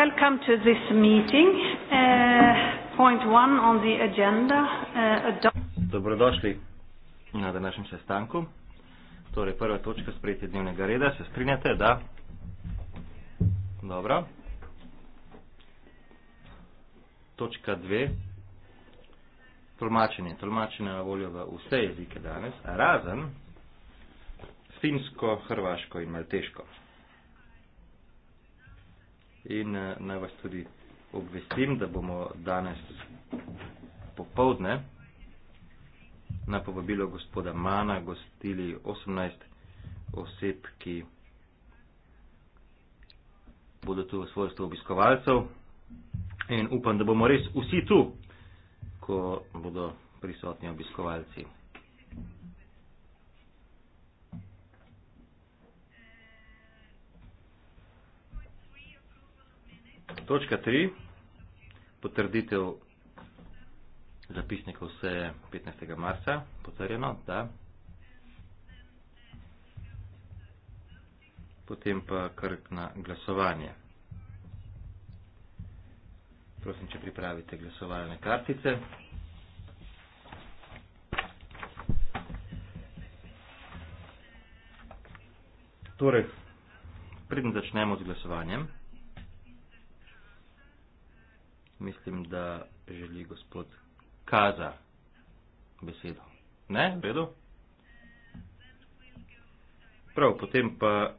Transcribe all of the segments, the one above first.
Welcome to this meeting. Uh, point one on the agenda. Uh, Dobrodošli na današnjem sestanku. Torej, prva točka sprejetja dnevnega reda. Se strinjate, da? Dobro. Točka dve. Tolmačenje. Tolmačenje na voljo v vse jezike danes, razen finsko, hrvaško in malteško in eh, naj vas tudi obvestim, da bomo danes popovdne na povabilo gospoda Mana gostili 18 oseb, ki bodo tu v svojstvu obiskovalcev in upam, da bomo res vsi tu, ko bodo prisotni obiskovalci. Točka 3. Potrditev zapisnikov vse 15. marca. Potrjeno, da. Potem pa krk na glasovanje. Prosim, če pripravite glasovalne kartice. Torej, predem začnemo z glasovanjem mislim, da želi gospod Kaza besedo. Ne, vedo? Prav, potem pa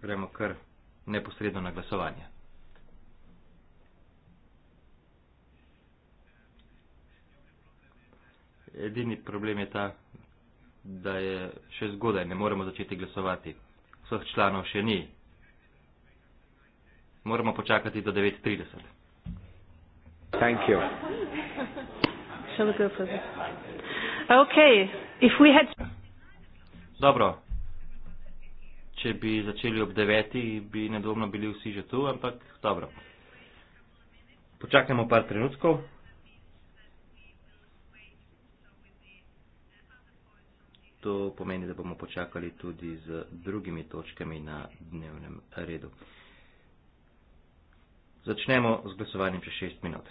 gremo kar neposredno na glasovanje. Edini problem je ta, da je še zgodaj, ne moremo začeti glasovati. Vseh članov še ni, moramo počakati do 9.30. Thank you. Shall we go for this? Okay, if we had... Dobro. Če bi začeli ob 9, bi nedvomno bili vsi že tu, ampak dobro. Počakajmo par trenutkov. To pomeni, da bomo počakali tudi z drugimi točkami na dnevnem redu. Začnemo z glasovanjem čez 6 minut.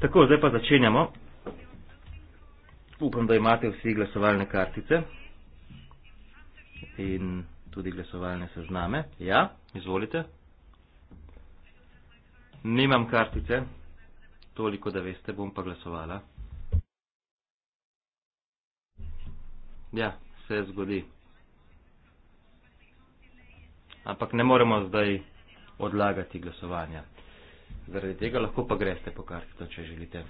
Tako, zdaj pa začenjamo. Upam, da imate vsi glasovalne kartice in tudi glasovalne sezname. Ja, izvolite. Nimam kartice, toliko da veste, bom pa glasovala. Ja, se zgodi. Ampak ne moremo zdaj odlagati glasovanja. Zaradi tega lahko pa greste po kartico, če želite.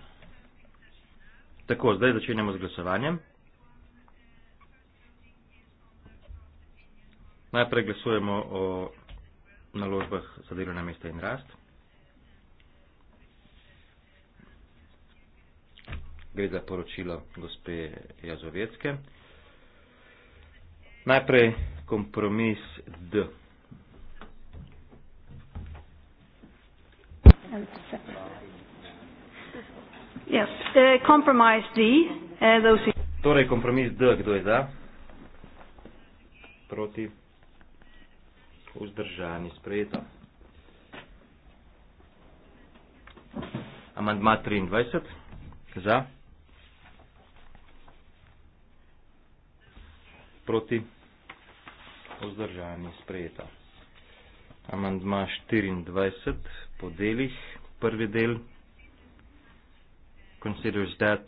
Tako, zdaj začenjamo z glasovanjem. Najprej glasujemo o naložbah za delovna mesta in rast. Gre za poročilo gospe Jazovetske. Najprej kompromis D. Kompromis uh, D, uh, those Torej, kompromis D, kdo je za? Proti. Vzdržani, sprejeto. Amandma 23, za. Proti. Vzdržani, sprejeto. Amandma 24, po delih. Prvi del, considers that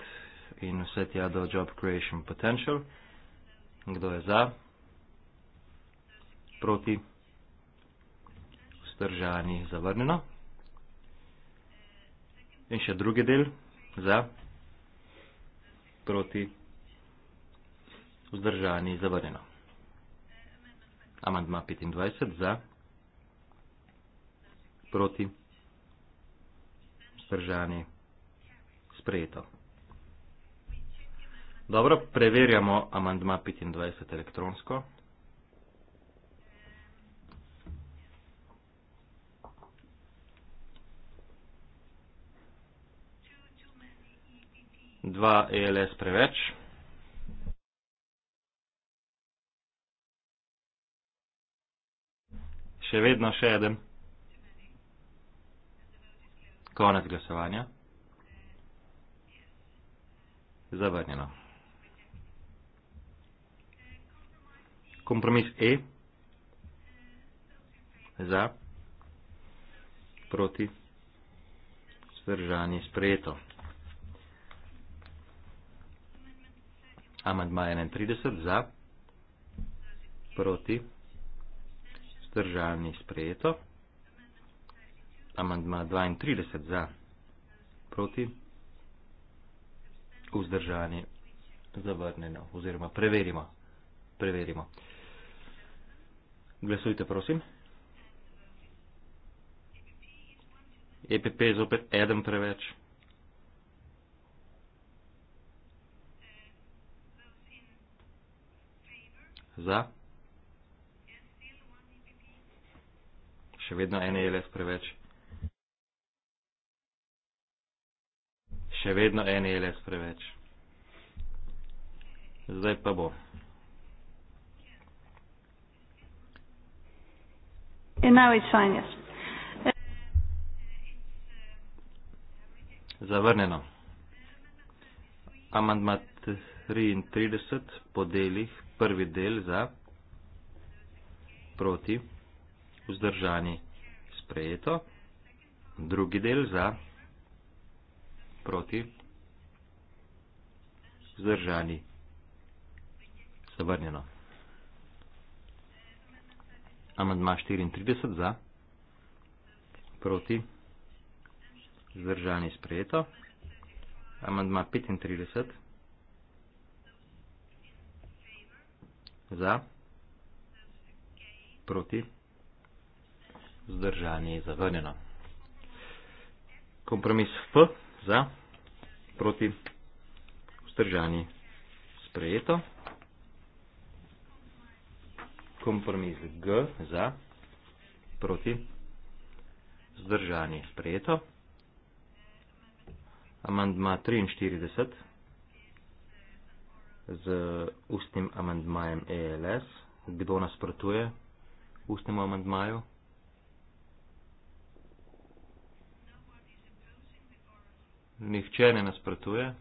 in vse tja do job creation potential. Kdo je za? Proti? Vzdržani zavrnjeno. In še drugi del, za? Proti? Vzdržani zavrnjeno. Amandma 25 za, proti vzdržani. Sprejeto. Dobro, preverjamo amandma 25 elektronsko. Dva ELS preveč. Še vedno še eden. Konec glasovanja. Zavrnjeno. Kompromis E. Za. Proti. Zdržanje sprejeto. Amandma 31. Za. Proti. Zdržanje sprejeto. Amandma 32 za. Proti. Uzdržanje. Zavrneno. Oziroma preverimo. Preverimo. Glasujte, prosim. EPP je zopet eden preveč. Za. Še vedno ene je les preveč. še vedno en ELS preveč. Zdaj pa bo. In now it's fine, yes. Zavrnjeno. Amandma 33 po delih, prvi del za, proti, vzdržani, sprejeto, drugi del za, proti vzdržani zavrnjeno. Amandma 34 za proti vzdržani sprejeto. Amandma 35 za proti vzdržani zavrnjeno. Kompromis F za, proti, vzdržani, sprejeto. Kompromis G za, proti, vzdržani, sprejeto. Amandma 43 z ustnim amandmajem ELS. Kdo nasprotuje ustnemu amandmaju? nihče ne nasprotuje.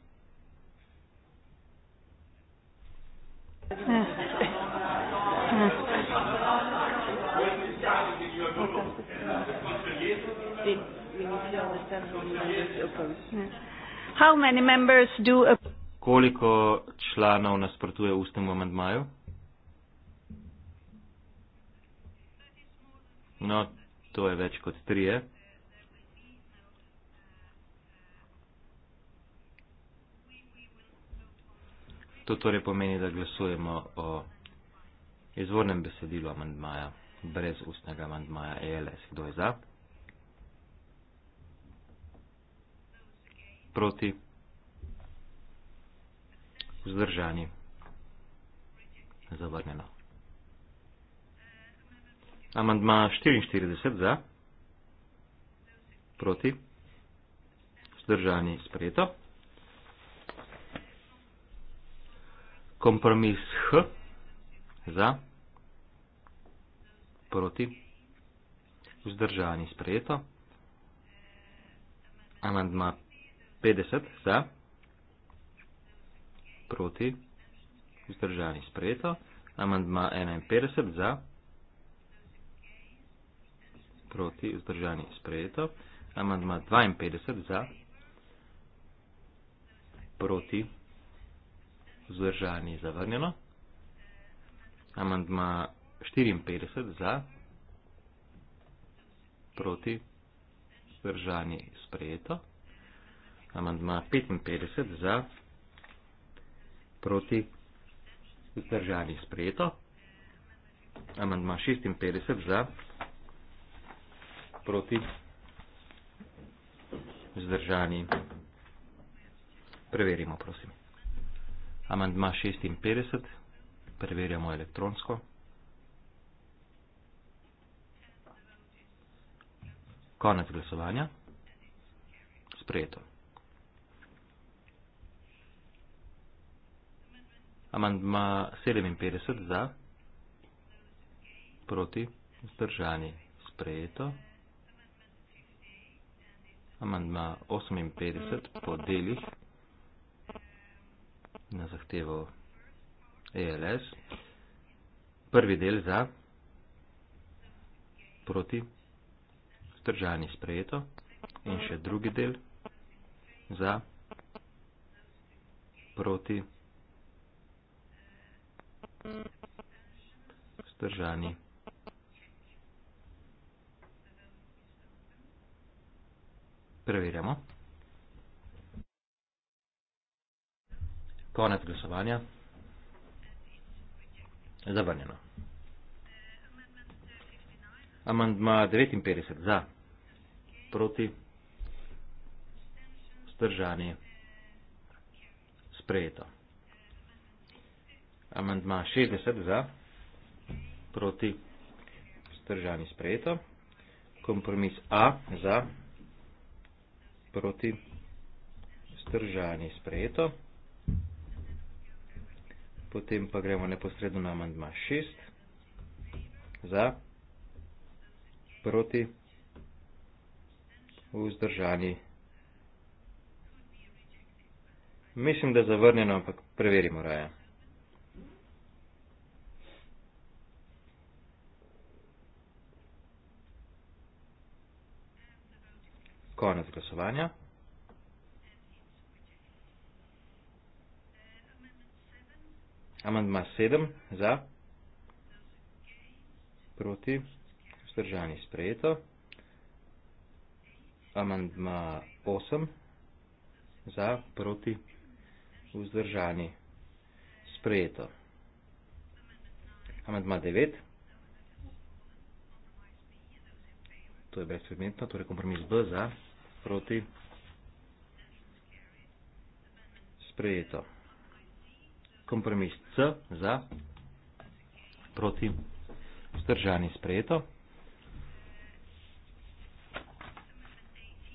Koliko članov nasprotuje ustnemu amandmaju? No, to je več kot trije. Eh? To torej pomeni, da glasujemo o izvornem besedilu amandmaja, brez ustnega amandmaja ELS. Kdo je za? Proti? Vzdržani? Zavrnjeno. Amandma 44 za? Proti? Vzdržani? Sprejeto? kompromis H za, proti, vzdržani sprejeto, amandma 50 za, proti, vzdržani sprejeto, amandma 51 za, proti, vzdržani sprejeto, amandma 52 za, proti, vzdržani sprejeto, vzdržani zavrnjeno. Amandma 54 za, proti, vzdržani sprejeto. Amandma 55 za, proti, vzdržani sprejeto. Amandma 56 za, proti, vzdržani. Preverimo, prosim. Amandma 56, preverjamo elektronsko. Konec glasovanja. Sprejeto. Amandma 57 za, proti, zdržani, sprejeto. Amandma 58 po delih na zahtevo ALS. E Prvi del za, proti, vzdržani sprejeto in še drugi del za, proti, vzdržani. Preveriamo. Konec glasovanja. Zavrnjeno. Amandma 59 za, proti, vzdržani, sprejeto. Amandma 60 za, proti, vzdržani, sprejeto. Kompromis A za, proti, vzdržani, sprejeto. Potem pa gremo neposredno na amandma 6. Za, proti, vzdržani. Mislim, da je zavrnjeno, ampak preverimo raje. Konec glasovanja. Amandma 7 za. Proti. Vzdržani sprejeto. Amandma 8 za. Proti. Vzdržani sprejeto. Amandma 9. To je brezpredmetno, torej kompromis B za, proti, sprejeto kompromis C za proti vzdržani sprejeto.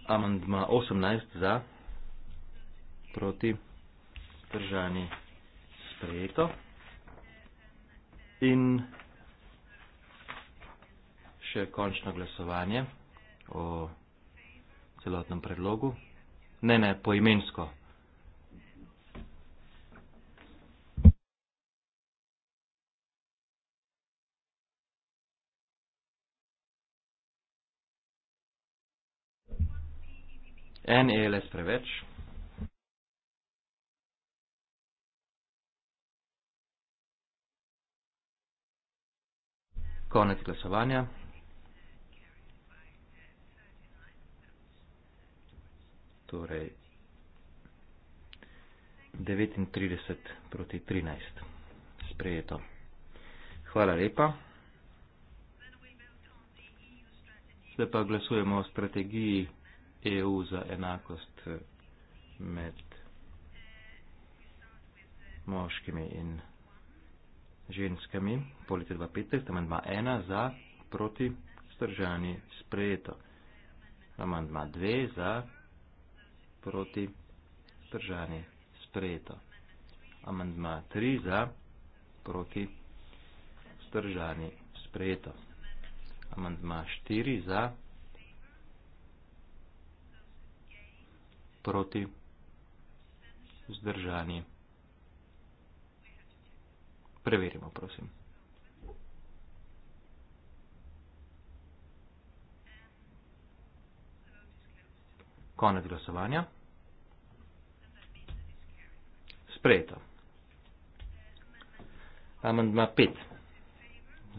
Amandma 18 za proti vzdržani sprejeto. In še končno glasovanje o celotnem predlogu. Ne, ne, poimensko. en ELS preveč. Konec glasovanja. Torej, 39 proti 13. Sprejeto. Hvala lepa. Zdaj pa glasujemo o strategiji EU za enakost eh, med moškimi in ženskami, polite 2015, amandma 1 za, proti, stržani, sprejeto. Amandma 2 za, proti, stržani, sprejeto. Amandma 3 za, proti, stržani, sprejeto. Amandma 4 za, proti, stržani, sprejeto. proti vzdržani. Preverimo, prosim. Konec glasovanja. Sprejeto. Amandma 5.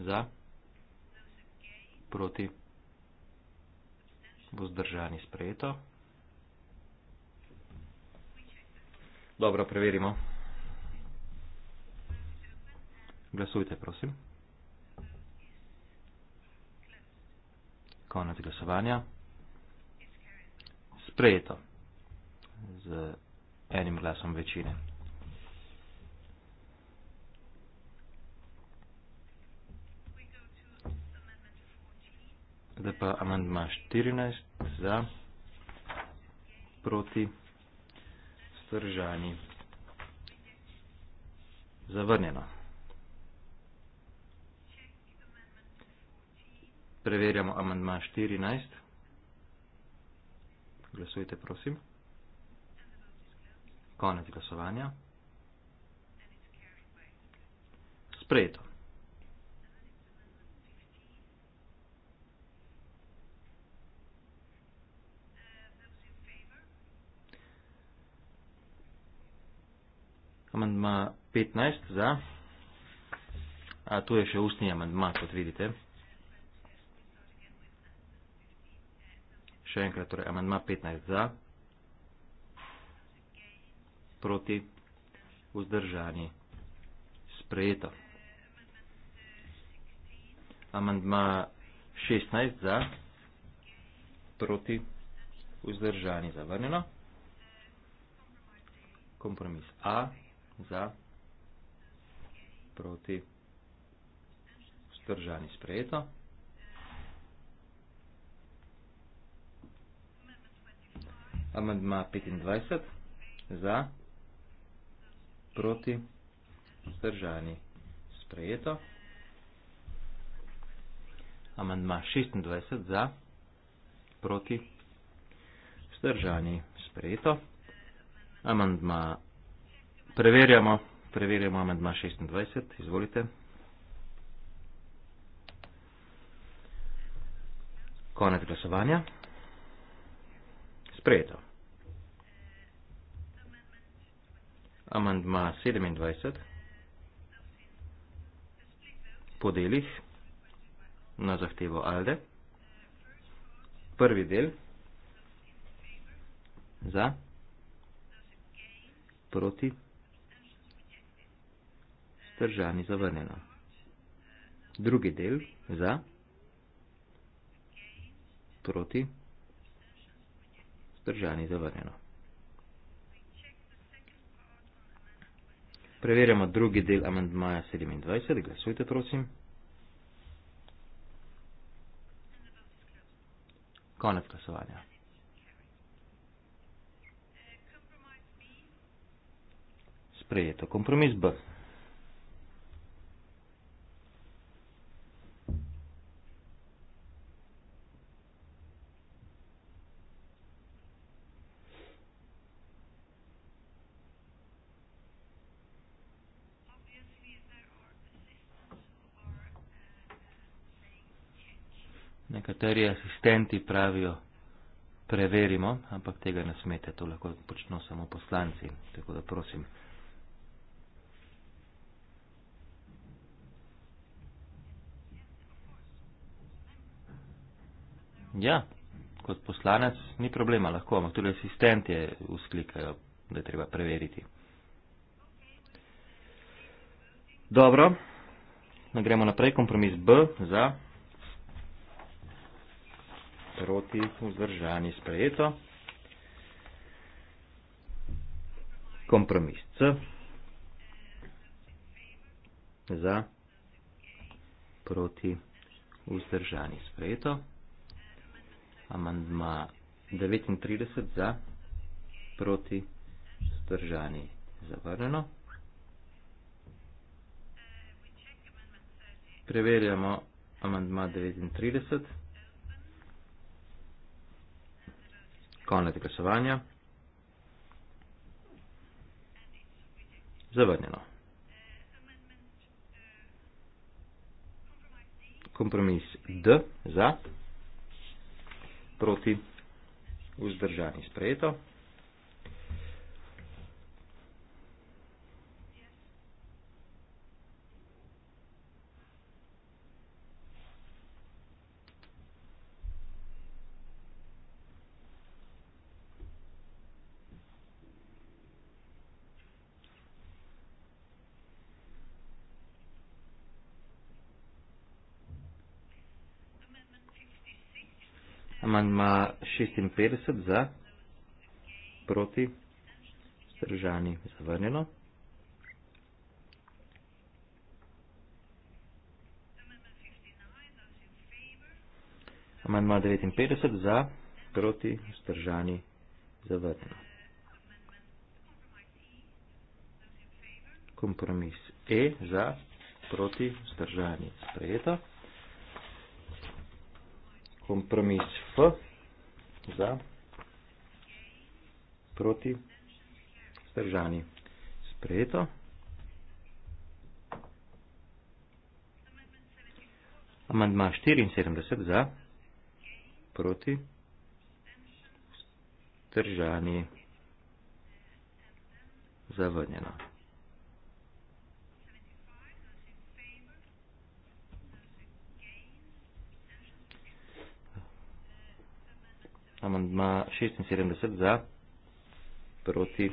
Za. Proti. Vzdržani sprejeto. Dobro, preverimo. Glasujte, prosim. Konec glasovanja. Sprejeto. Z enim glasom večine. Zdaj pa amandma 14 za proti vzdržani. Zavrnjeno. Preverjamo amandma 14. Glasujte, prosim. Konec glasovanja. Sprejeto. Amandma 15 za. A tu je še ustni amandma, kot vidite. Še enkrat, torej amandma 15 za. Proti vzdržani. Sprejeto. Amandma 16 za. Proti vzdržani. Zavrnjeno. Kompromis A za, proti, vzdržani sprejeto. Amendma 25 za, proti, vzdržani sprejeto. Amendma 26 za, proti, vzdržani sprejeto. Amendma Preverjamo, preverjamo med 26, izvolite. Konec glasovanja. Sprejeto. Amandma 27. Podelih na zahtevo Alde. Prvi del. Za. Proti vzdržani zavrnjeno. Drugi del za, proti, vzdržani zavrnjeno. Preverjamo drugi del amendmaja 27, glasujte prosim. Konec glasovanja. Sprejeto kompromis B. nekateri asistenti pravijo, preverimo, ampak tega ne smete, to lahko počno samo poslanci. Tako da prosim. Ja, kot poslanec ni problema, lahko, ampak tudi asistentje usklikajo, da je treba preveriti. Dobro, gremo naprej, kompromis B za proti vzdržani sprejeto. Kompromis C za proti vzdržani sprejeto. Amandma 39 za proti vzdržani zavrnjeno. Preverjamo amandma 39. Konec glasovanja. Zavrnjeno. Kompromis D za, proti, vzdržani sprejeto. amanma 56 za, proti, stržani, zavrnjeno. Amanma 59 za, proti, stržani, zavrnjeno. Kompromis E za, proti, stržani, sprejeto kompromis F za proti zdržani. Sprejeto. Amandma 74 za proti zdržani. Zavrnjeno. amandma 76 za, proti,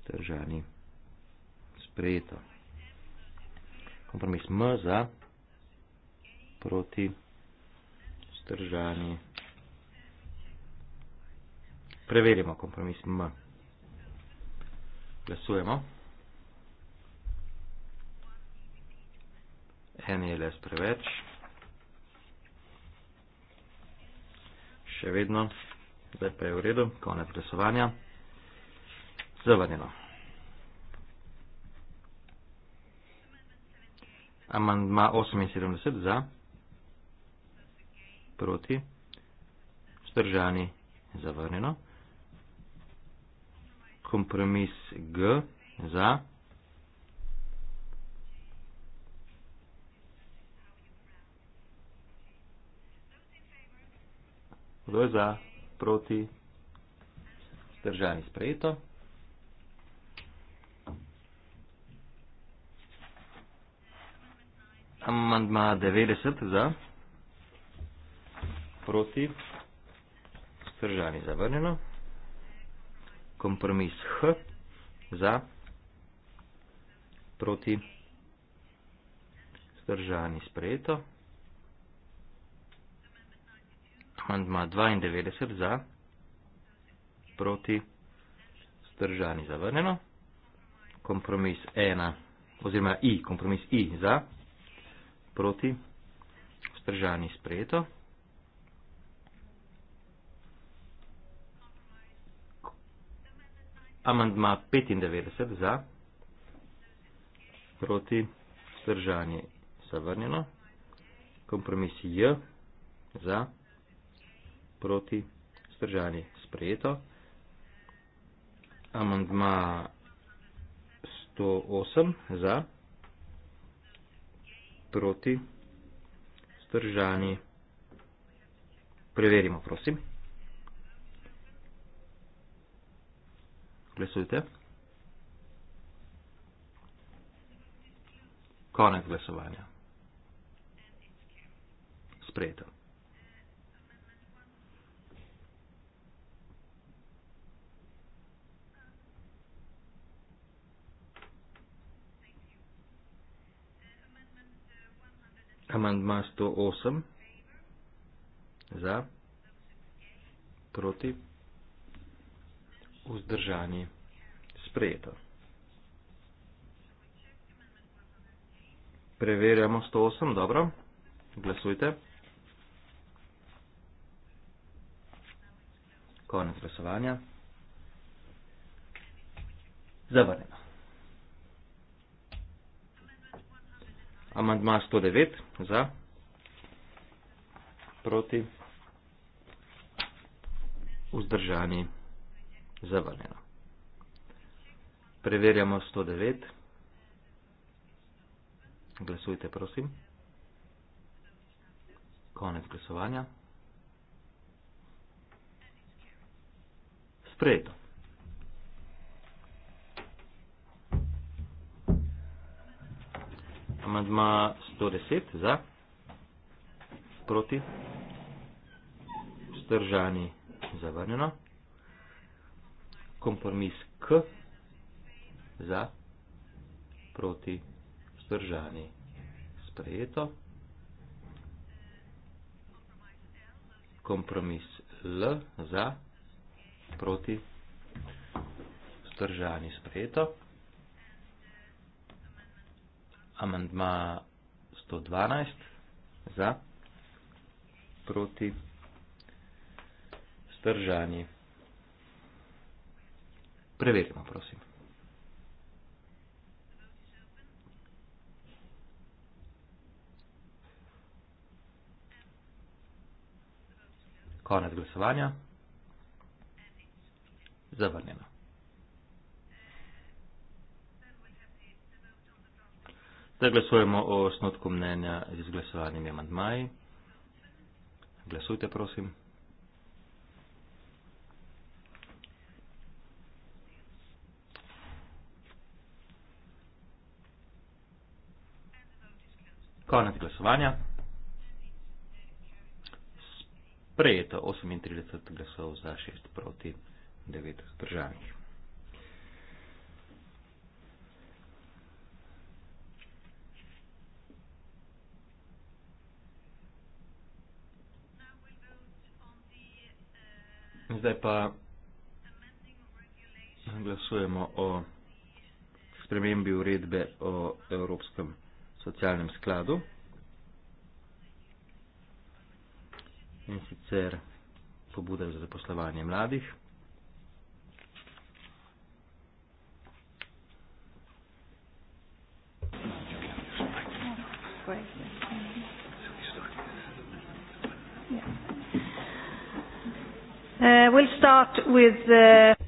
stržani, sprejeto. Kompromis M za, proti, stržani, preverimo kompromis M. Glasujemo. En je les preveč. še vedno, zdaj pa je v redu, konec glasovanja, zavrnjeno. Amandma 78 za, proti, vzdržani, zavrnjeno. Kompromis G za, proti. Kdo je za, proti, zdržani sprejeto. Amandma 90 za, proti, zdržani zavrnjeno. Kompromis H za, proti, zdržani sprejeto. amandma 92 za, proti, stržani zavrnjeno, kompromis 1, oziroma i, kompromis i za, proti, stržani sprejeto, amandma 95 za, proti, stržani zavrnjeno, kompromis j za, proti, proti stržani sprejeto. Amandma 108 za proti stržani. Preverimo, prosim. Glasujte. Konec glasovanja. Sprejeto. Amandma 108 za, proti, vzdržani, sprejeto. Preverjamo 108, dobro, glasujte. Konec glasovanja. Zavrnemo. Amandma 109 za, proti, vzdržani, zavrnjeno. Preverjamo 109. Glasujte, prosim. Konec glasovanja. Sprejeto. Amandma 110 za, proti, vzdržani zavrnjeno. Kompromis K za, proti, vzdržani sprejeto. Kompromis L za, proti, vzdržani sprejeto amandma 112 za, proti, stržani. Preverimo, prosim. Konec glasovanja. Zavrnjeno. Zdaj glasujemo o osnotku mnenja z izglasovanimi amantmaji. Glasujte, prosim. Konec glasovanja. Prejeto 38 glasov za 6 proti 9 državnih. Zdaj pa glasujemo o spremembi uredbe o Evropskem socialnem skladu. In sicer pobuda za zaposlovanje mladih. Great. Yeah. Uh, we'll start with the... Uh,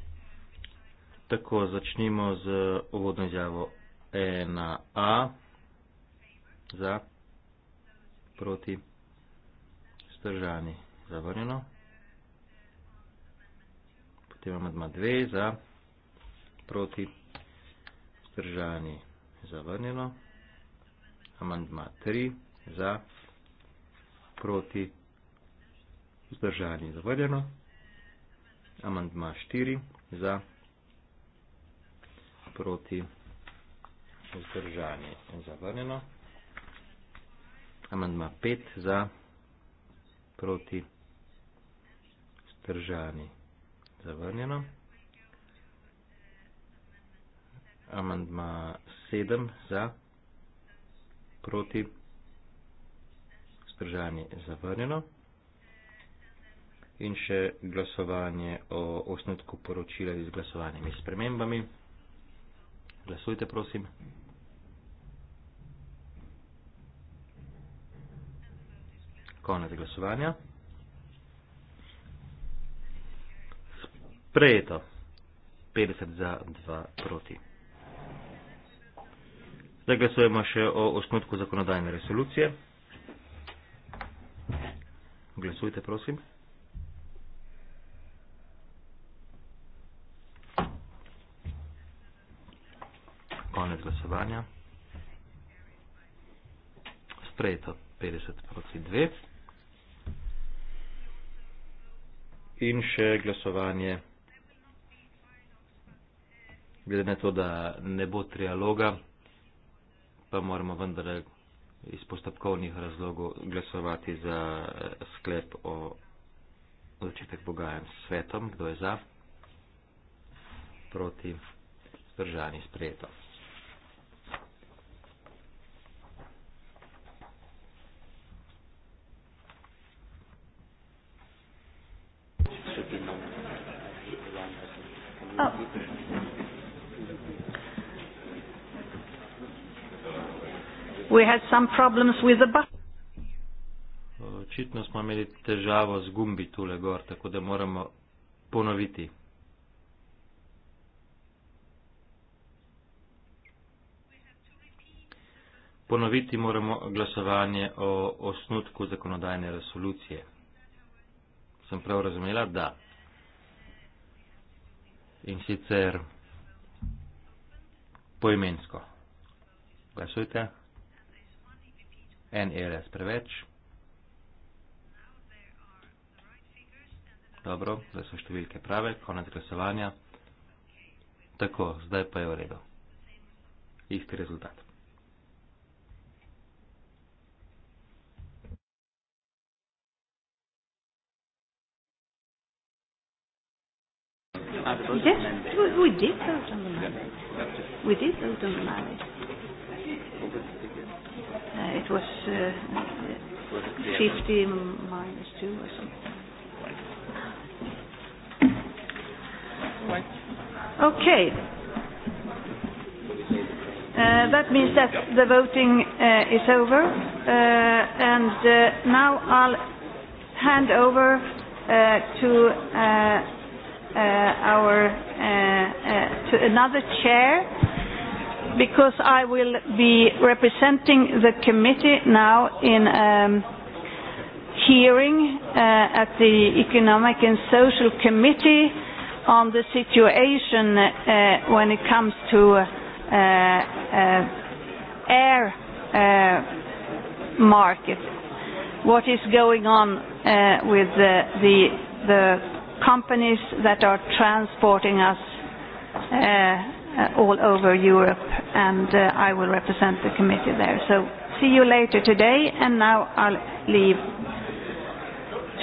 Tako, začnimo z uvodno izjavo 1A za, proti, stržani, zavrnjeno. Potem imamo 2 za, proti, stržani, zavrnjeno. Amandma 3 za, proti, vzdržanje zavrljeno amandma 4 za proti vzdržanje zavrnjeno. Amandma 5 za proti vzdržanje zavrnjeno. Amandma 7 za proti vzdržanje zavrnjeno in še glasovanje o osnutku poročila z glasovanimi spremembami. Glasujte, prosim. Konec glasovanja. Sprejeto. 50 za 2 proti. Zdaj glasujemo še o osnutku zakonodajne resolucije. Glasujte, prosim. izpred glasovanja. Sprejeto 50 proti 2. In še glasovanje. Glede na to, da ne bo trialoga, pa moramo vendar iz postopkovnih razlogov glasovati za eh, sklep o začetek pogajanj s svetom. Kdo je za? Proti. Zdržani sprejetost. Oh. We had some problems with the Očitno smo imeli težavo z gumbi tule gor, tako da moramo ponoviti. Ponoviti moramo glasovanje o osnutku zakonodajne resolucije sem prav razumela, da. In sicer poimensko. Glasujte. En ELS preveč. Dobro, da so številke prave, konec glasovanja. Tako, zdaj pa je v redu. Isti rezultat. Yes, we, we did vote on the merits. We did vote on the merits. Uh, it was uh, e, 50 minus 2 or something. Okay. Uh, that means that the voting uh, is over. Uh, and uh, now I'll hand over uh, to. Uh, uh, our, uh, uh, to another chair because I will be representing the committee now in a um, hearing uh, at the Economic and Social Committee on the situation uh, when it comes to uh, uh, air uh, market, what is going on uh, with the, the, the companies that are transporting us uh, uh, all over Europe, and uh, I will represent the committee there. So, see you later today, and now I'll leave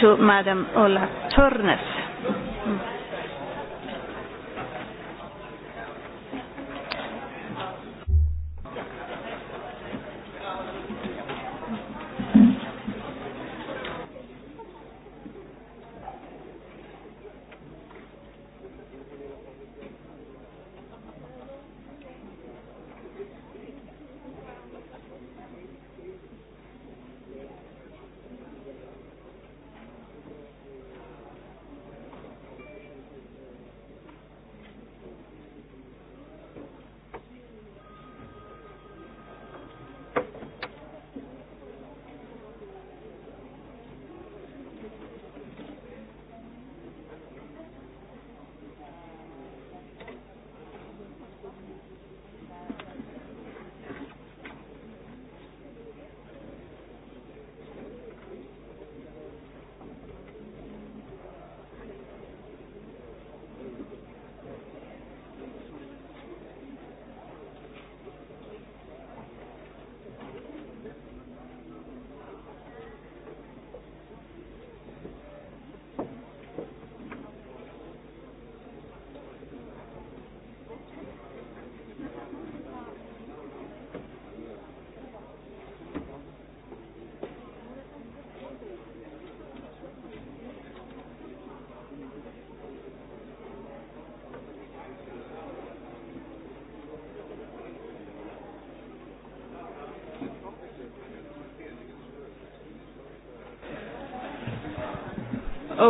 to Madam Ola Turnes.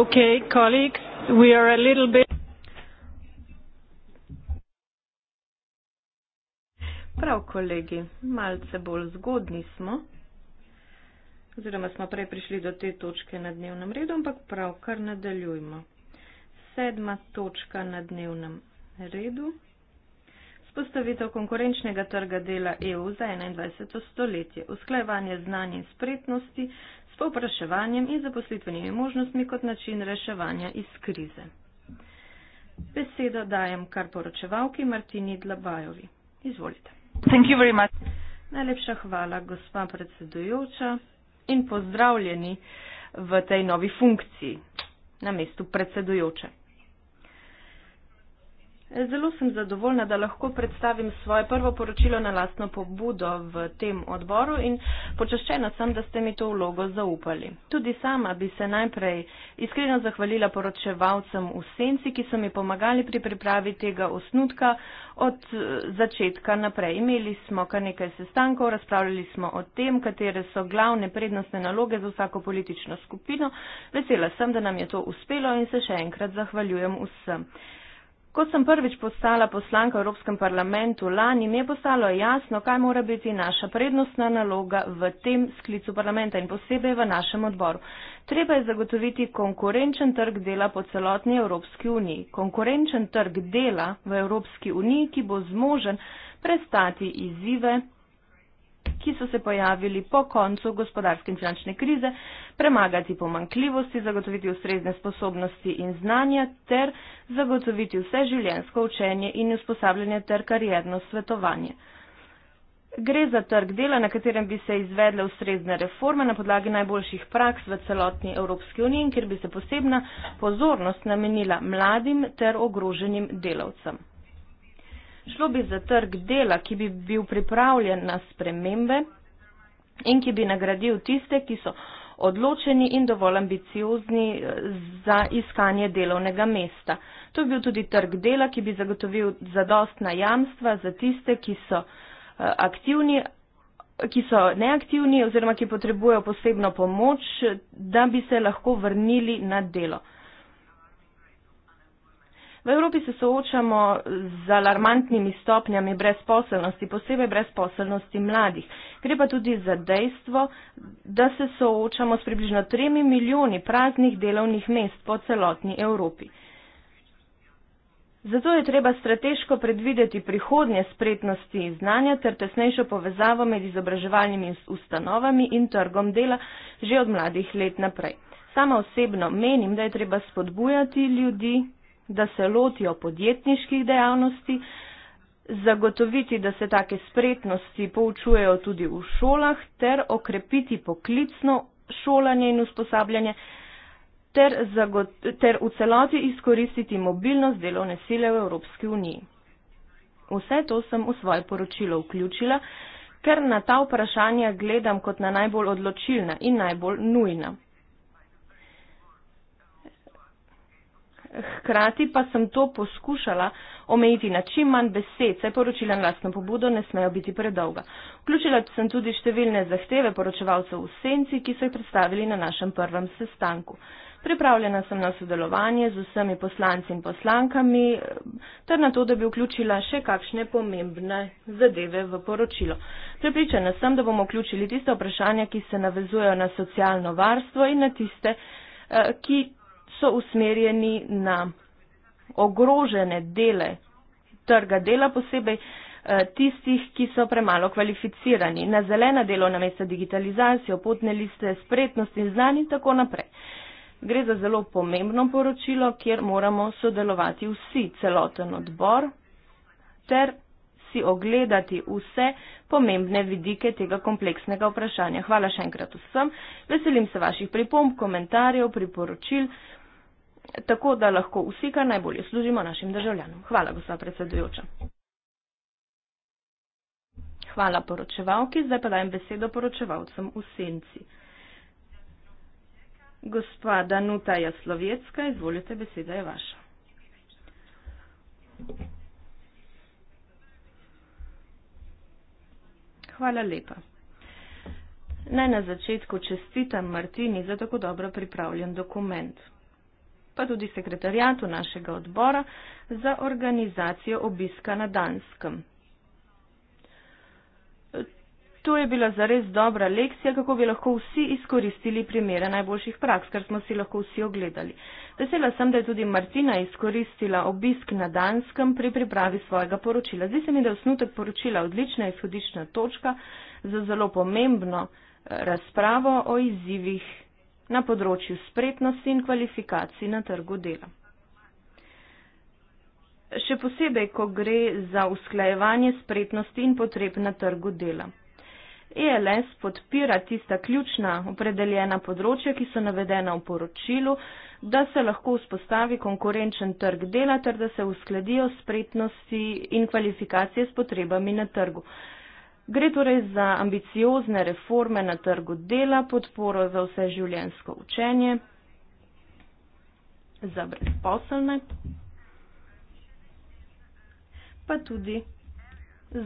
Okay, colleague, we are a little bit. Prav, kolegi, malce bolj zgodni smo, oziroma smo prej prišli do te točke na dnevnem redu, ampak prav, kar nadaljujmo. Sedma točka na dnevnem redu vzpostavitev konkurenčnega trga dela EU za 21. stoletje, usklajevanje znanja in spretnosti s povpraševanjem in zaposlitvenimi možnostmi kot način reševanja iz krize. Besedo dajem kar poročevalki Martini Dlabajovi. Izvolite. Najlepša hvala, gospa predsedujoča, in pozdravljeni v tej novi funkciji na mestu predsedujoče. Zelo sem zadovoljna, da lahko predstavim svoje prvo poročilo na lastno pobudo v tem odboru in počaščena sem, da ste mi to vlogo zaupali. Tudi sama bi se najprej iskreno zahvalila poročevalcem v senci, ki so mi pomagali pri pripravi tega osnutka od eh, začetka naprej. Imeli smo kar nekaj sestankov, razpravljali smo o tem, katere so glavne prednostne naloge za vsako politično skupino. Vesela sem, da nam je to uspelo in se še enkrat zahvaljujem vsem. Ko sem prvič postala poslanka v Evropskem parlamentu lani, mi je postalo jasno, kaj mora biti naša prednostna naloga v tem sklicu parlamenta in posebej v našem odboru. Treba je zagotoviti konkurenčen trg dela po celotni Evropski uniji. Konkurenčen trg dela v Evropski uniji, ki bo zmožen prestati izzive ki so se pojavili po koncu gospodarske in finančne krize, premagati pomankljivosti, zagotoviti ustrezne sposobnosti in znanja ter zagotoviti vse življensko učenje in usposabljanje ter karjerno svetovanje. Gre za trg dela, na katerem bi se izvedle ustrezne reforme na podlagi najboljših praks v celotni Evropski uniji in kjer bi se posebna pozornost namenila mladim ter ogroženim delavcem. Šlo bi za trg dela, ki bi bil pripravljen na spremembe in ki bi nagradil tiste, ki so odločeni in dovolj ambiciozni eh, za iskanje delovnega mesta. To bi bil tudi trg dela, ki bi zagotovil zadostna jamstva za tiste, ki so eh, aktivni, ki so neaktivni oziroma ki potrebujejo posebno pomoč, da bi se lahko vrnili na delo. V Evropi se soočamo z alarmantnimi stopnjami brezposelnosti, posebej brezposelnosti mladih. Gre pa tudi za dejstvo, da se soočamo s približno 3 milijoni praznih delovnih mest po celotni Evropi. Zato je treba strateško predvideti prihodnje spretnosti in znanja ter tesnejšo povezavo med izobraževalnimi ustanovami in trgom dela že od mladih let naprej. Sama osebno menim, da je treba spodbujati ljudi da se lotijo podjetniških dejavnosti, zagotoviti, da se take spretnosti poučujejo tudi v šolah ter okrepiti poklicno šolanje in usposabljanje ter, ter v celoti izkoristiti mobilnost delovne sile v Evropski uniji. Vse to sem v svoje poročilo vključila, ker na ta vprašanja gledam kot na najbolj odločilna in najbolj nujna. hkrati pa sem to poskušala omejiti na čim manj besed, saj poročila na lastno pobudo ne smejo biti predolga. Vključila sem tudi številne zahteve poročevalcev v senci, ki so jih predstavili na našem prvem sestanku. Pripravljena sem na sodelovanje z vsemi poslanci in poslankami, ter na to, da bi vključila še kakšne pomembne zadeve v poročilo. Pripričana sem, da bomo vključili tiste vprašanja, ki se navezujejo na socialno varstvo in na tiste, eh, ki so usmerjeni na ogrožene dele trga dela, posebej eh, tistih, ki so premalo kvalificirani, na zelena delovna mesta, digitalizacijo, potne liste, spretnosti in znanje in tako naprej. Gre za zelo pomembno poročilo, kjer moramo sodelovati vsi, celoten odbor, ter si ogledati vse pomembne vidike tega kompleksnega vprašanja. Hvala še enkrat vsem. Veselim se vaših pripomb, komentarjev, priporočil tako da lahko vsi kar najbolje služimo našim državljanom. Hvala, gospod predsedujoča. Hvala poročevalki, zdaj pa dajem besedo poročevalcem v senci. Gospa Danuta Jaslovecka, izvolite, beseda je vaša. Hvala lepa. Naj na začetku čestitam Martini za tako dobro pripravljen dokument pa tudi sekretarjatu našega odbora za organizacijo obiska na Danskem. To je bila zares dobra lekcija, kako bi lahko vsi izkoristili primere najboljših praks, kar smo si lahko vsi ogledali. Vesela sem, da je tudi Martina izkoristila obisk na Danskem pri pripravi svojega poročila. Zdi se mi, da je osnutek poročila odlična izhodiščna točka za zelo pomembno eh, razpravo o izzivih na področju spretnosti in kvalifikacij na trgu dela. Še posebej, ko gre za usklajevanje spretnosti in potreb na trgu dela. ELS podpira tista ključna opredeljena področja, ki so navedena v poročilu, da se lahko vzpostavi konkurenčen trg dela ter da se uskladijo spretnosti in kvalifikacije s potrebami na trgu. Gre torej za ambiciozne reforme na trgu dela, podporo za vse življensko učenje, za brezposelne, pa tudi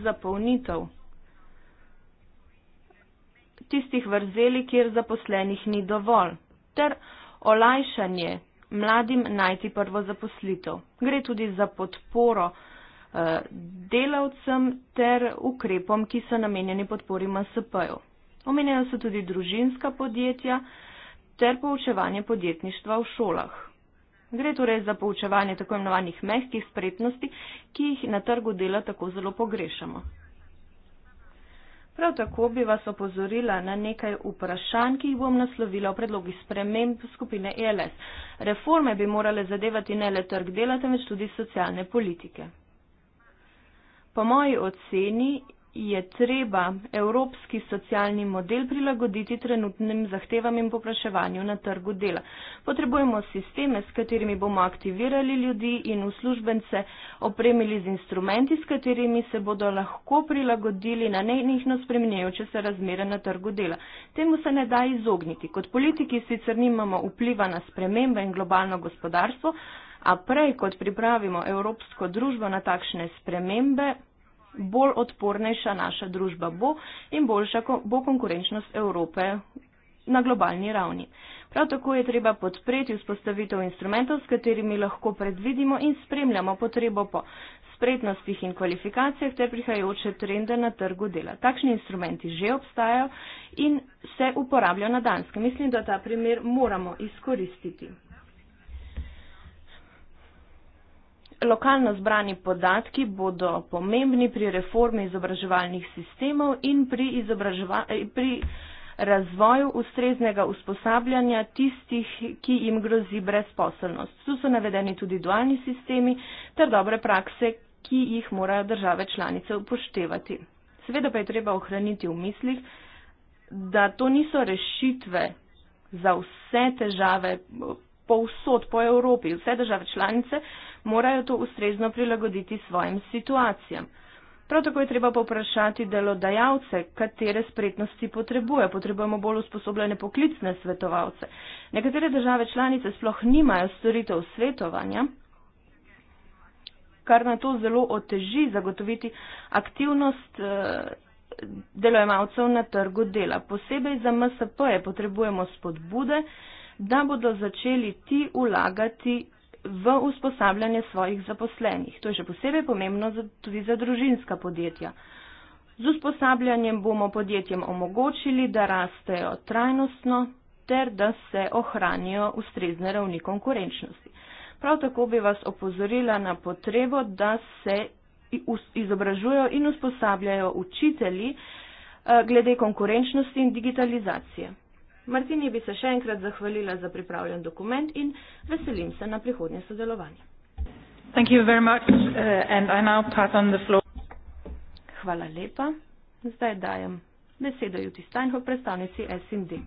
zapolnitev tistih vrzeli, kjer zaposlenih ni dovolj, ter olajšanje mladim najti prvo zaposlitev. Gre tudi za podporo Eh, delavcem ter ukrepom, ki so namenjeni podpori MSP-ju. Omenjajo se tudi družinska podjetja ter poučevanje podjetništva v šolah. Gre torej za poučevanje tako imenovanih mehkih spretnosti, ki jih na trgu dela tako zelo pogrešamo. Prav tako bi vas opozorila na nekaj vprašanj, ki jih bom naslovila v predlogi sprememb skupine ELS. Reforme bi morale zadevati ne le trg dela, temveč tudi socialne politike. Po moji oceni je treba evropski socialni model prilagoditi trenutnim zahtevam in popraševanju na trgu dela. Potrebujemo sisteme, s katerimi bomo aktivirali ljudi in uslužbence opremili z instrumenti, s katerimi se bodo lahko prilagodili na nejnihno spremenjajoče se razmere na trgu dela. Temu se ne da izogniti. Kot politiki sicer nimamo vpliva na spremembe in globalno gospodarstvo, a prej kot pripravimo evropsko družbo na takšne spremembe, bolj odpornejša naša družba bo in boljša bo konkurenčnost Evrope na globalni ravni. Prav tako je treba podpreti vzpostavitev instrumentov, s katerimi lahko predvidimo in spremljamo potrebo po spretnostih in kvalifikacijah ter prihajajoče trende na trgu dela. Takšni instrumenti že obstajajo in se uporabljajo na danske. Mislim, da ta primer moramo izkoristiti. lokalno zbrani podatki bodo pomembni pri reformi izobraževalnih sistemov in pri, izobražva, pri razvoju ustreznega usposabljanja tistih, ki jim grozi brezposelnost. Tu so navedeni tudi dualni sistemi ter dobre prakse, ki jih morajo države članice upoštevati. Seveda pa je treba ohraniti v mislih, da to niso rešitve za vse težave povsod po Evropi, vse države članice morajo to ustrezno prilagoditi svojim situacijam. Prav tako je treba povprašati delodajalce, katere spretnosti potrebuje. Potrebujemo bolj usposobljene poklicne svetovalce. Nekatere države članice sploh nimajo storitev svetovanja, kar na to zelo oteži zagotoviti aktivnost eh, delojemalcev na trgu dela. Posebej za MSP je potrebujemo spodbude da bodo začeli ti ulagati v usposabljanje svojih zaposlenih. To je še posebej pomembno za, tudi za družinska podjetja. Z usposabljanjem bomo podjetjem omogočili, da rastejo trajnostno ter da se ohranijo ustrezne ravni konkurenčnosti. Prav tako bi vas opozorila na potrebo, da se izobražujo in usposabljajo učitelji eh, glede konkurenčnosti in digitalizacije. Martini bi se še enkrat zahvalila za pripravljen dokument in veselim se na prihodnje sodelovanje. Thank you very much, uh, and I now pass on the floor. Hvala lepa. Zdaj dajem besedo Juti Steinhoff, predstavnici SND.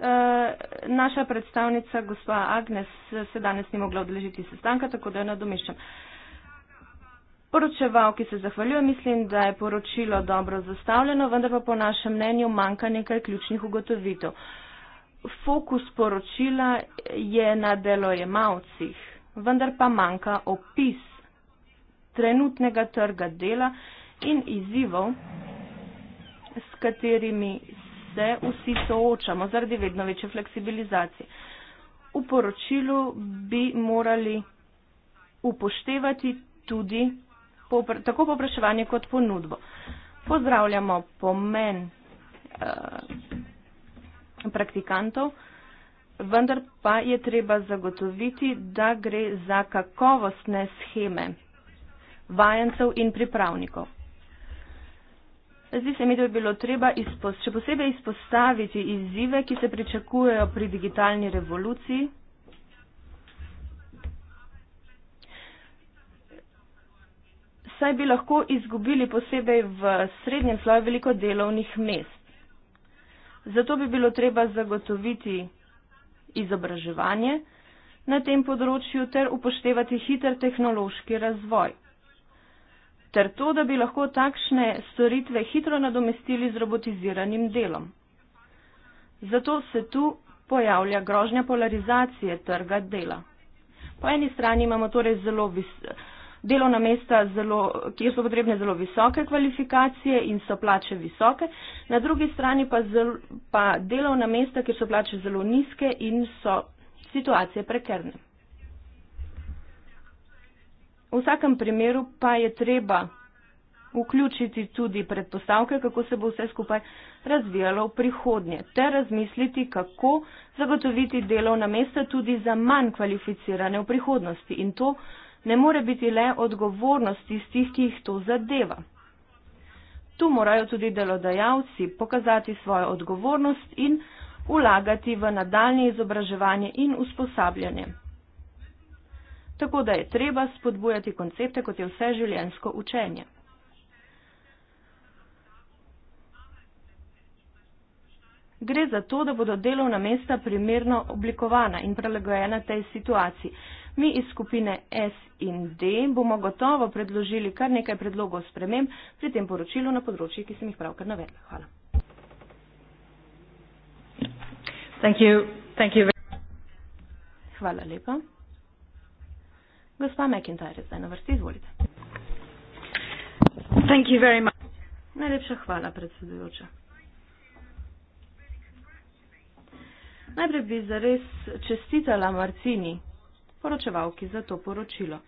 Uh, naša predstavnica, gospa Agnes, se danes ni mogla odležiti sestanka, tako da jo nadomeščam. Uh, poročeval, ki se zahvaljuje, mislim, da je poročilo dobro zastavljeno, vendar pa po našem mnenju manjka nekaj ključnih ugotovitev. Fokus poročila je na delojemalcih, vendar pa manjka opis trenutnega trga dela in izzivov, s katerimi se vsi soočamo zaradi vedno večje fleksibilizacije. V poročilu bi morali upoštevati tudi tako popraševanje kot ponudbo. Pozdravljamo pomen eh, praktikantov, vendar pa je treba zagotoviti, da gre za kakovostne scheme vajencev in pripravnikov. Zdi se mi, da bi bilo treba izpost, še posebej izpostaviti izzive, ki se pričakujejo pri digitalni revoluciji. saj bi lahko izgubili posebej v srednjem sloju veliko delovnih mest. Zato bi bilo treba zagotoviti izobraževanje na tem področju ter upoštevati hiter tehnološki razvoj. Ter to, da bi lahko takšne storitve hitro nadomestili z robotiziranim delom. Zato se tu pojavlja grožnja polarizacije trga dela. Po eni strani imamo torej zelo visoko delovna mesta, zelo, kjer so potrebne zelo visoke kvalifikacije in so plače visoke, na drugi strani pa, zelo, pa delovna mesta, kjer so plače zelo nizke in so situacije prekerne. V vsakem primeru pa je treba vključiti tudi predpostavke, kako se bo vse skupaj razvijalo v prihodnje, te razmisliti, kako zagotoviti delovna mesta tudi za manj kvalificirane v prihodnosti in to ne more biti le odgovornost tistih, ki jih to zadeva. Tu morajo tudi delodajalci pokazati svojo odgovornost in ulagati v nadaljne izobraževanje in usposabljanje. Tako da je treba spodbujati koncepte, kot je vse življensko učenje. Gre za to, da bodo delovna mesta primerno oblikovana in prelagojena tej situaciji. Mi iz skupine S in D bomo gotovo predložili kar nekaj predlogov sprememb pri tem poročilu na področjih, ki sem jih pravkar navedla. Hvala. Thank you. Thank you Hvala lepa. Gospa McIntyre, zdaj na vrsti, izvolite. Thank you very much. Najlepša hvala, predsedujoča. Najprej bi zares čestitala Marcini, poročevalki za to poročilo.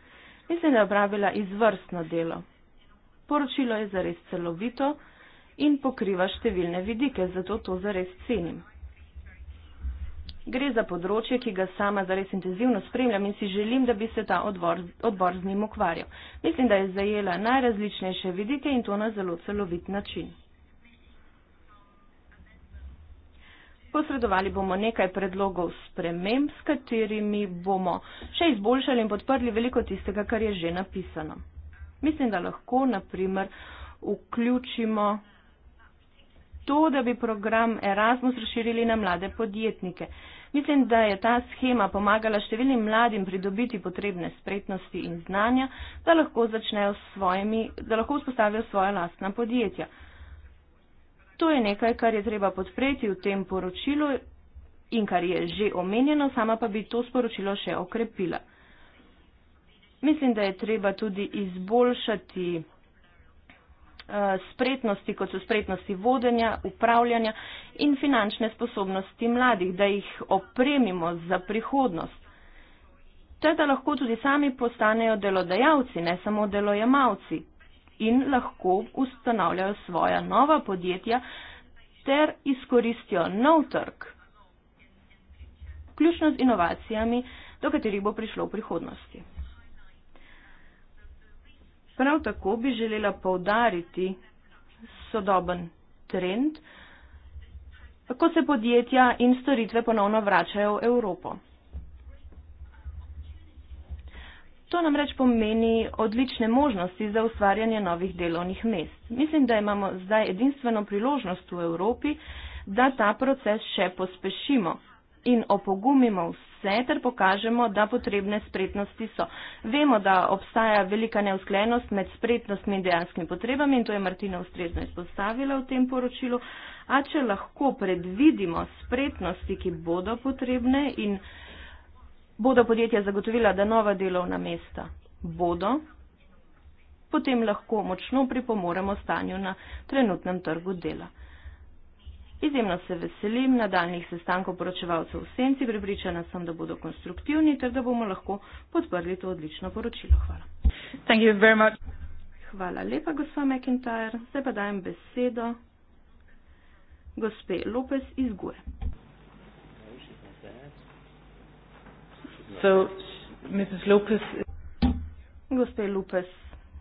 Mislim, da je opravila izvrstno delo. Poročilo je zares celovito in pokriva številne vidike, zato to zares cenim. Gre za področje, ki ga sama zares intenzivno spremljam in si želim, da bi se ta odbor, odbor z njim ukvarjal. Mislim, da je zajela najrazličnejše vidike in to na zelo celovit način. Posredovali bomo nekaj predlogov sprememb, s katerimi bomo še izboljšali in podprli veliko tistega, kar je že napisano. Mislim, da lahko naprimer vključimo to, da bi program Erasmus razširili na mlade podjetnike. Mislim, da je ta schema pomagala številnim mladim pridobiti potrebne spretnosti in znanja, da lahko, začnejo svojimi, da lahko vzpostavijo svoje lastna podjetja. To je nekaj, kar je treba podpreti v tem poročilu in kar je že omenjeno, sama pa bi to sporočilo še okrepila. Mislim, da je treba tudi izboljšati eh, spretnosti, kot so spretnosti vodenja, upravljanja in finančne sposobnosti mladih, da jih opremimo za prihodnost. Te da lahko tudi sami postanejo delodajalci, ne samo delojemalci in lahko ustanavljajo svoja nova podjetja ter izkoristijo nov trg, vključno z inovacijami, do katerih bo prišlo v prihodnosti. Prav tako bi želela povdariti sodoben trend, ko se podjetja in storitve ponovno vračajo v Evropo. To namreč pomeni odlične možnosti za ustvarjanje novih delovnih mest. Mislim, da imamo zdaj edinstveno priložnost v Evropi, da ta proces še pospešimo in opogumimo vse ter pokažemo, da potrebne spretnosti so. Vemo, da obstaja velika neusklenost med spretnostmi in dejanskimi potrebami in to je Martina ustrezno izpostavila v tem poročilu, a če lahko predvidimo spretnosti, ki bodo potrebne in Bodo podjetja zagotovila, da nova delovna mesta bodo, potem lahko močno pripomoremo stanju na trenutnem trgu dela. Izjemno se veselim nadaljnih sestankov poročevalcev v senci, pripričana sem, da bodo konstruktivni ter da bomo lahko podprli to odlično poročilo. Hvala. Thank you very much. Hvala lepa, gospod McIntyre. Zdaj pa dajem besedo gospe Lopez iz Gue. so Mrs. Lupes. Gospe Lupes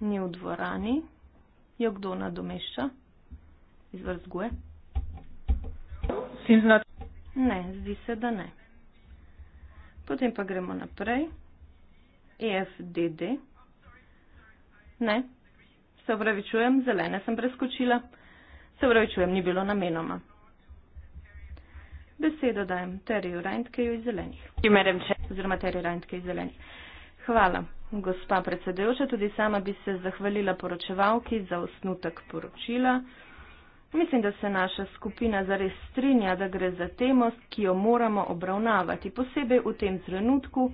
ni v dvorani. Jo kdo nadomešča? Izvrzguje? Sim znati. Ne, zdi se, da ne. Potem pa gremo naprej. EFDD. Ne, se upravičujem, zelene sem preskočila. Se upravičujem, ni bilo namenoma. Besedo dajem Terju Rajntkeju iz Zelenih. Oziroma Terju Rajntke iz Zelenih. Hvala, gospa predsedujoča. Tudi sama bi se zahvalila poročevalki za osnutek poročila. Mislim, da se naša skupina zares strinja, da gre za temo, ki jo moramo obravnavati, posebej v tem trenutku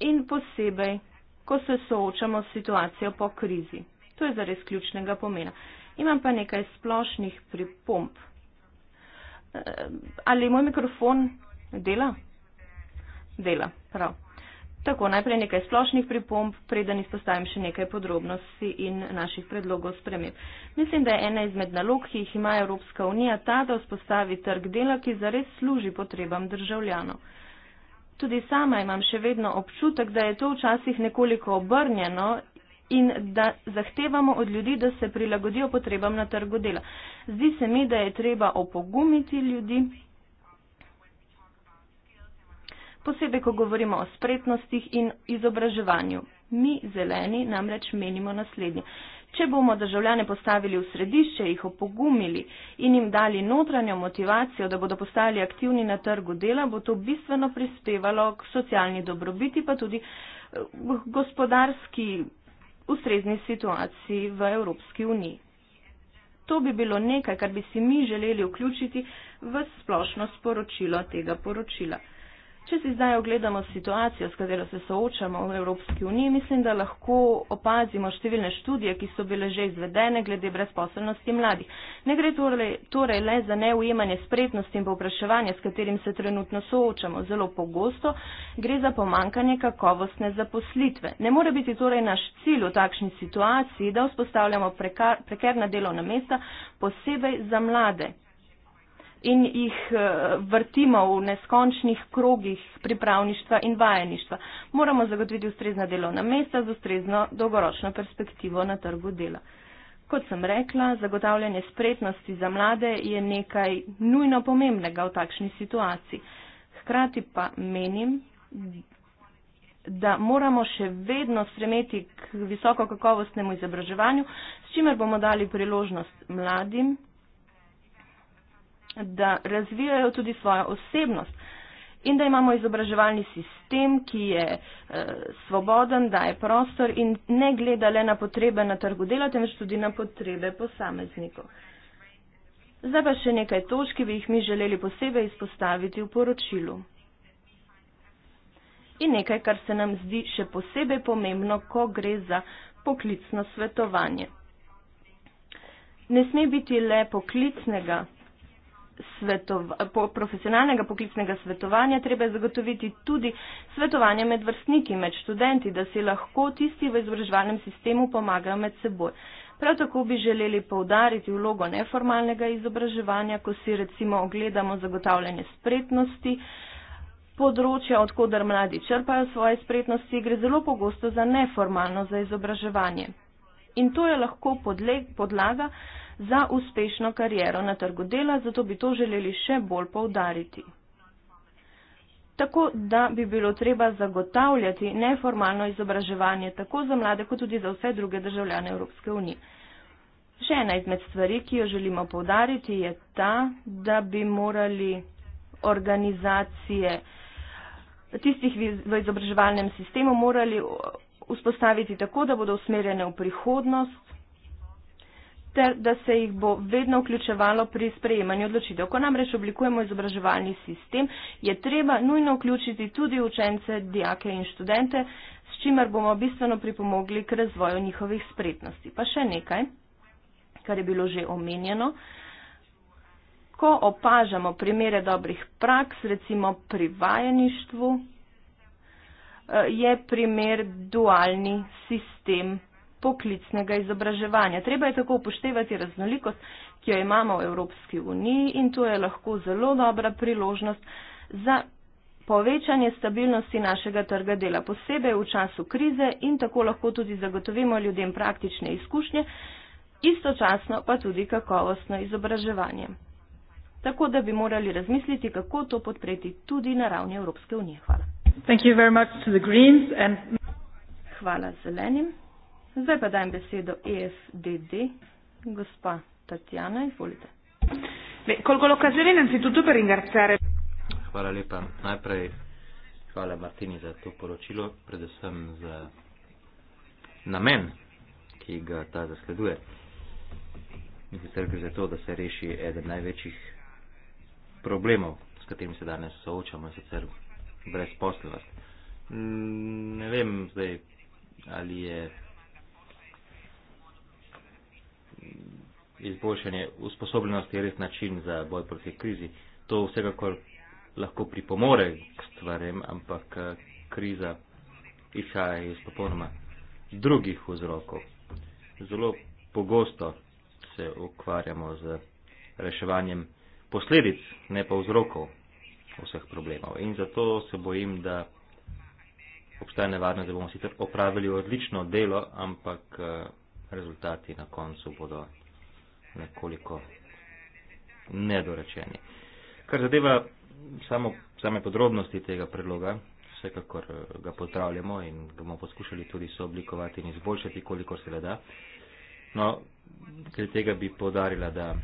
in posebej, ko se soočamo s situacijo po krizi. To je zares ključnega pomena. Imam pa nekaj splošnih pripomp. Eh, ali moj mikrofon dela? Dela, prav. Tako, najprej nekaj splošnih pripomb, preden izpostavim še nekaj podrobnosti in naših predlogov sprememb. Mislim, da je ena izmed nalog, ki jih ima Evropska unija, ta, da vzpostavi trg dela, ki zares služi potrebam državljanov. Tudi sama imam še vedno občutek, da je to včasih nekoliko obrnjeno in da zahtevamo od ljudi, da se prilagodijo potrebam na trgu dela. Zdi se mi, da je treba opogumiti ljudi, posebej, ko govorimo o spretnostih in izobraževanju. Mi, zeleni, namreč menimo naslednje. Če bomo državljane postavili v središče, jih opogumili in jim dali notranjo motivacijo, da bodo postali aktivni na trgu dela, bo to bistveno prispevalo k socialni dobrobiti, pa tudi eh, gospodarski ustrezni situaciji v Evropski uniji. To bi bilo nekaj, kar bi si mi želeli vključiti v splošno sporočilo tega poročila. Če si zdaj ogledamo situacijo, s katero se soočamo v Evropski uniji, mislim, da lahko opazimo številne študije, ki so bile že izvedene glede brezposobnosti mladih. Ne gre torej, torej le za neujemanje spretnosti in povpraševanja, s katerim se trenutno soočamo zelo pogosto, gre za pomankanje kakovostne zaposlitve. Ne more biti torej naš cilj v takšni situaciji, da vzpostavljamo prekar, prekerna delovna mesta, posebej za mlade in jih eh, vrtimo v neskončnih krogih pripravništva in vajeništva. Moramo zagotoviti ustrezna delovna mesta z ustrezno dolgoročno perspektivo na trgu dela. Kot sem rekla, zagotavljanje spretnosti za mlade je nekaj nujno pomembnega v takšni situaciji. Hkrati pa menim, da moramo še vedno stremeti k visokokakovostnemu izobraževanju, s čimer bomo dali priložnost mladim da razvijajo tudi svojo osebnost in da imamo izobraževalni sistem, ki je eh, svoboden, daje prostor in ne gleda le na potrebe na trgu dela, temveč tudi na potrebe posameznikov. Zdaj pa še nekaj točk, ki bi jih mi želeli posebej izpostaviti v poročilu. In nekaj, kar se nam zdi še posebej pomembno, ko gre za poklicno svetovanje. Ne sme biti le poklicnega svetova, profesionalnega poklicnega svetovanja treba je zagotoviti tudi svetovanje med vrstniki, med študenti, da si lahko tisti v izobraževalnem sistemu pomagajo med seboj. Prav tako bi želeli povdariti vlogo neformalnega izobraževanja, ko si recimo ogledamo zagotavljanje spretnosti. Področja, odkudar mladi črpajo svoje spretnosti, gre zelo pogosto za neformalno za izobraževanje. In to je lahko podlega za uspešno kariero na trgu dela, zato bi to želeli še bolj poudariti. Tako da bi bilo treba zagotavljati neformalno izobraževanje tako za mlade, kot tudi za vse druge državljane Evropske unije. Še ena izmed stvari, ki jo želimo poudariti, je ta, da bi morali organizacije tistih v izobraževalnem sistemu morali vzpostaviti tako, da bodo usmerjene v prihodnost ter da se jih bo vedno vključevalo pri sprejemanju odločitev. Ko namreč oblikujemo izobraževalni sistem, je treba nujno vključiti tudi učence, dijake in študente, s čimer bomo bistveno pripomogli k razvoju njihovih spretnosti. Pa še nekaj, kar je bilo že omenjeno. Ko opažamo primere dobrih praks, recimo pri vajeništvu, eh, je primer dualni sistem poklicnega izobraževanja. Treba je tako upoštevati raznolikost, ki jo imamo v Evropski uniji in to je lahko zelo dobra priložnost za povečanje stabilnosti našega trga dela, posebej v času krize in tako lahko tudi zagotovimo ljudem praktične izkušnje, istočasno pa tudi kakovostno izobraževanje. Tako da bi morali razmisliti, kako to podpreti tudi na ravni Evropske unije. Hvala. Hvala zelenim. Zdaj pa dajem besedo ESDD, gospa Tatjana, izvolite. Hvala lepa. Najprej hvala Martini za to poročilo, predvsem za namen, ki ga ta zasleduje. Mislim, da gre za to, da se reši eden največjih problemov, s katerimi se danes soočamo, sicer brezposlovost. Mm, ne vem zdaj, ali je izboljšanje usposobljenosti je res način za boj proti krizi. To vsekakor lahko pripomore k stvarem, ampak eh, kriza izhaja iz popolnoma drugih vzrokov. Zelo pogosto se ukvarjamo z reševanjem posledic, ne pa vzrokov vseh problemov. In zato se bojim, da obstaja nevarnost, da bomo sicer opravili odlično delo, ampak eh, rezultati na koncu bodo nekoliko nedorečeni. Kar zadeva samo, same podrobnosti tega predloga, vsekakor eh, ga pozdravljamo in ga bomo poskušali tudi sooblikovati in izboljšati, koliko se le da. No, glede tega bi podarila, da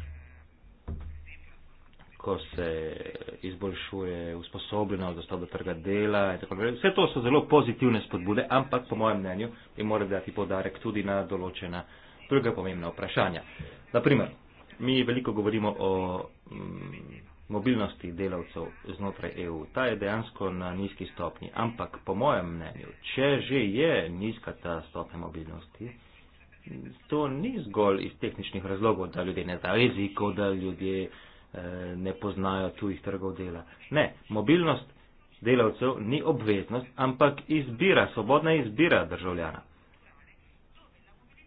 ko se izboljšuje usposobljenost, dostop do trga dela in tako naprej. Vse to so zelo pozitivne spodbude, ampak po mojem mnenju bi morali dati podarek tudi na določena druga pomembna vprašanja. Naprimer, mi veliko govorimo o mm, mobilnosti delavcev znotraj EU. Ta je dejansko na nizki stopnji, ampak po mojem mnenju, če že je nizka ta stopnja mobilnosti, to ni zgolj iz tehničnih razlogov, da ljudje ne znajo jezikov, da ljudje ne poznajo tujih trgov dela. Ne, mobilnost delavcev ni obveznost, ampak izbira, svobodna izbira državljana.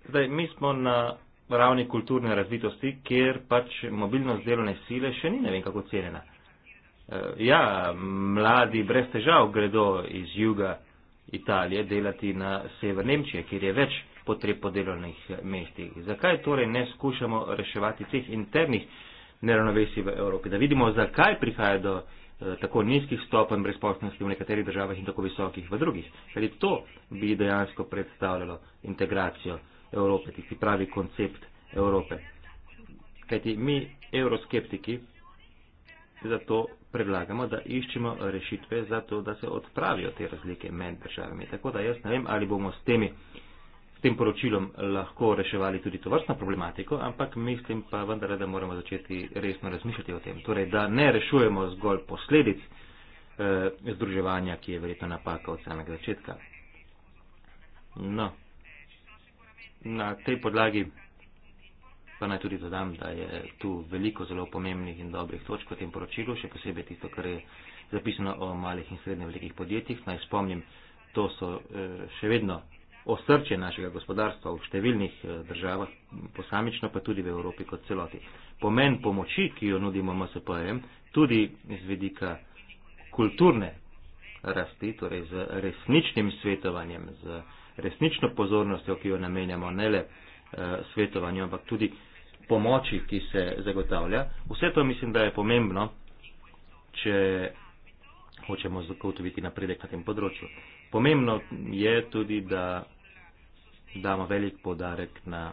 Zdaj, mi smo na ravni kulturne razvitosti, kjer pač mobilnost delovne sile še ni ne vem kako cenjena. Eh, ja, mladi brez težav gredo iz juga Italije delati na sever Nemčije, kjer je več potreb po delovnih mestih. Zakaj torej ne skušamo reševati teh internih neravnovesij v Evropi. Da vidimo, zakaj prihaja do eh, tako nizkih stopenj brezposobnosti v nekaterih državah in tako visokih v drugih. Ali to bi dejansko predstavljalo integracijo Evrope, tisti pravi koncept Evrope. Kajti mi, euroskeptiki, zato predlagamo, da iščemo rešitve za to, da se odpravijo te razlike med državami. Tako da jaz ne vem, ali bomo s temi uh, s tem poročilom lahko reševali tudi to vrstno problematiko, ampak mislim pa vendar, da moramo začeti resno razmišljati o tem. Torej, da ne rešujemo zgolj posledic eh, združevanja, ki je verjetno napaka od samega začetka. No, na tej podlagi pa naj tudi dodam, da je tu veliko zelo pomembnih in dobrih točk v tem poročilu, še posebej tisto, kar je zapisano o malih in srednje velikih podjetjih. Naj spomnim, to so eh, še vedno osrčje našega gospodarstva v številnih eh, državah, posamično pa tudi v Evropi kot celoti. Pomen pomoči, ki jo nudimo MSPM, tudi iz vedika kulturne rasti, torej z resničnim svetovanjem, z resnično pozornostjo, ki jo namenjamo ne le eh, svetovanju, ampak tudi pomoči, ki se zagotavlja. Vse to mislim, da je pomembno, če hočemo zagotoviti napredek na tem področju. Pomembno je tudi, da damo velik podarek na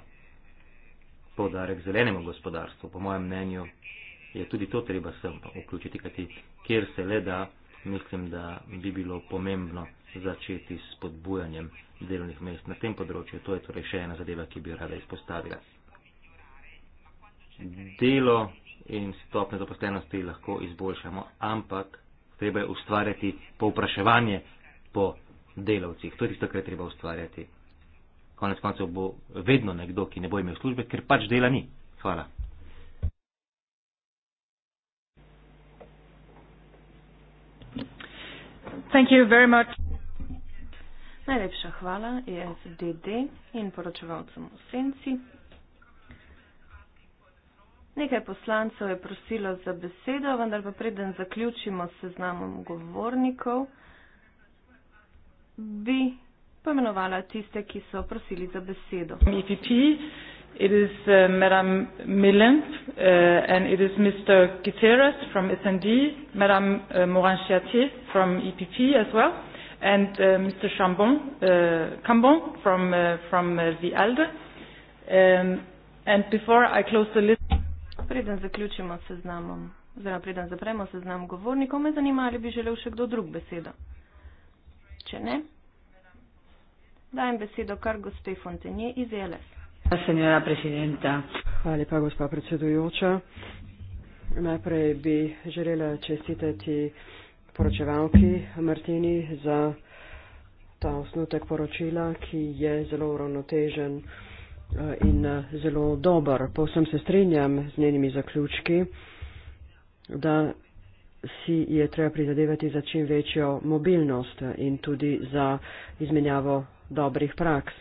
podarek zelenemu gospodarstvu. Po mojem mnenju je tudi to treba sem vključiti, kajti kjer se le da, mislim, da bi bilo pomembno začeti s podbujanjem delovnih mest na tem področju. To je torej še ena zadeva, ki bi jo rada izpostavila. Delo in stopne zaposlenosti lahko izboljšamo, ampak treba je ustvarjati povpraševanje po delavcih. To je tisto, kar je treba ustvarjati konec koncev bo vedno nekdo, ki ne bo imel službe, ker pač dela ni. Hvala. Thank you very much. Najlepša hvala e SDD in poročevalcem v senci. Nekaj poslancev je prosilo za besedo, vendar pa preden zaključimo seznamom govornikov, bi poimenovala tiste, ki so prosili za besedo. EPP, it is uh, Madam Millen uh, and it is Mr. Gutierrez from SND, Madam uh, Morin-Chiatier from EPP as well and uh, Mr. Chambon, uh, Cambon from, uh, from uh, the ALDE. Um, and before I close the list... Preden zaključimo seznamom, oziroma preden zapremo seznam govornikov, me zanima, ali bi želel še kdo drug besedo. Če ne, Dajem besedo kar gospe Fontenje iz Jeles. Hvala lepa, gospa predsedujoča. Najprej bi želela čestitati poročevalki Martini za ta osnutek poročila, ki je zelo uravnotežen eh, in eh, zelo dober. Povsem se strinjam z njenimi zaključki, da si je treba prizadevati za čim večjo mobilnost eh, in tudi za izmenjavo dobrih praks.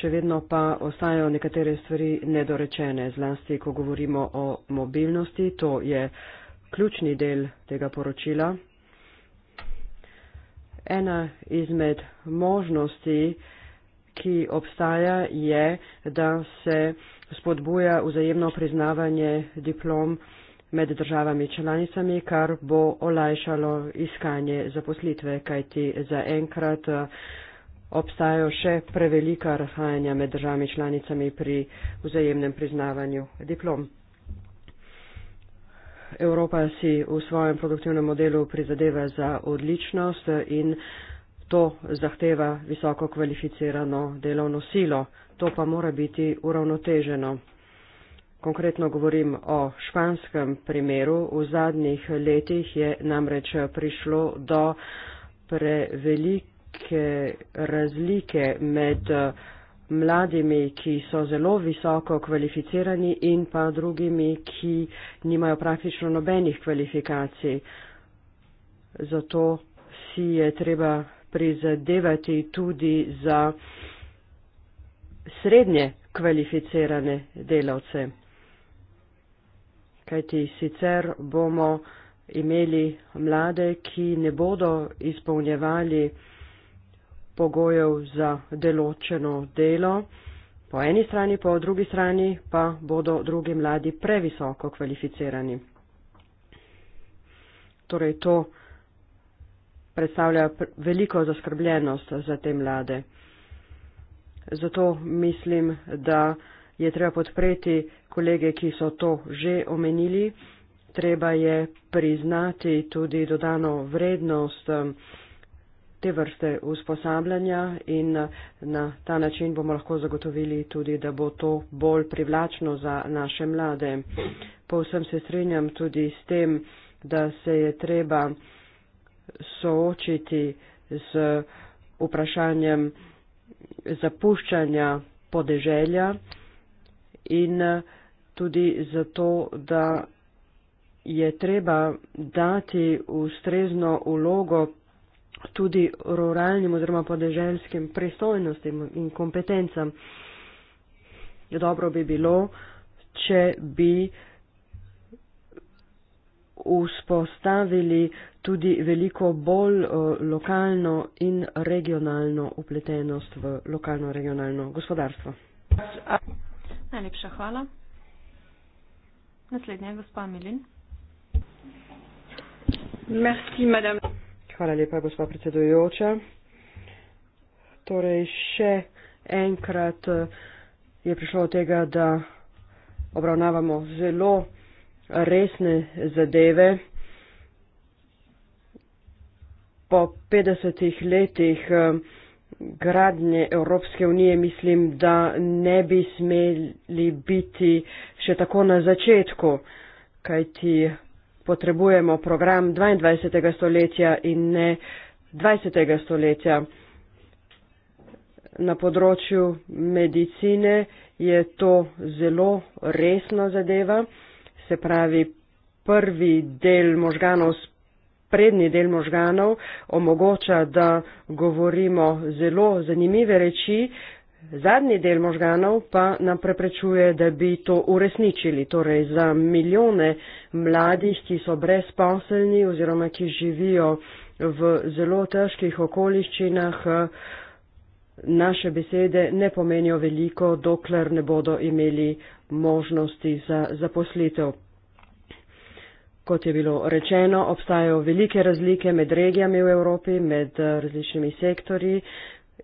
Še vedno pa ostajajo nekatere stvari nedorečene, zlasti ko govorimo o mobilnosti, to je ključni del tega poročila. Ena izmed možnosti, ki obstaja, je, da se spodbuja vzajemno priznavanje diplom med državami članicami, kar bo olajšalo iskanje zaposlitve, kajti zaenkrat. Uh, obstajajo še prevelika razhajanja med državami članicami pri vzajemnem priznavanju diplom. Evropa si v svojem produktivnem modelu prizadeva za odličnost in to zahteva visoko kvalificirano delovno silo. To pa mora biti uravnoteženo. Konkretno govorim o španskem primeru. V zadnjih letih je namreč prišlo do prevelik velike razlike med eh, mladimi, ki so zelo visoko kvalificirani in pa drugimi, ki nimajo praktično nobenih kvalifikacij. Zato si je treba prizadevati tudi za srednje kvalificirane delavce. Kajti sicer bomo imeli mlade, ki ne bodo izpolnjevali pogojev za deločeno delo, po eni strani, po drugi strani pa bodo drugi mladi previsoko kvalificirani. Torej, to predstavlja veliko zaskrbljenost za te mlade. Zato mislim, da je treba podpreti kolege, ki so to že omenili. Treba je priznati tudi dodano vrednost um, te vrste usposabljanja in na ta način bomo lahko zagotovili tudi, da bo to bolj privlačno za naše mlade. Povsem se strinjam tudi s tem, da se je treba soočiti z vprašanjem zapuščanja podeželja in tudi zato, da je treba dati ustrezno ulogo tudi ruralnim oziroma podeželskim pristojnostim in kompetencam. Ja, dobro bi bilo, če bi vzpostavili tudi veliko bolj eh, lokalno in regionalno upletenost v lokalno-regionalno gospodarstvo. Najlepša hvala. Naslednja je gospa Milin. Merci, madame. Hvala lepa, gospa predsedujoča. Torej, še enkrat eh, je prišlo od tega, da obravnavamo zelo resne zadeve. Po 50 letih eh, gradnje Evropske unije mislim, da ne bi smeli biti še tako na začetku, kajti potrebujemo program 22. stoletja in ne 20. stoletja. Na področju medicine je to zelo resna zadeva, se pravi, prvi del možganov, prednji del možganov omogoča, da govorimo zelo zanimive reči, Zadnji del možganov pa nam preprečuje, da bi to uresničili. Torej za milijone mladih, ki so brezposelni oziroma ki živijo v zelo težkih okoliščinah, naše besede ne pomenijo veliko, dokler ne bodo imeli možnosti za zaposlitev. Kot je bilo rečeno, obstajajo velike razlike med regijami v Evropi, med eh, različnimi sektorji.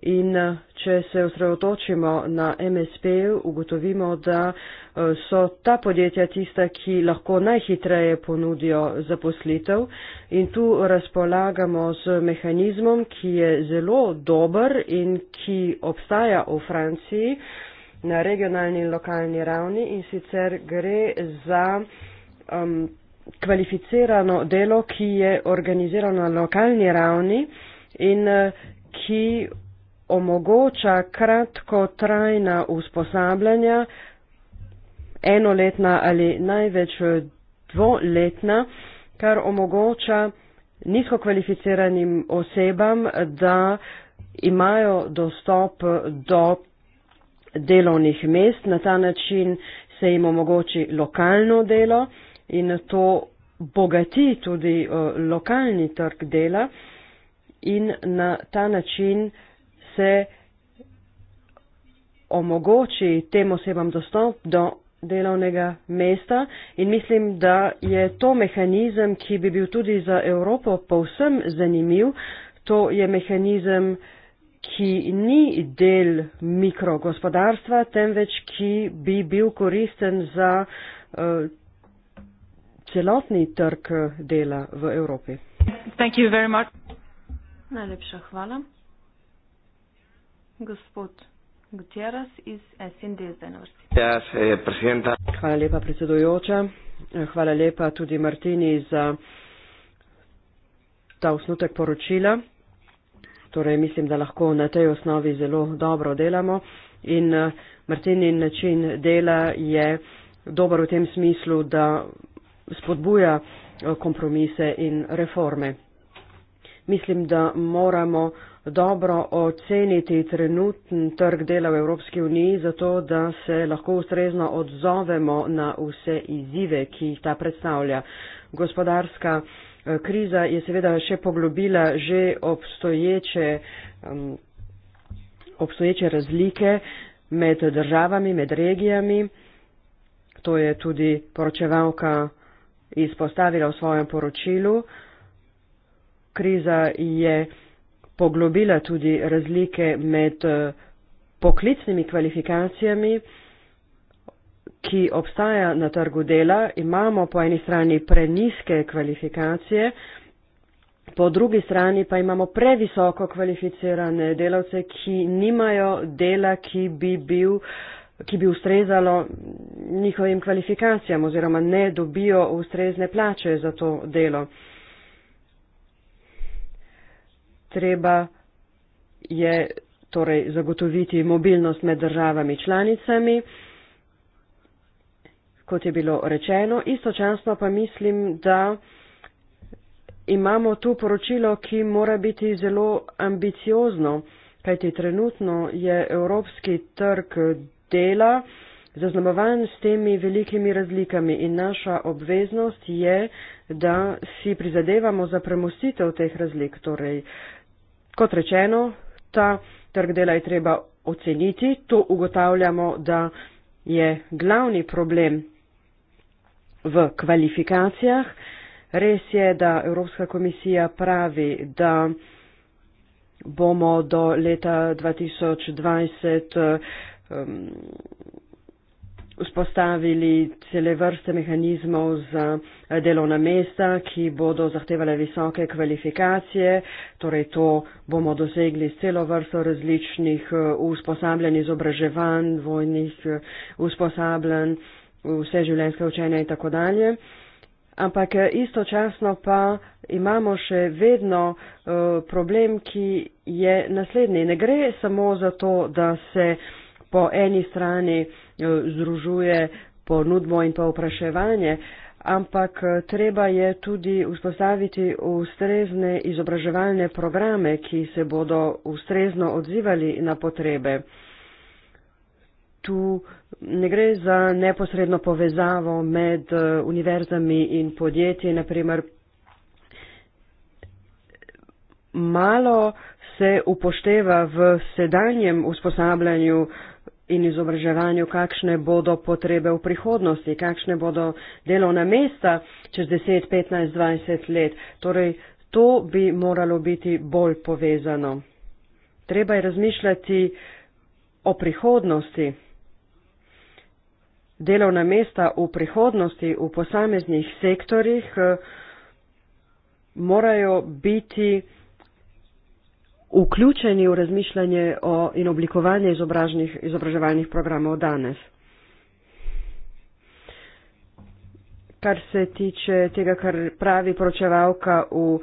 In eh, če se osredotočimo na MSP, ugotovimo, da eh, so ta podjetja tista, ki lahko najhitreje ponudijo zaposlitev. In tu razpolagamo z mehanizmom, ki je zelo dober in ki obstaja v Franciji na regionalni in lokalni ravni in sicer gre za um, kvalificirano delo, ki je organizirano na lokalni ravni in uh, ki omogoča kratkotrajna usposabljanja, enoletna ali največ dvoletna, kar omogoča nizkokvalificiranim osebam, da imajo dostop do delovnih mest. Na ta način se jim omogoči lokalno delo in to bogati tudi eh, lokalni trg dela in na ta način uh, se omogoči tem osebam dostop do delovnega mesta in mislim, da je to mehanizem, ki bi bil tudi za Evropo povsem zanimiv. To je mehanizem, ki ni del mikrogospodarstva, temveč ki bi bil koristen za uh, celotni trg dela v Evropi. Najlepša hvala. Gospod Gutjeras iz SND Zdenovrsti. Ja, se je presidenta. Hvala lepa, predsedujoča. Hvala lepa tudi Martini za ta osnutek poročila. Torej, mislim, da lahko na tej osnovi zelo dobro delamo in eh, Martinin način dela je dober v tem smislu, da spodbuja eh, kompromise in reforme. Mislim, da moramo dobro oceniti trenutni trg dela v Evropski uniji, zato da se lahko ustrezno odzovemo na vse izzive, ki jih ta predstavlja. Gospodarska eh, kriza je seveda še poglobila že obstoječe, um, obstoječe razlike med državami, med regijami. To je tudi poročevalka izpostavila v svojem poročilu. Kriza je poglobila tudi razlike med eh, poklicnimi kvalifikacijami, ki obstaja na trgu dela. Imamo po eni strani preniske kvalifikacije, po drugi strani pa imamo previsoko kvalificirane delavce, ki nimajo dela, ki bi bil ki bi ustrezalo njihovim kvalifikacijam oziroma ne dobijo ustrezne plače za to delo treba je torej zagotoviti mobilnost med državami članicami, kot je bilo rečeno. Istočasno pa mislim, da imamo tu poročilo, ki mora biti zelo ambiciozno, kajti trenutno je evropski trg dela zaznamovan s temi velikimi razlikami in naša obveznost je, da si prizadevamo za premustitev teh razlik, torej eh, Kot rečeno, ta trg dela je treba oceniti. To ugotavljamo, da je glavni problem v kvalifikacijah. Res je, da Evropska komisija pravi, da bomo do leta 2020 um, vzpostavili cele vrste mehanizmov za eh, delovna mesta, ki bodo zahtevale visoke kvalifikacije, torej to bomo dosegli s celo vrsto različnih eh, usposabljanj, izobraževanj, vojnih eh, usposabljanj, vse življenjske učenja in tako dalje. Ampak istočasno pa imamo še vedno problem, ki je naslednji. Ne gre samo za to, da se po eni strani Eh, združuje ponudbo in pa vpraševanje, ampak eh, treba je tudi vzpostaviti ustrezne izobraževalne programe, ki se bodo ustrezno odzivali na potrebe. Tu ne gre za neposredno povezavo med eh, univerzami in podjetji, naprimer malo se upošteva v sedanjem usposabljanju uh, in izobraževanju, kakšne bodo potrebe v prihodnosti, kakšne bodo delovna mesta čez 10, 15, 20 let. Torej, to bi moralo biti bolj povezano. Treba je razmišljati o prihodnosti. Delovna mesta v prihodnosti v posameznih sektorjih eh, morajo biti vključeni v razmišljanje o in oblikovanje izobraževalnih programov danes. Kar se tiče tega, kar pravi poročevalka v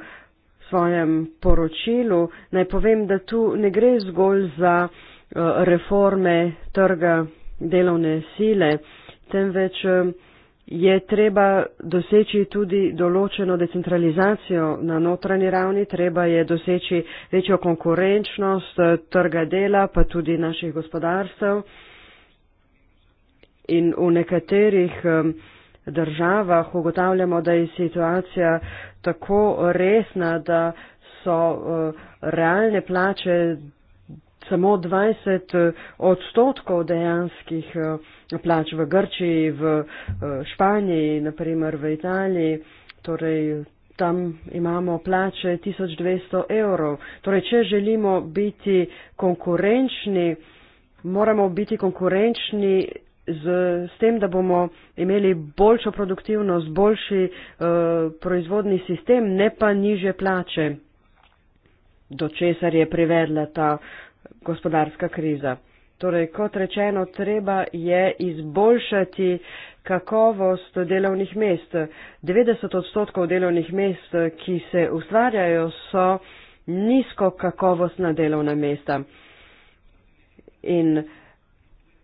svojem poročilu, naj povem, da tu ne gre zgolj za eh, reforme trga delovne sile, temveč eh, je treba doseči tudi določeno decentralizacijo na notranji ravni, treba je doseči večjo konkurenčnost eh, trga dela, pa tudi naših gospodarstv. In v nekaterih državah ugotavljamo, da je situacija tako resna, da so eh, realne plače samo 20 eh, odstotkov dejanskih plač v Grčiji, v eh, Španiji, naprimer v Italiji, torej tam imamo plače 1200 evrov. Torej, če želimo biti konkurenčni, moramo biti konkurenčni z, s tem, da bomo imeli boljšo produktivnost, boljši uh, proizvodni sistem, ne pa niže plače, do česar je privedla ta gospodarska kriza. Torej, kot rečeno, treba je izboljšati kakovost delovnih mest. 90 odstotkov delovnih mest, ki se ustvarjajo, so nizko kakovostna delovna mesta. In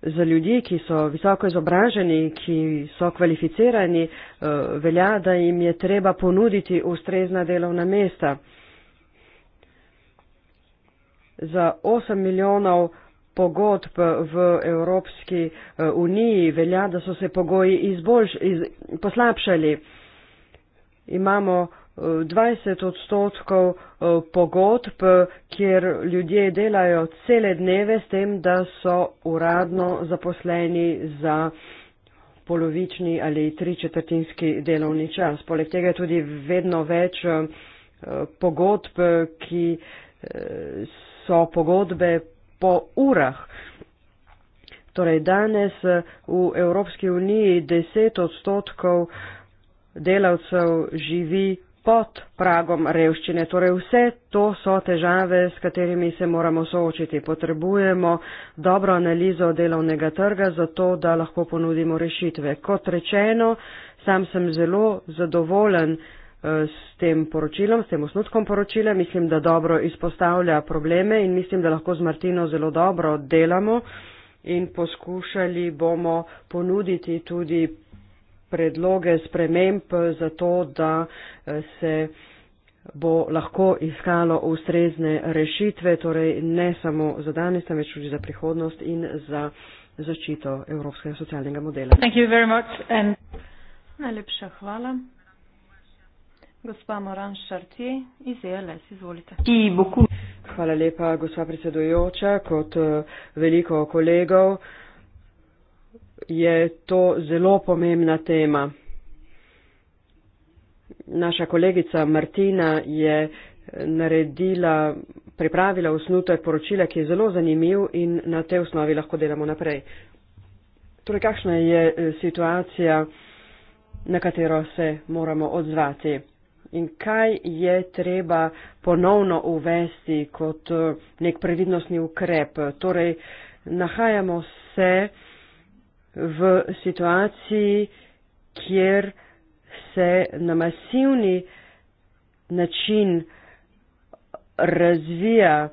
za ljudi, ki so visoko izobraženi, ki so kvalificirani, eh, velja, da jim je treba ponuditi ustrezna delovna mesta. Za 8 milijonov pogodb v Evropski eh, uniji velja, da so se pogoji izboljš, iz, poslabšali. Imamo 20 eh, odstotkov eh, pogodb, kjer ljudje delajo cele dneve s tem, da so uradno zaposleni za polovični ali tričetrtinski delovni čas. Poleg tega je tudi vedno več pogodb, ki so pogodbe po urah. Torej danes eh, v Evropski uniji 10 odstotkov delavcev živi pod pragom revščine. Torej vse to so težave, s katerimi se moramo soočiti. Potrebujemo dobro analizo delovnega trga, zato da lahko ponudimo rešitve. Kot rečeno, sam sem zelo zadovoljen s tem poročilom, s tem osnutkom poročila. Mislim, da dobro izpostavlja probleme in mislim, da lahko z Martino zelo dobro delamo in poskušali bomo ponuditi tudi predloge sprememb za to, da eh, se bo lahko iskalo ustrezne rešitve, torej ne samo za danes, temveč tudi za prihodnost in za zaščito evropskega socialnega modela. Najlepša hvala. Gospa Moran Šartje iz ELS, izvolite. Hvala lepa, gospa predsedujoča. Kot eh, veliko kolegov je to zelo pomembna tema. Naša kolegica Martina je naredila, pripravila osnutek poročila, ki je zelo zanimiv in na tej osnovi lahko delamo naprej. Torej, kakšna je eh, situacija, na katero se moramo odzvati? in kaj je treba ponovno uvesti kot eh, nek previdnostni ukrep. Torej, nahajamo se v situaciji, kjer se na masivni način razvija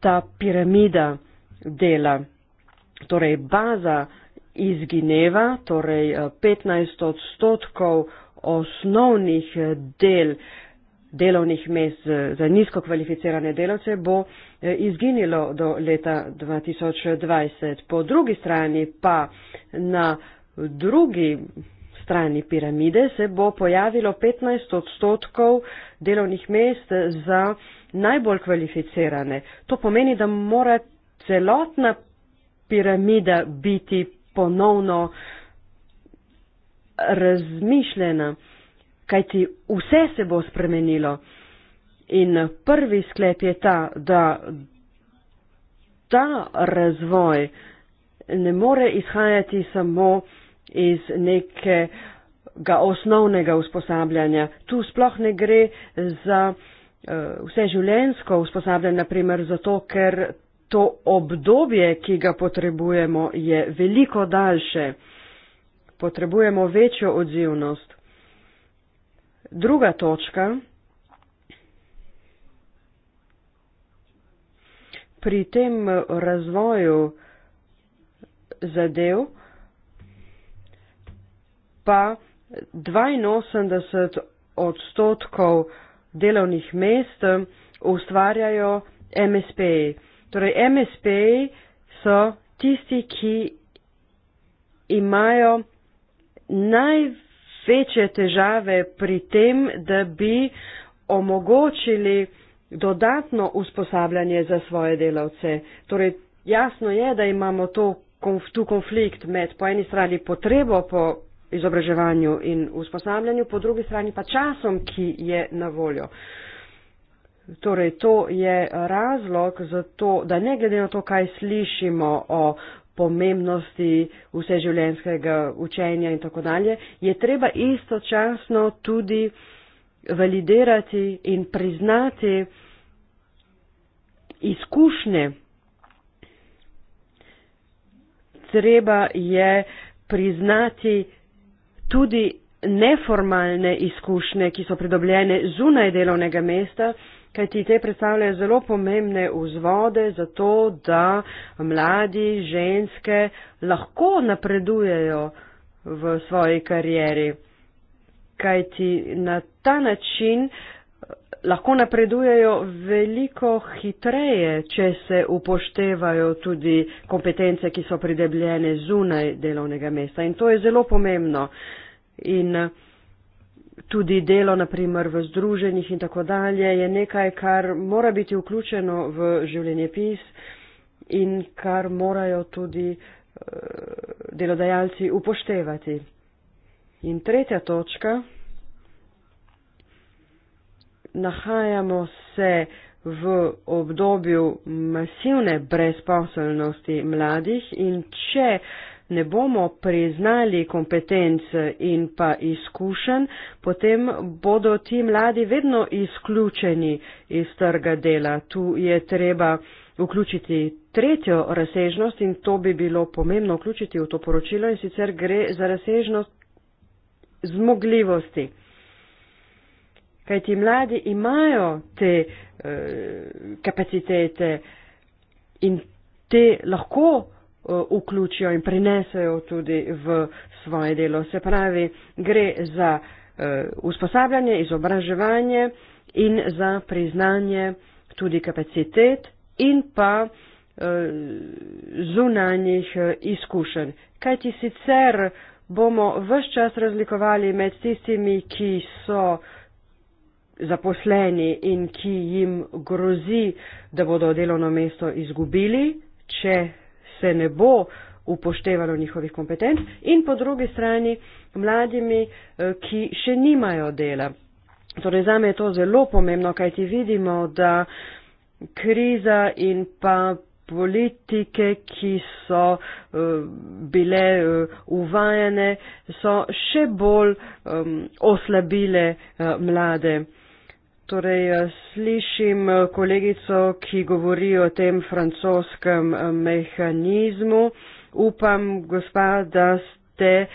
ta piramida dela. Torej, baza izgineva, torej 15 eh, odstotkov osnovnih eh, del delovnih mest za nizko kvalificirane delavce bo eh, izginilo do leta 2020. Po drugi strani pa na drugi strani piramide se bo pojavilo 15 odstotkov delovnih mest za najbolj kvalificirane. To pomeni, da mora celotna piramida biti ponovno uh, razmišljena, kajti vse se bo spremenilo. In prvi sklep je ta, da ta razvoj ne more izhajati samo iz nekega osnovnega usposabljanja. Tu sploh ne gre za eh, vse življensko usposabljanje, naprimer zato, ker to obdobje, ki ga potrebujemo, je veliko daljše potrebujemo večjo odzivnost. Druga točka. Pri tem razvoju zadev pa 82 odstotkov delovnih mest ustvarjajo MSP. E. Torej, MSP e so tisti, ki imajo največje težave pri tem, da bi omogočili dodatno usposabljanje za svoje delavce. Torej, jasno je, da imamo to, tu konflikt med po eni strani potrebo po izobraževanju in usposabljanju, po drugi strani pa časom, ki je na voljo. Torej, to je razlog za to, da ne glede na to, kaj slišimo o pomembnosti vseživljenskega učenja in tako dalje, je treba istočasno tudi validirati in priznati izkušnje. Treba je priznati tudi neformalne izkušnje, ki so pridobljene zunaj delovnega mesta kajti te predstavljajo zelo pomembne vzvode za to, da mladi ženske lahko napredujejo v svoji karieri. Kajti na ta način eh, lahko napredujejo veliko hitreje, če se upoštevajo tudi kompetence, ki so pridebljene zunaj delovnega mesta. In to je zelo pomembno. In, uh, tudi delo, naprimer v združenjih in tako dalje, je nekaj, kar mora biti vključeno v življenje pis in kar morajo tudi eh, delodajalci upoštevati. In tretja točka. Nahajamo se v obdobju masivne brezposelnosti mladih in če ne bomo priznali kompetenc in pa izkušenj, potem bodo ti mladi vedno izključeni iz trga dela. Tu je treba vključiti tretjo razsežnost in to bi bilo pomembno vključiti v to poročilo in sicer gre za razsežnost zmogljivosti. Kaj ti mladi imajo te eh, kapacitete in te lahko Eh, vključijo in prinesejo tudi v svoje delo. Se pravi, gre za eh, usposabljanje, izobraževanje in za priznanje tudi kapacitet in pa eh, zunanjih izkušenj. Kaj ti sicer bomo vse čas razlikovali med tistimi, ki so zaposleni in ki jim grozi, da bodo delovno mesto izgubili, če se ne bo upoštevalo njihovih kompetenc in po drugi strani mladimi, eh, ki še nimajo dela. Torej, zame je to zelo pomembno, kaj ti vidimo, da kriza in pa politike, ki so uh, bile uh, uvajene, so še bolj um, oslabile uh, mlade. Torej, eh, slišim eh, kolegico, ki govori o tem francoskem eh, mehanizmu. Upam, gospa, da ste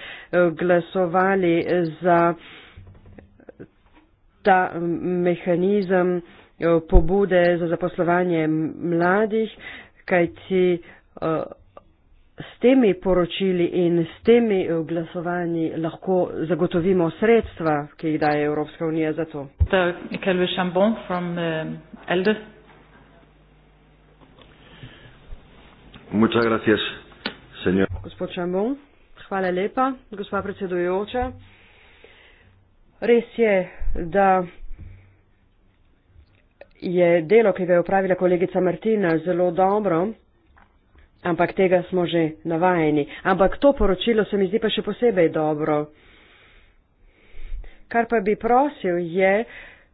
glasovali za ta mehanizem pobude za zaposlovanje mladih, kajti s temi poročili in s temi eh, glasovanji lahko zagotovimo sredstva, ki jih daje Evropska unija za to. Eh, Gospod Šambon, hvala lepa, gospa predsedujoča. Res je, da je delo, ki ga je upravila kolegica Martina, zelo dobro ampak tega smo že navajeni. Ampak to poročilo se mi zdi pa še posebej dobro. Kar pa bi prosil je,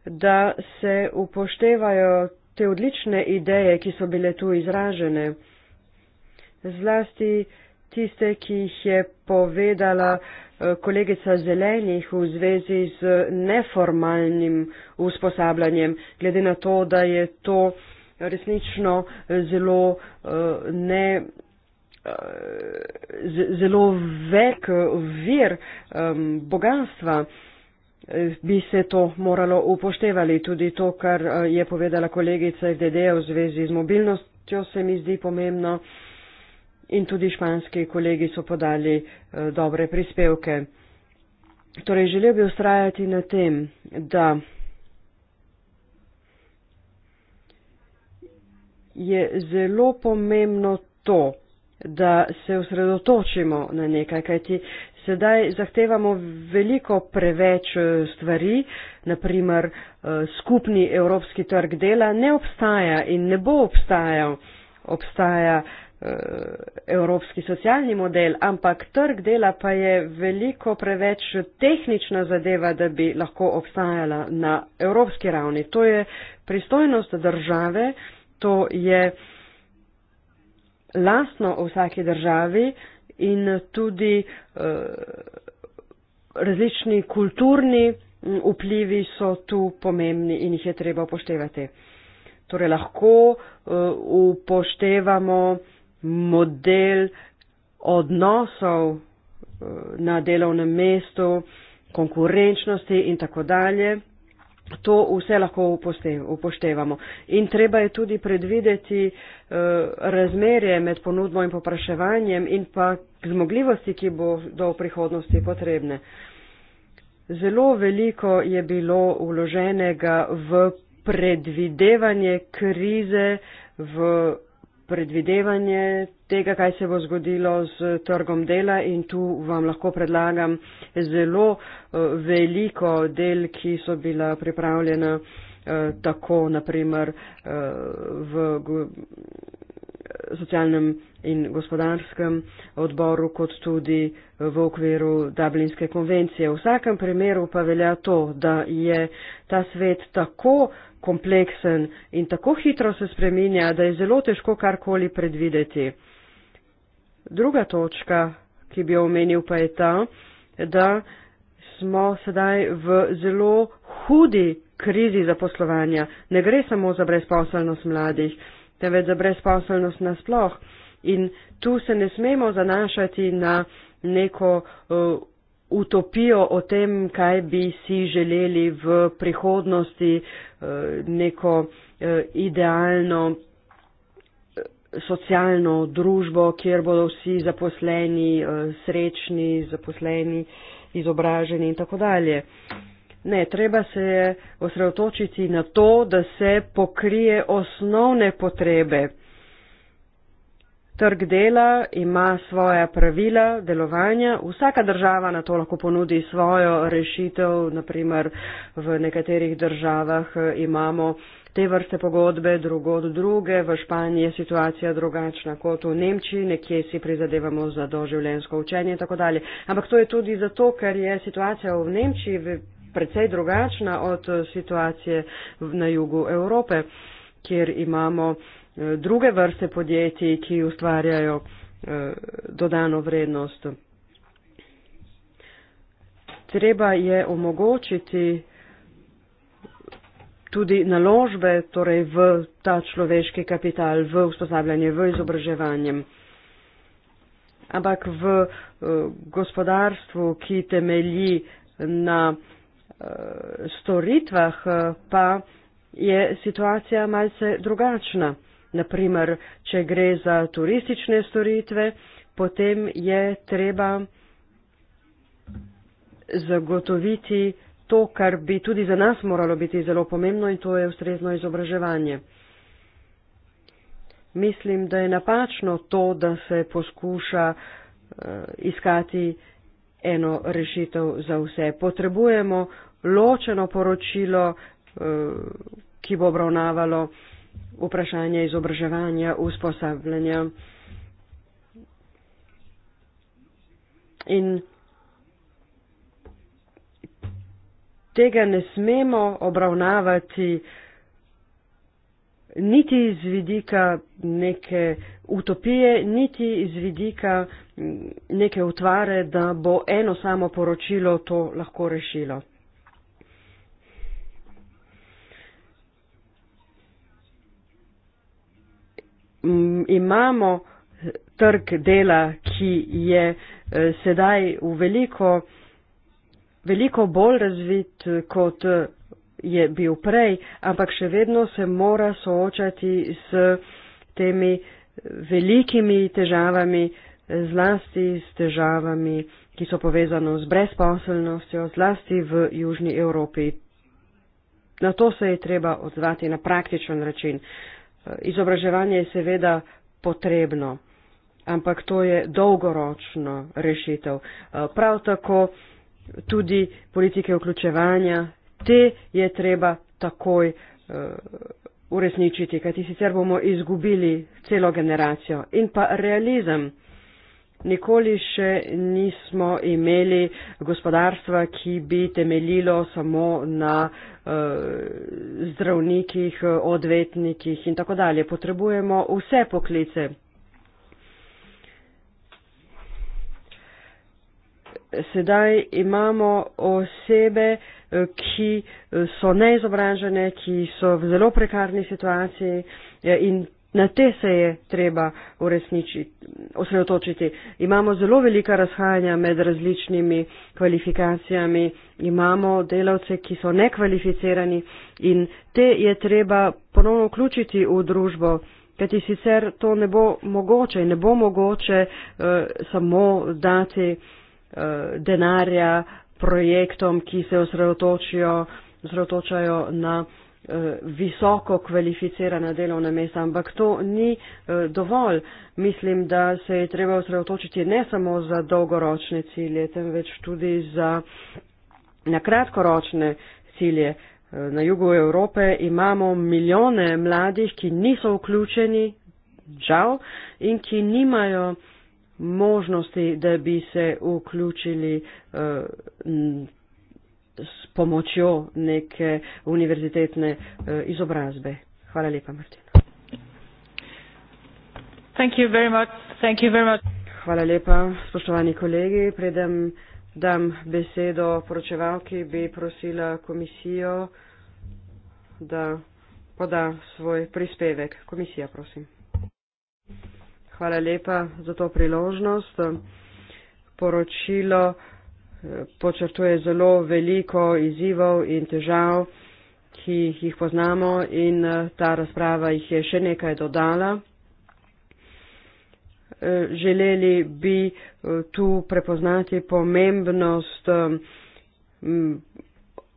da se upoštevajo te odlične ideje, ki so bile tu izražene, zlasti tiste, ki jih je povedala eh, kolegica zelenih v zvezi z neformalnim usposabljanjem, glede na to, da je to uh, resnično eh, zelo eh, ne. Eh, zelo velik vir um, bogatstva bi se to moralo upoštevali. Tudi to, kar je povedala kolegica FDD e v zvezi z mobilnostjo, se mi zdi pomembno. In tudi španski kolegi so podali uh, dobre prispevke. Torej, želel bi ustrajati na tem, da je zelo pomembno to, da se osredotočimo na nekaj, kajti sedaj zahtevamo veliko preveč eh, stvari, naprimer eh, skupni evropski trg dela ne obstaja in ne bo obstajal, obstaja eh, evropski socialni model, ampak trg dela pa je veliko preveč tehnična zadeva, da bi lahko obstajala na evropski ravni. To je pristojnost države, to je lastno v vsaki državi in tudi eh, različni kulturni vplivi so tu pomembni in jih je treba upoštevati. Torej lahko eh, upoštevamo model odnosov eh, na delovnem mestu, konkurenčnosti in tako dalje. To vse lahko upoštevamo. In treba je tudi predvideti eh, razmerje med ponudbo in popraševanjem in pa zmogljivosti, ki bo do prihodnosti potrebne. Zelo veliko je bilo uloženega v predvidevanje krize, v predvidevanje tega, kaj se bo zgodilo z trgom dela in tu vam lahko predlagam zelo eh, veliko del, ki so bila pripravljena eh, tako naprimer eh, v socialnem in gospodarskem odboru, kot tudi v okviru Dublinske konvencije. V vsakem primeru pa velja to, da je ta svet tako kompleksen in tako hitro se spreminja, da je zelo težko karkoli predvideti. Druga točka, ki bi jo omenil, pa je ta, da smo sedaj v zelo hudi krizi zaposlovanja. Ne gre samo za brezposelnost mladih, temveč za brezposelnost nasploh. In tu se ne smemo zanašati na neko uh, utopijo o tem, kaj bi si želeli v prihodnosti, uh, neko uh, idealno socialno družbo, kjer bodo vsi zaposleni eh, srečni, zaposleni, izobraženi in tako dalje. Ne, treba se osredotočiti na to, da se pokrije osnovne potrebe. Trg dela ima svoja pravila delovanja, vsaka država na to lahko ponudi svojo rešitev, naprimer v nekaterih državah eh, imamo te vrste pogodbe drugo od druge. V Španiji je situacija drugačna kot v Nemčiji, nekje si prizadevamo za doživljensko učenje in tako dalje. Ampak to je tudi zato, ker je situacija v Nemčiji precej drugačna od eh, situacije na jugu Evrope, kjer imamo eh, druge vrste podjetij, ki ustvarjajo eh, dodano vrednost. Treba je omogočiti tudi naložbe torej v ta človeški kapital, v usposabljanje, v izobraževanje. Ampak v eh, gospodarstvu, ki temelji na eh, storitvah, eh, pa je situacija malce drugačna. Naprimer, če gre za turistične storitve, potem je treba zagotoviti to, kar bi tudi za nas moralo biti zelo pomembno in to je ustrezno izobraževanje. Mislim, da je napačno to, da se poskuša uh, iskati eno rešitev za vse. Potrebujemo ločeno poročilo, uh, ki bo obravnavalo vprašanje izobraževanja, usposabljanja. In tega ne smemo obravnavati niti iz vidika neke utopije, niti iz vidika neke utvare, da bo eno samo poročilo to lahko rešilo. Imamo trg dela, ki je eh, sedaj v veliko veliko bolj razvit, kot je bil prej, ampak še vedno se mora soočati s temi velikimi težavami, zlasti s težavami, ki so povezano z brezposelnostjo, zlasti v Južni Evropi. Na to se je treba odzvati na praktičen račin. Izobraževanje je seveda potrebno, ampak to je dolgoročno rešitev. Prav tako tudi politike vključevanja, te je treba takoj uh, uresničiti, kajti sicer bomo izgubili celo generacijo. In pa realizem. Nikoli še nismo imeli gospodarstva, ki bi temeljilo samo na uh, zdravnikih, odvetnikih in tako dalje. Potrebujemo vse poklice. sedaj imamo osebe, ki so neizobražene, ki so v zelo prekarni situaciji eh, in na te se je treba osredotočiti. Imamo zelo velika razhajanja med različnimi kvalifikacijami, imamo delavce, ki so nekvalificirani in te je treba ponovno vključiti v družbo. Kajti sicer to ne bo mogoče, ne bo mogoče uh, samo dati uh, Eh, denarja projektom, ki se osredotočajo na eh, visoko kvalificirana delovna mesta, ampak to ni eh, dovolj. Mislim, da se je treba osredotočiti ne samo za dolgoročne cilje, temveč tudi za na kratkoročne cilje. Na jugu Evrope imamo milijone mladih, ki niso vključeni, žal, in ki nimajo možnosti, da bi se vključili eh, s pomočjo neke univerzitetne eh, izobrazbe. Hvala lepa, Martin. Thank you very much. Thank you very much. Hvala lepa, spoštovani kolegi. Predem dam besedo poročevalki, bi prosila komisijo, da poda svoj prispevek. Komisija, prosim. Hvala lepa za to priložnost. Poročilo eh, počrtuje zelo veliko izzivov in težav, ki jih poznamo in eh, ta razprava jih je še nekaj dodala. Eh, želeli bi tu prepoznati pomembnost mm,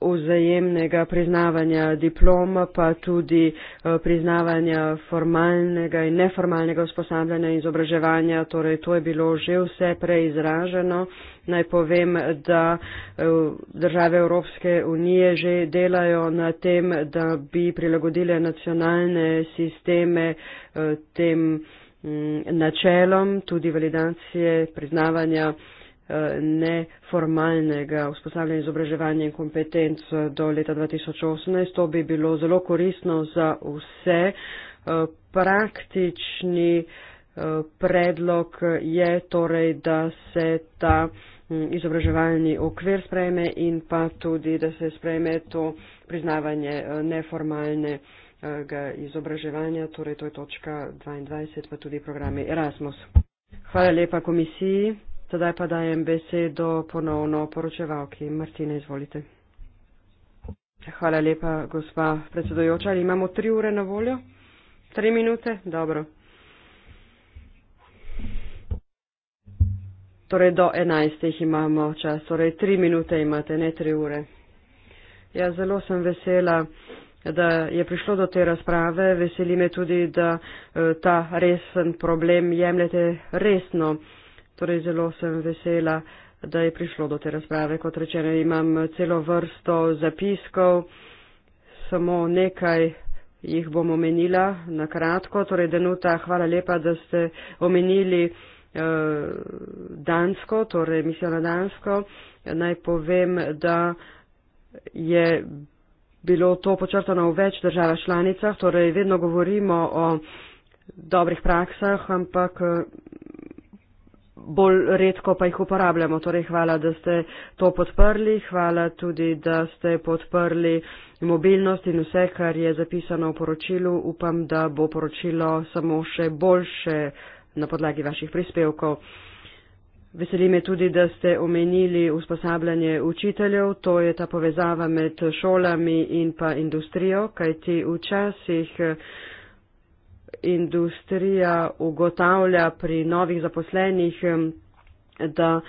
vzajemnega priznavanja diplom, pa tudi eh, priznavanja formalnega in neformalnega usposabljanja in izobraževanja. Torej, to je bilo že vse preizraženo. Naj povem, da eh, države Evropske unije že delajo na tem, da bi prilagodile nacionalne sisteme eh, tem mm, načelom, tudi validacije priznavanja Eh, neformalnega vzpostavljanja izobraževanja in kompetenc eh, do leta 2018. To bi bilo zelo koristno za vse. Eh, praktični predlog je torej, da se ta mm, izobraževalni okvir sprejme in pa tudi, da se sprejme to priznavanje neformalne izobraževanja, torej to je točka 22, pa tudi programi Erasmus. Hvala lepa komisiji. Sedaj pa dajem besedo ponovno poročevalki. Martina, izvolite. Hvala lepa, gospa predsedojoča. Ali imamo tri ure na voljo? Tri minute? Dobro. Torej do enajstih imamo čas, torej tri minute imate, ne tri ure. Ja, zelo sem vesela, da je prišlo do te razprave. Veseli me tudi, da eh, ta resen problem jemljete resno. Torej, zelo sem vesela, da je prišlo do te razprave. Kot rečeno, imam celo vrsto zapiskov, samo nekaj jih bom omenila na kratko. Torej, Denuta, hvala lepa, da ste omenili eh, Dansko, torej misijo na Dansko. Naj povem, da je bilo to počrtano v več državah članicah, torej vedno govorimo o dobrih praksah, ampak. Eh, bolj redko pa jih uporabljamo. Torej, hvala, da ste to podprli. Hvala tudi, da ste podprli mobilnost in vse, kar je zapisano v poročilu. Upam, da bo poročilo samo še boljše na podlagi vaših prispevkov. Veseli me tudi, da ste omenili usposabljanje učiteljev. To je ta povezava med šolami in pa industrijo, kajti včasih. Eh, industrija ugotavlja pri novih zaposlenih, da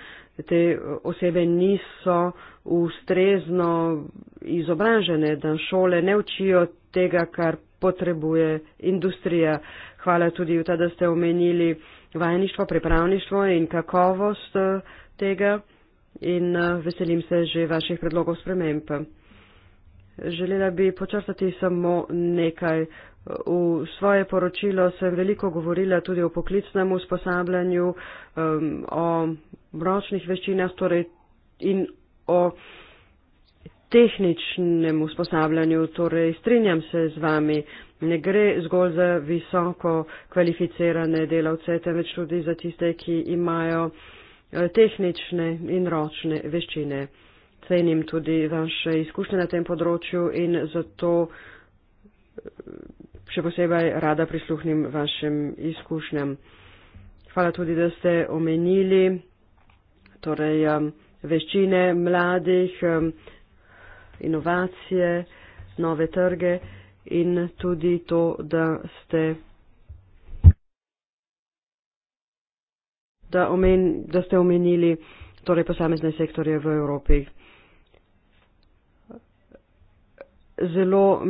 te osebe niso ustrezno izobražene, da šole ne učijo tega, kar potrebuje industrija. Hvala tudi, da ste omenili vajeništvo, pripravništvo in kakovost eh, tega in eh, veselim se že vaših predlogov sprememb. Želela bi počrtati samo nekaj. V svoje poročilo sem veliko govorila tudi o poklicnem usposabljanju, um, o ročnih veščinah torej, in o tehničnem usposabljanju. Torej, strinjam se z vami, ne gre zgolj za visoko kvalificirane delavce, temveč tudi za tiste, ki imajo eh, tehnične in ročne veščine cenim tudi vaše izkušnje na tem področju in zato eh, še posebej rada prisluhnim vašim izkušnjam. Hvala tudi, da ste omenili torej, eh, veščine mladih, eh, inovacije, nove trge in tudi to, da ste. Da, omen, da ste omenili torej posamezne sektorje v Evropi. Zelo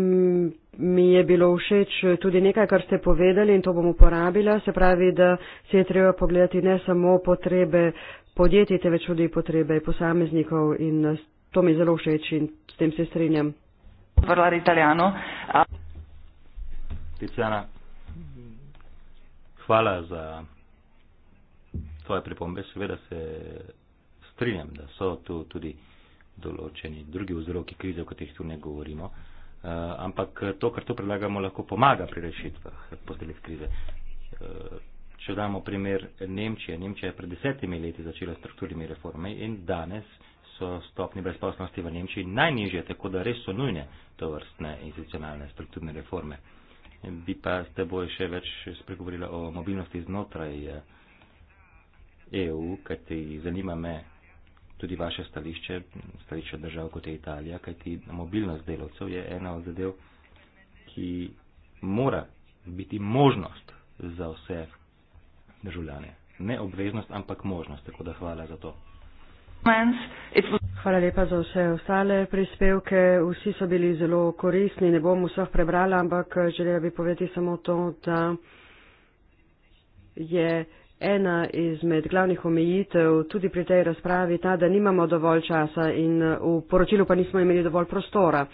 mi je bilo všeč tudi nekaj, kar ste povedali in to bom uporabila. Se pravi, da se je treba pogledati ne samo potrebe podjetij, temveč tudi potrebe posameznikov in eh, to mi je zelo všeč in s tem se strinjam. Vrla italijano. Tiziana, hvala za tvoje pripombe. Seveda se strinjam, da so tu tudi določeni drugi vzroki krize, o katerih tu ne govorimo. Uh, ampak eh, to, kar tu predlagamo, lahko pomaga pri rešitvah eh, posledic krize. Uh, če damo primer Nemčije. Nemčija je pred desetimi leti začela s strukturnimi reformami in danes so stopni brezposobnosti v Nemčiji najnižje, tako da res so nujne to vrstne institucionalne strukturne reforme. Bi pa s teboj še več spregovorila o mobilnosti znotraj EU, e kajti zanima me, tudi vaše stališče, stališče držav kot je Italija, kajti mobilnost delovcev je ena od zadev, ki mora biti možnost za vse državljane. Ne obveznost, ampak možnost. Tako da hvala za to. Hvala lepa za vse ostale prispevke. Vsi so bili zelo koristni. Ne bom vseh prebrala, ampak želela bi povedati samo to, da je. Ena izmed glavnih omejitev tudi pri tej razpravi je ta, da nimamo dovolj časa in eh, v poročilu pa nismo imeli dovolj prostora.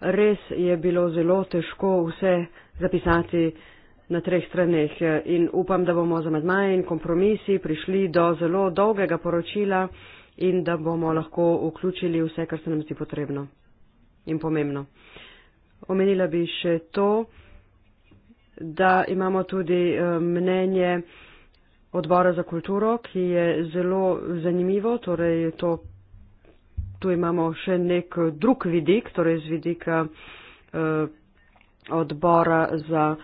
Res je bilo zelo težko vse zapisati na treh straneh eh, in upam, da bomo z amadmaji in kompromisi prišli do zelo dolgega poročila in da bomo lahko vključili vse, kar se nam zdi potrebno in pomembno. Omenila bi še to da imamo tudi eh, mnenje odbora za kulturo, ki je zelo zanimivo, torej to, tu imamo še nek drug vidik, torej z vidika eh, odbora za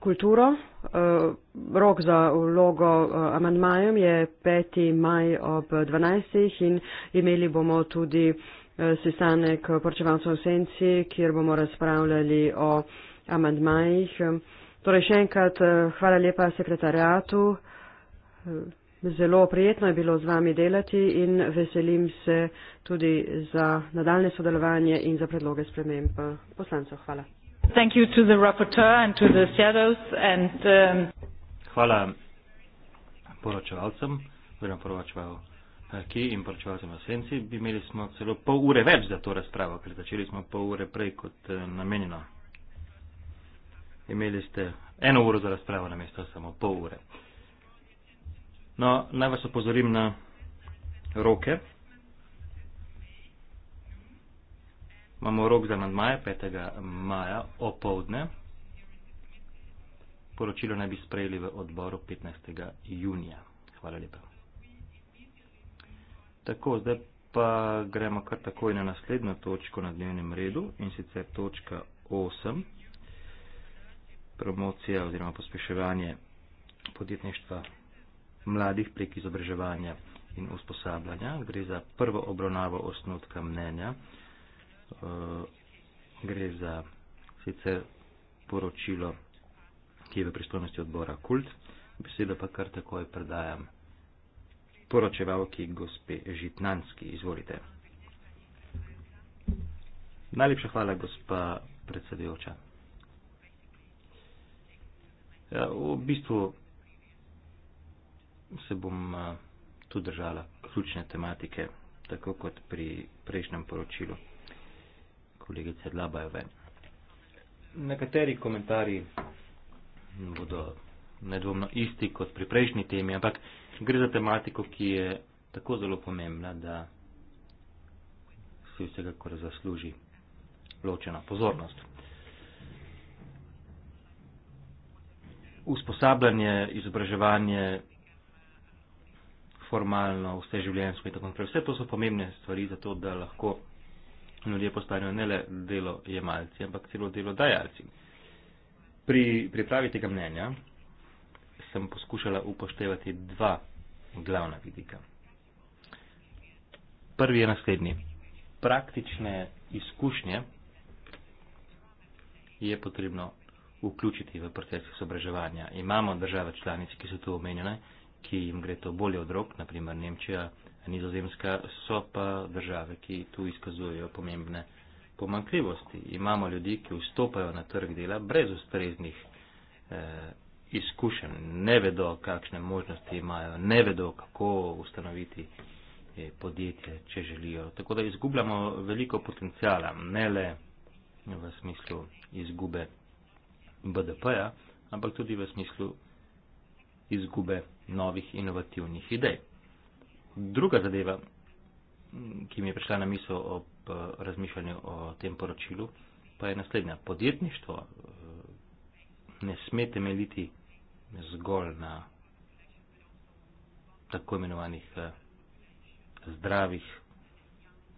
kulturo. Eh, rok za vlogo amandmajem je 5. maj ob 12. in imeli bomo tudi sestanek Porčevalcev v Senci, kjer bomo razpravljali o amandmajih. Torej še enkrat eh, hvala lepa sekretarjatu. Eh, zelo prijetno je bilo z vami delati in veselim se tudi za nadaljne sodelovanje in za predloge sprememb eh, poslancev. Hvala. Um, hvala poročevalcem, oziroma poročeval Ki in poročevalcem v Senci. Imeli smo celo pol ure več za to razpravo, ker začeli smo pol ure prej kot namenjeno imeli ste eno uro za razpravo, namesto samo pol ure. No, naj vas opozorim na roke. Imamo rok za nadmaja, 5. maja, opovdne. Poročilo naj bi sprejeli v odboru 15. junija. Hvala lepa. Tako, zdaj pa gremo kar takoj na naslednjo točko na dnevnem redu in sicer točka 8 promocija oziroma pospeševanje podjetništva mladih prek izobraževanja in usposabljanja. Gre za prvo obravnavo osnutka mnenja. Eh, gre za sicer poročilo, ki je v pristojnosti odbora Kult. Besedo pa kar takoj predajam poročevalki gospe Žitnanski. Izvolite. Najlepša hvala, gospa predsedujoča. Ja, v bistvu se bom eh, tu držala ključne tematike, tako kot pri prejšnjem poročilu kolegice Dlabajove. Nekateri komentarji bodo nedvomno isti kot pri prejšnji temi, ampak gre za tematiko, ki je tako zelo pomembna, da si vsekakor zasluži ločena pozornost. usposabljanje, izobraževanje, formalno, vseživljenjsko in tako naprej. Vse to so pomembne stvari za to, da lahko ljudje postanejo ne le delojemalci, ampak celo delodajalci. Pri pripravi tega mnenja sem poskušala upoštevati dva glavna vidika. Prvi je naslednji. Praktične izkušnje je potrebno vključiti v proces izobraževanja. Imamo države članice, ki so tu omenjene, ki jim gre to bolje od rok, naprimer Nemčija, Nizozemska, so pa države, ki tu izkazujejo pomembne pomankljivosti. Imamo ljudi, ki vstopajo na trg dela brez ustreznih eh, izkušenj, ne vedo, kakšne možnosti imajo, ne vedo, kako ustanoviti eh, podjetje, če želijo. Tako da izgubljamo veliko potencijala, ne le v smislu izgube BDP-ja, ampak tudi v smislu izgube novih inovativnih idej. Druga zadeva, ki mi je prišla na misel ob eh, razmišljanju o tem poročilu, pa je naslednja. Podjetništvo eh, ne sme temeljiti zgolj na tako imenovanih eh, zdravih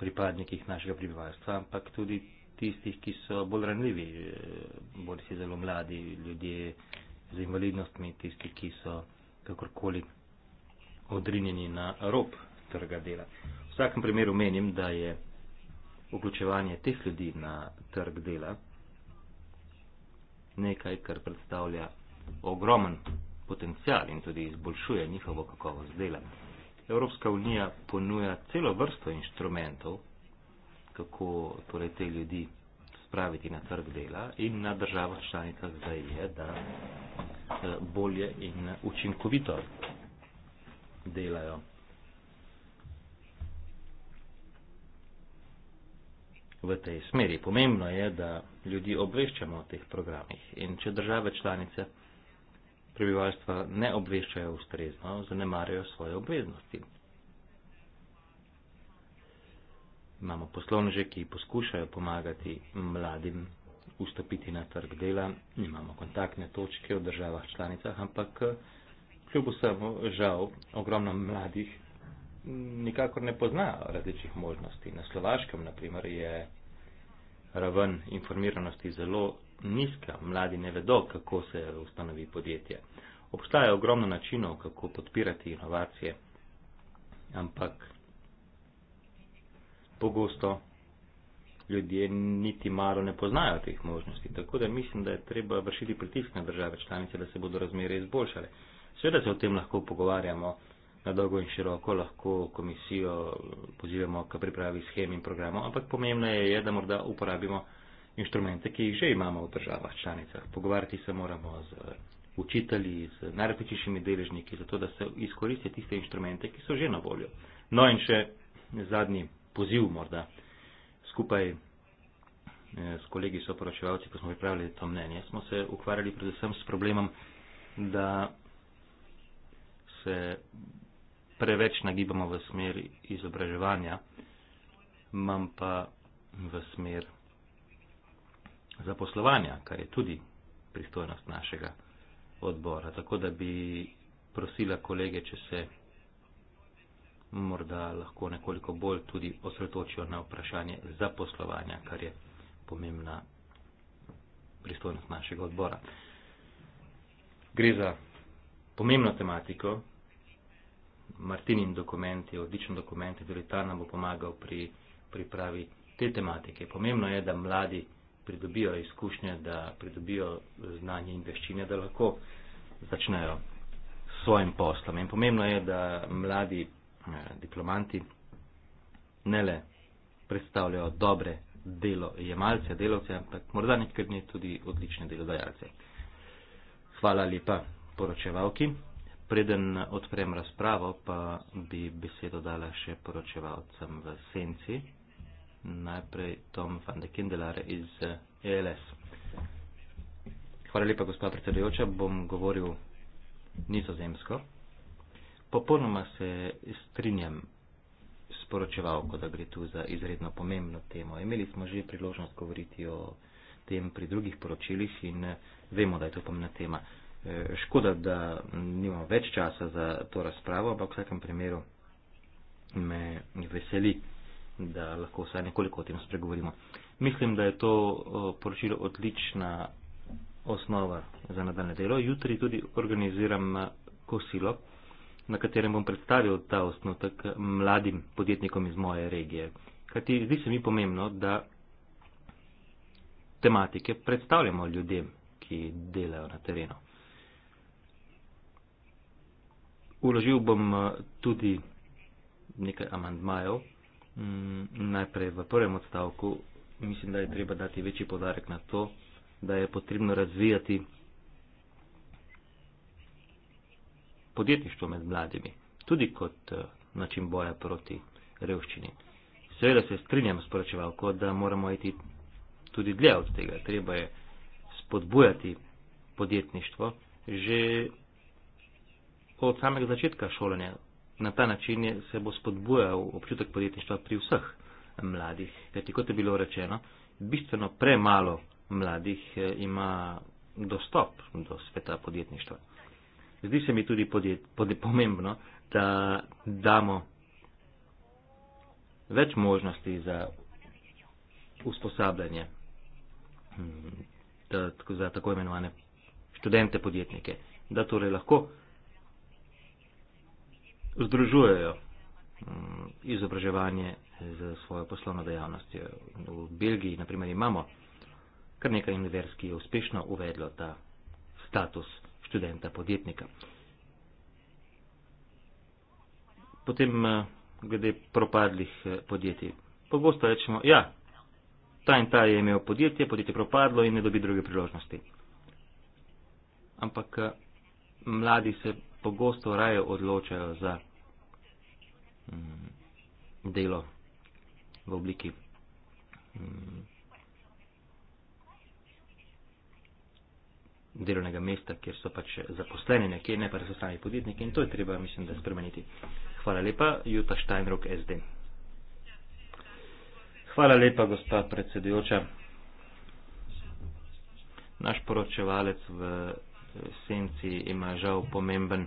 pripadnikih našega prebivalstva, ampak tudi tistih, ki so bolj ranljivi, eh, bodi si zelo mladi, ljudje z invalidnostmi, tisti, ki so kakorkoli odrinjeni na rob trga dela. V vsakem primeru menim, da je vključevanje teh ljudi na trg dela nekaj, kar predstavlja ogromen potencial in tudi izboljšuje njihovo kakovost dela. Evropska unija ponuja celo vrsto inštrumentov, kako torej, te ljudi spraviti na trg dela in na državah članicah zdaj je, da eh, bolje in učinkovito delajo. V tej smeri. Pomembno je, da ljudi obveščamo o teh programih. In če države članice prebivalstva ne obveščajo ustrezno, zanemarjajo svoje obveznosti. imamo poslovneže, ki poskušajo pomagati mladim vstopiti na trg dela, imamo kontaktne točke v državah članicah, ampak kljub vsemu žal ogromno mladih nikakor ne pozna različnih možnosti. Na Slovaškem, na primer, je raven informiranosti zelo nizka. Mladi ne vedo, kako se ustanovi podjetje. Obstaja ogromno načinov, kako podpirati inovacije, ampak pogosto ljudje niti malo ne poznajo teh možnosti. Tako da mislim, da je treba vršiti pritisk na države članice, da se bodo razmere izboljšale. Seveda se o tem lahko pogovarjamo na dolgo in široko, lahko komisijo pozivamo k pripravi schem in programov, ampak pomembno je, da morda uporabimo inštrumente, ki jih že imamo v državah članicah. Pogovarjati se moramo z učitelji, z najrepečišimi deležniki, zato da se izkoristijo tiste inštrumente, ki so že na voljo. No in še zadnji poziv morda. Skupaj eh, s kolegi soporočevalci, ko smo pripravili to mnenje, smo se ukvarjali predvsem s problemom, da se preveč nagibamo v smer izobraževanja, manj pa v smer zaposlovanja, kar je tudi pristojnost našega odbora. Tako da bi prosila kolege, če se morda lahko nekoliko bolj tudi osredotočijo na vprašanje zaposlovanja, kar je pomembna pristojnost našega odbora. Gre za pomembno tematiko. Martinin dokument je odličen dokument, tudi ta nam bo pomagal pri pripravi te tematike. Pomembno je, da mladi pridobijo izkušnje, da pridobijo znanje in veščine, da lahko začnejo s svojim poslom. In pomembno je, da mladi eh, diplomanti ne le predstavljajo dobre delo jemalce, delovce, ampak morda nekaj dni tudi odlične delodajalce. Hvala lepa poročevalki. Preden odprem razpravo, pa bi besedo dala še poročevalcem v senci. Najprej Tom van de Kindelar iz ELS. Eh, e Hvala lepa, gospod predsedujoča. Bom govoril nizozemsko. Popolnoma se strinjam s poročevalko, da gre tu za izredno pomembno temo. Imeli smo že priložnost govoriti o tem pri drugih poročilih in eh, vemo, da je to pomembna tema. Eh, škoda, da nimamo več časa za to razpravo, ampak v vsakem primeru me veseli, da lahko vsaj nekoliko o tem spregovorimo. Mislim, da je to eh, poročilo odlična osnova za nadaljne delo. Jutri tudi organiziram kosilo na katerem bom predstavil ta osnutek mladim podjetnikom iz moje regije. Kajti zdi se mi pomembno, da tematike predstavljamo ljudem, ki delajo na terenu. Uložil bom eh, tudi nekaj amandmajev. Mm, najprej v prvem odstavku mislim, da je treba dati večji podarek na to, da je potrebno razvijati podjetništvo med mladimi, tudi kot eh, način boja proti revščini. Seveda se strinjam s poročevalko, da moramo iti tudi dlje od tega. Treba je spodbujati podjetništvo že od samega začetka šolanja. Na ta način je, se bo spodbujal občutek podjetništva pri vseh mladih. Kajti, kot je bilo rečeno, bistveno premalo mladih eh, ima dostop do sveta podjetništva. Zdi se mi tudi podjet, pod, pomembno, da damo več možnosti za usposabljanje da, hmm, za tako imenovane študente podjetnike, da torej lahko združujejo hmm, izobraževanje z svojo poslovno dejavnostjo. V Belgiji, na primer, imamo kar nekaj univerz, ki je uspešno uvedlo ta status študenta, podjetnika. Potem eh, glede propadlih eh, podjetij. Pogosto rečemo, ja, ta in ta je imel podjetje, podjetje propadlo in ne dobi druge priložnosti. Ampak eh, mladi se pogosto raje odločajo za mm, delo v obliki mm, delovnega mesta, kjer so pač zaposleni nekje, ne pa da so sami podjetniki in to je treba, mislim, da spremeniti. Hvala lepa, Juta Steinrock SD. Hvala lepa, gospa predsedujoča. Naš poročevalec v eh, senci ima žal pomemben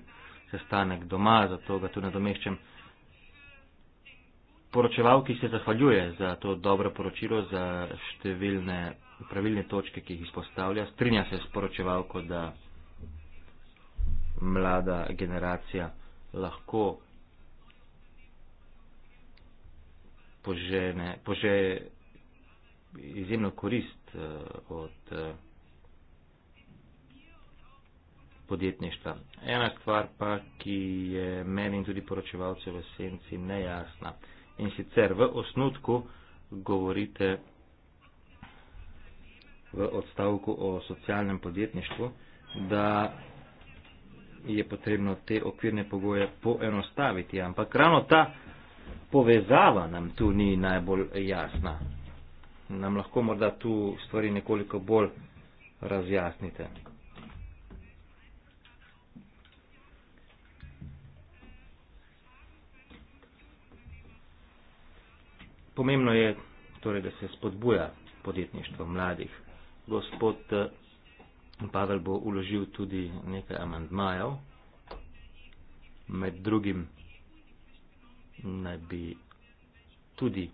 sestanek doma, zato ga tu nadomeščam. Poročevalki se zahvaljuje za to dobro poročilo, za številne pravilne točke, ki jih izpostavlja. Strinja se s poročevalko, da mlada generacija lahko požene, pože izjemno korist uh, od uh, podjetništva. Ena stvar pa, ki je meni in tudi poročevalcu v senci nejasna. In sicer v osnutku govorite, v odstavku o socialnem podjetništvu, da je potrebno te okvirne pogoje poenostaviti, ampak ravno ta povezava nam tu ni najbolj jasna. Nam lahko morda tu stvari nekoliko bolj razjasnite. Pomembno je torej, da se spodbuja podjetništvo mladih gospod eh, Pavel bo uložil tudi nekaj amandmajev. Med drugim naj bi tudi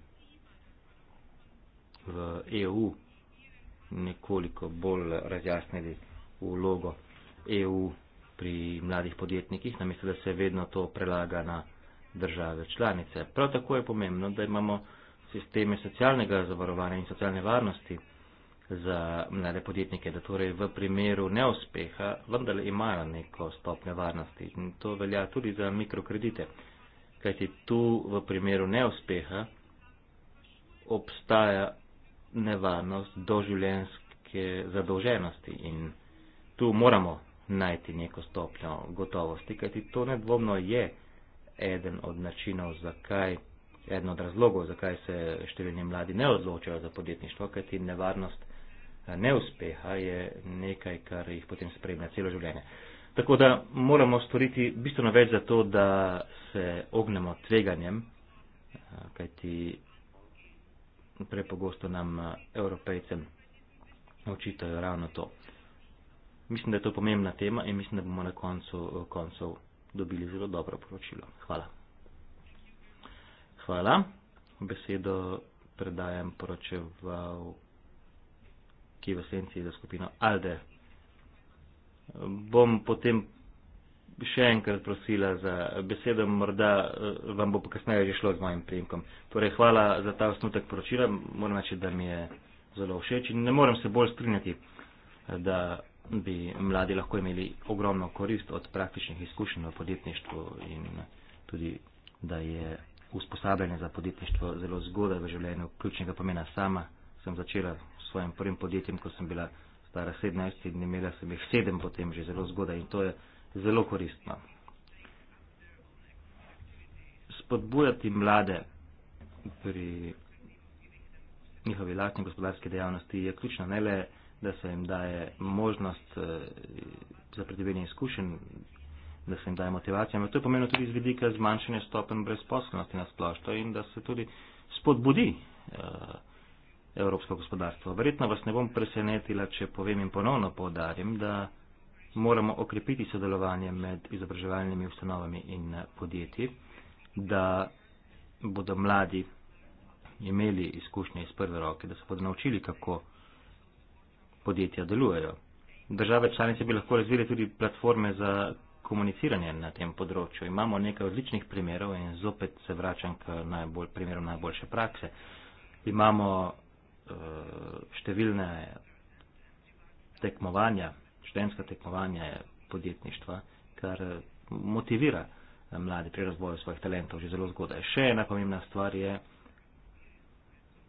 v EU nekoliko bolj razjasnili vlogo EU pri mladih podjetnikih, namesto da se vedno to prelaga na države članice. Prav tako je pomembno, da imamo sisteme socialnega zavarovanja in socialne varnosti za mlade podjetnike, da torej v primeru neuspeha vendarle imajo neko stopnjo varnosti. In to velja tudi za mikrokredite, kajti tu v primeru neuspeha obstaja nevarnost doživljenjske zadolženosti in tu moramo najti neko stopnjo gotovosti, kajti to nedvomno je eden od načinov, zakaj, eden od razlogov, zakaj se številni mladi ne odločajo za podjetništvo, kajti nevarnost neuspeha je nekaj, kar jih potem spremlja celo življenje. Tako da moramo storiti bistveno več za to, da se ognemo tveganjem, kajti prepogosto nam eh, evropejcem očitajo ravno to. Mislim, da je to pomembna tema in mislim, da bomo na koncu eh, koncev dobili zelo dobro poročilo. Hvala. Hvala. Besedo predajem poročevalku ki je v senci za skupino Alde. Bom potem še enkrat prosila za besedo, morda eh, vam bo kasneje že šlo z mojim prejemkom. Torej, hvala za ta osnutek poročila, moram reči, da mi je zelo všeč in ne morem se bolj strinjati, eh, da bi mladi lahko imeli ogromno korist od praktičnih izkušenj v podjetništvu in tudi, da je usposabljanje za podjetništvo zelo zgodaj v življenju ključnega pomena. Sama sem začela svojim prvim podjetjem, ko sem bila stara 17 in imela sem jih 7 potem že zelo zgodaj in to je zelo koristno. Spodbujati mlade pri njihovi lastni gospodarski dejavnosti je ključno ne le, da se jim daje možnost eh, za pridobivanje izkušenj, da se jim daje motivacija, ampak to je pomeno tudi z vidika zmanjšanja stopen brezposobnosti na splošno in da se tudi spodbudi. Uh, evropsko gospodarstvo. Verjetno vas ne bom presenetila, če povem in ponovno povdarjam, da moramo okrepiti sodelovanje med izobraževalnimi ustanovami in eh, podjetji, da bodo mladi imeli izkušnje iz prve roke, da se bodo naučili, kako podjetja delujejo. Države članice bi lahko razvile tudi platforme za komuniciranje na tem področju. Imamo nekaj odličnih primerov in zopet se vračam k najbolj, primerom najboljše prakse. Imamo Eh, številne tekmovanja, študentska tekmovanja podjetništva, kar eh, motivira eh, mlade pri razvoju svojih talentov že zelo zgodaj. Še ena pomembna stvar je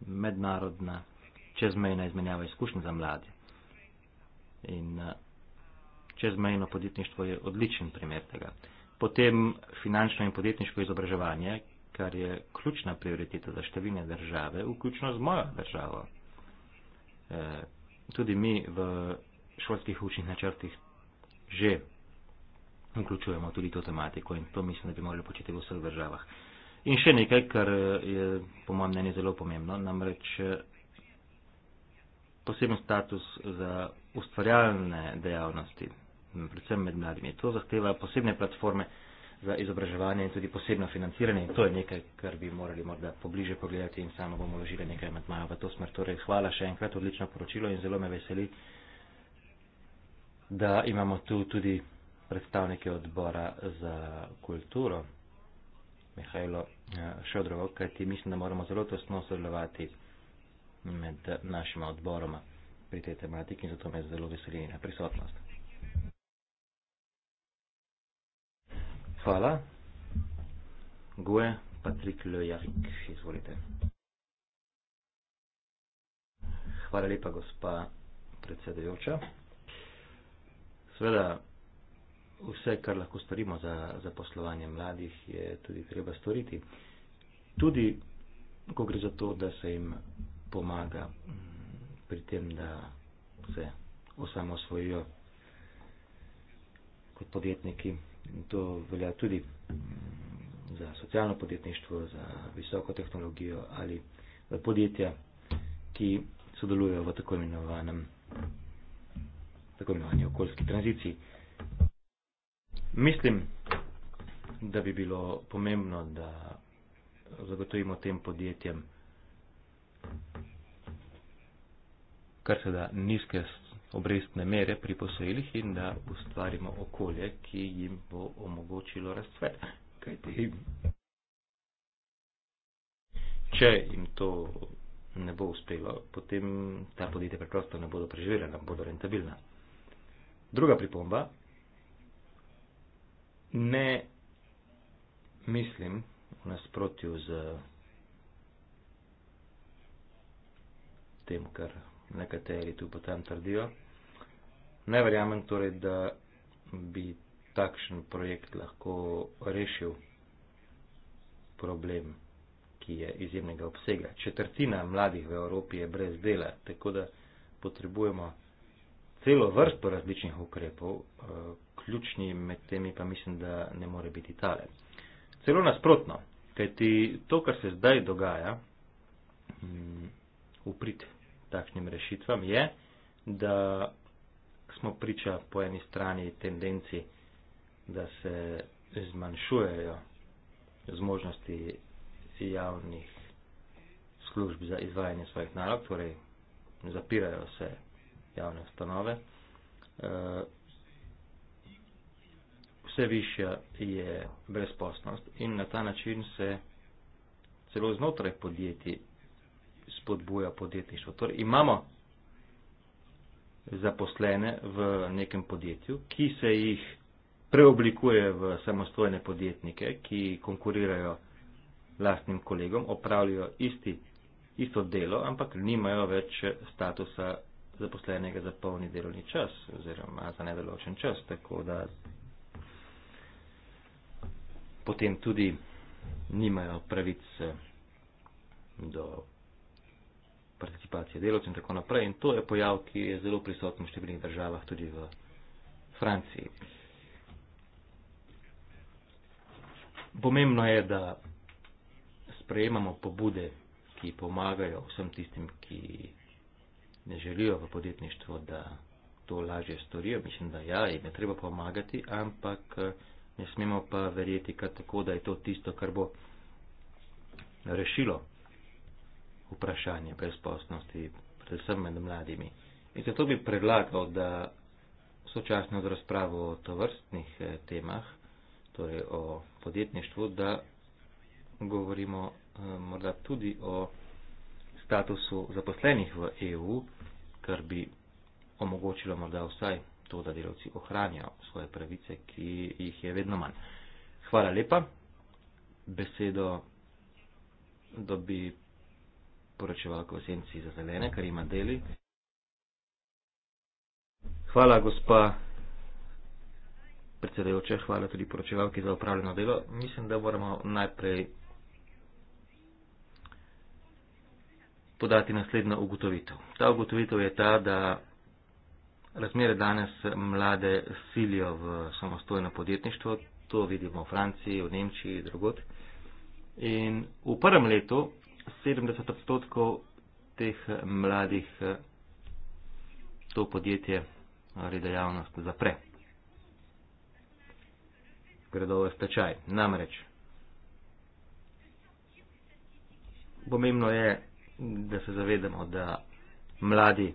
mednarodna čezmejna izmenjava izkušenj za mlade. In čezmejno podjetništvo je odličen primer tega. Potem finančno in podjetniško izobraževanje, kar je ključna prioriteta za številne države, vključno z mojo državo. Eh, tudi mi v šolskih učnih načrtih že vključujemo tudi to tematiko in to mislim, da bi morali početi v vseh državah. In še nekaj, kar eh, je po mojem mnenju zelo pomembno, namreč eh, poseben status za ustvarjalne dejavnosti, predvsem med mladimi. To zahteva posebne platforme, za izobraževanje in tudi posebno financiranje. In to je nekaj, kar bi morali morda pobliže pogledati in samo bomo vložili nekaj matmajev v to smer. Torej, hvala še enkrat, odlično poročilo in zelo me veseli, da imamo tu tudi predstavnike odbora za kulturo, Mihajlo eh, Šodrovo, kajti mislim, da moramo zelo tesno sodelovati med našima odboroma pri tej tematiki in zato me zelo veseli na prisotnost. Hvala. Gue, Patrik Lejarik, izvolite. Hvala lepa, gospa predsedajoča. Sveda, vse, kar lahko storimo za zaposlovanje mladih, je tudi treba storiti. Tudi, ko gre za to, da se jim pomaga mm, pri tem, da se osamosvojijo kot podjetniki. In to velja tudi za socialno podjetništvo, za visoko tehnologijo ali za podjetja, ki sodelujejo v tako imenovanem tako imenovani okoljski tranziciji. Mislim, da bi bilo pomembno, da zagotovimo tem podjetjem kar se da nizke obrestne mere pri posojilih in da ustvarimo okolje, ki jim bo omogočilo razcvet. Če jim to ne bo uspelo, potem ta podjetja preprosto ne bodo preživela, bodo rentabilna. Druga pripomba. Ne mislim v nasprotju z tem, kar nekateri tu potem trdijo. Ne verjamem torej, da bi takšen projekt lahko rešil problem, ki je izjemnega obsega. Četrtina mladih v Evropi je brez dela, tako da potrebujemo celo vrsto različnih ukrepov, eh, ključni med temi pa mislim, da ne more biti tale. Celo nasprotno, kajti to, kar se zdaj dogaja, uprit mm, takšnim rešitvam je, da smo priča po eni strani tendenci, da se zmanjšujejo zmožnosti javnih služb za izvajanje svojih nalog, torej zapirajo se javne ustanove. E, vse višja je brezposnost in na ta način se celo znotraj podjetij spodbuja podjetništvo. Torej imamo zaposlene v nekem podjetju, ki se jih preoblikuje v samostojne podjetnike, ki konkurirajo lastnim kolegom, opravljajo isti, isto delo, ampak nimajo več statusa zaposlenega za polni delovni čas oziroma za nedoločen čas. Tako da potem tudi nimajo pravic do participacije delovcev in tako naprej. In to je pojav, ki je zelo prisoten v številnih državah, tudi v Franciji. Pomembno je, da sprejemamo pobude, ki pomagajo vsem tistim, ki ne želijo v podjetništvo, da to lažje storijo. Mislim, da ja, jim je treba pomagati, ampak eh, ne smemo pa verjeti, kar tako, da je to tisto, kar bo rešilo vprašanje brezposobnosti, predvsem med mladimi. In zato bi predlagal, da sočasno z razpravo o tovrstnih eh, temah, torej o podjetništvu, da govorimo eh, morda tudi o statusu zaposlenih v EU, kar bi omogočilo morda vsaj to, da delavci ohranjajo svoje pravice, ki jih je vedno manj. Hvala lepa. Besedo dobi poročevalko v senci za zelene, kar ima deli. Hvala, gospa predsedajoče, hvala tudi poročevalki za upravljeno delo. Mislim, da moramo najprej podati naslednjo ugotovitev. Ta ugotovitev je ta, da razmere danes mlade silijo v samostojno podjetništvo, to vidimo v Franciji, v Nemčiji, drugot. In v prvem letu 70 odstotkov teh eh, mladih eh, to podjetje ali dejavnost zapre. Gredo v stečaj. Namreč, pomembno je, da se zavedamo, da mladi,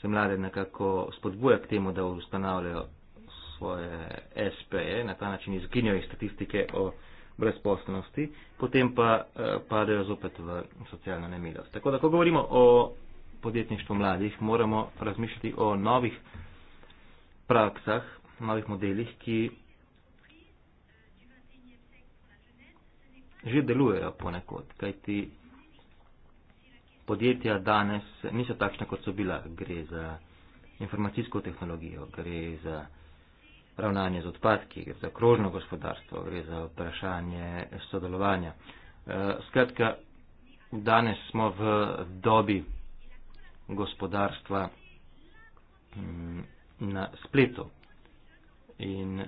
se mlade nekako spodbuja k temu, da ustanavljajo svoje SPE, na ta način izginjajo iz statistike o brezposobnosti, potem pa eh, padejo zopet v socialno nemilost. Tako da, ko govorimo o podjetništvu mladih, moramo razmišljati o novih praksah, novih modelih, ki že delujejo ponekod, kajti podjetja danes niso takšne, kot so bila. Gre za informacijsko tehnologijo, gre za ravnanje z odpadki, gre za krožno gospodarstvo, gre za vprašanje sodelovanja. Eh, skratka, danes smo v dobi gospodarstva mm, na spletu in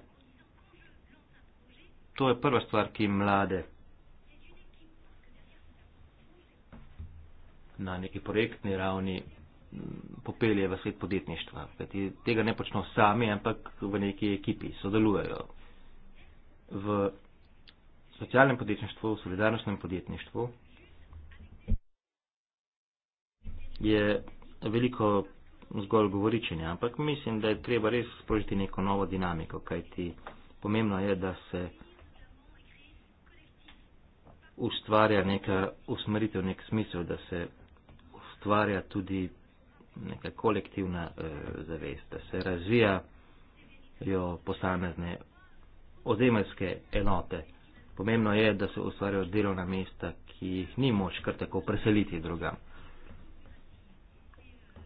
to je prva stvar, ki mlade na neki projektni ravni popelje v svet podjetništva. Kajti tega ne počno sami, ampak v neki ekipi sodelujejo. V socialnem podjetništvu, v solidarnostnem podjetništvu je veliko zgolj govoričenja, ampak mislim, da je treba res sprožiti neko novo dinamiko, kajti pomembno je, da se ustvarja neka usmeritev, nek smisel, da se ustvarja tudi neka kolektivna e, eh, zavesta, se razvijajo posamezne ozemeljske enote. Pomembno je, da se ustvarjajo delovna mesta, ki jih ni moč kar tako preseliti drugam.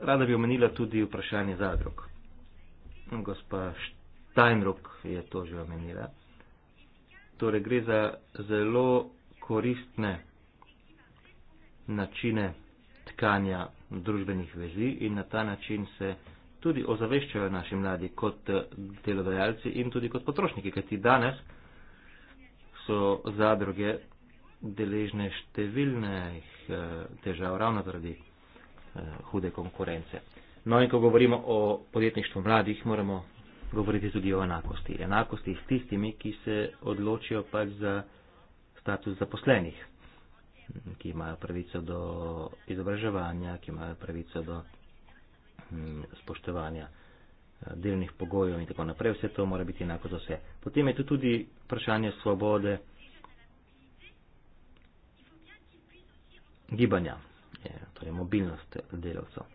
Rada bi omenila tudi vprašanje zadrug. Gospa Steinruck je to že omenila. Torej gre za zelo koristne načine tkanja družbenih vezi in na ta način se tudi ozaveščajo naši mladi kot eh, delodajalci in tudi kot potrošniki, kajti danes so zadruge deležne številnih eh, težav ravno zaradi eh, hude konkurence. No in ko govorimo o podjetništvu mladih, moramo govoriti tudi o enakosti. Enakosti s tistimi, ki se odločijo pač za status zaposlenih ki imajo pravico do izobraževanja, ki imajo pravico do mm, spoštovanja eh, delnih pogojev in tako naprej. Vse to mora biti enako za vse. Potem je tu tudi vprašanje svobode gibanja, je, torej mobilnost delavcev.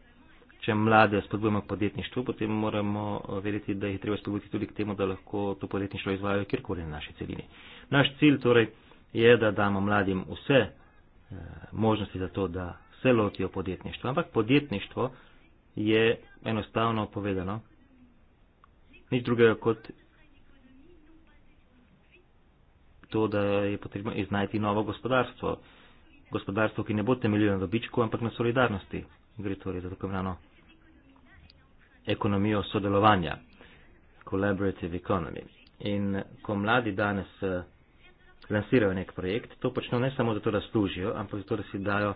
Če mlade spodbujamo k podjetništvu, potem moramo eh, vedeti, da jih treba spodbujati tudi k temu, da lahko to podjetništvo izvajo kjerkoli na naši celini. Naš cilj torej je, da damo mladim vse Eh, možnosti za to, da se lotijo podjetništva. Ampak podjetništvo je enostavno povedano nič drugega kot to, da je potrebno iznajti novo gospodarstvo. Gospodarstvo, ki ne bo temeljilo na dobičku, ampak na solidarnosti. Gre torej za tako imenovano ekonomijo sodelovanja, collaborative economy. In ko mladi danes eh, lansirajo nek projekt, to počnejo ne samo zato, da služijo, ampak zato, da si dajo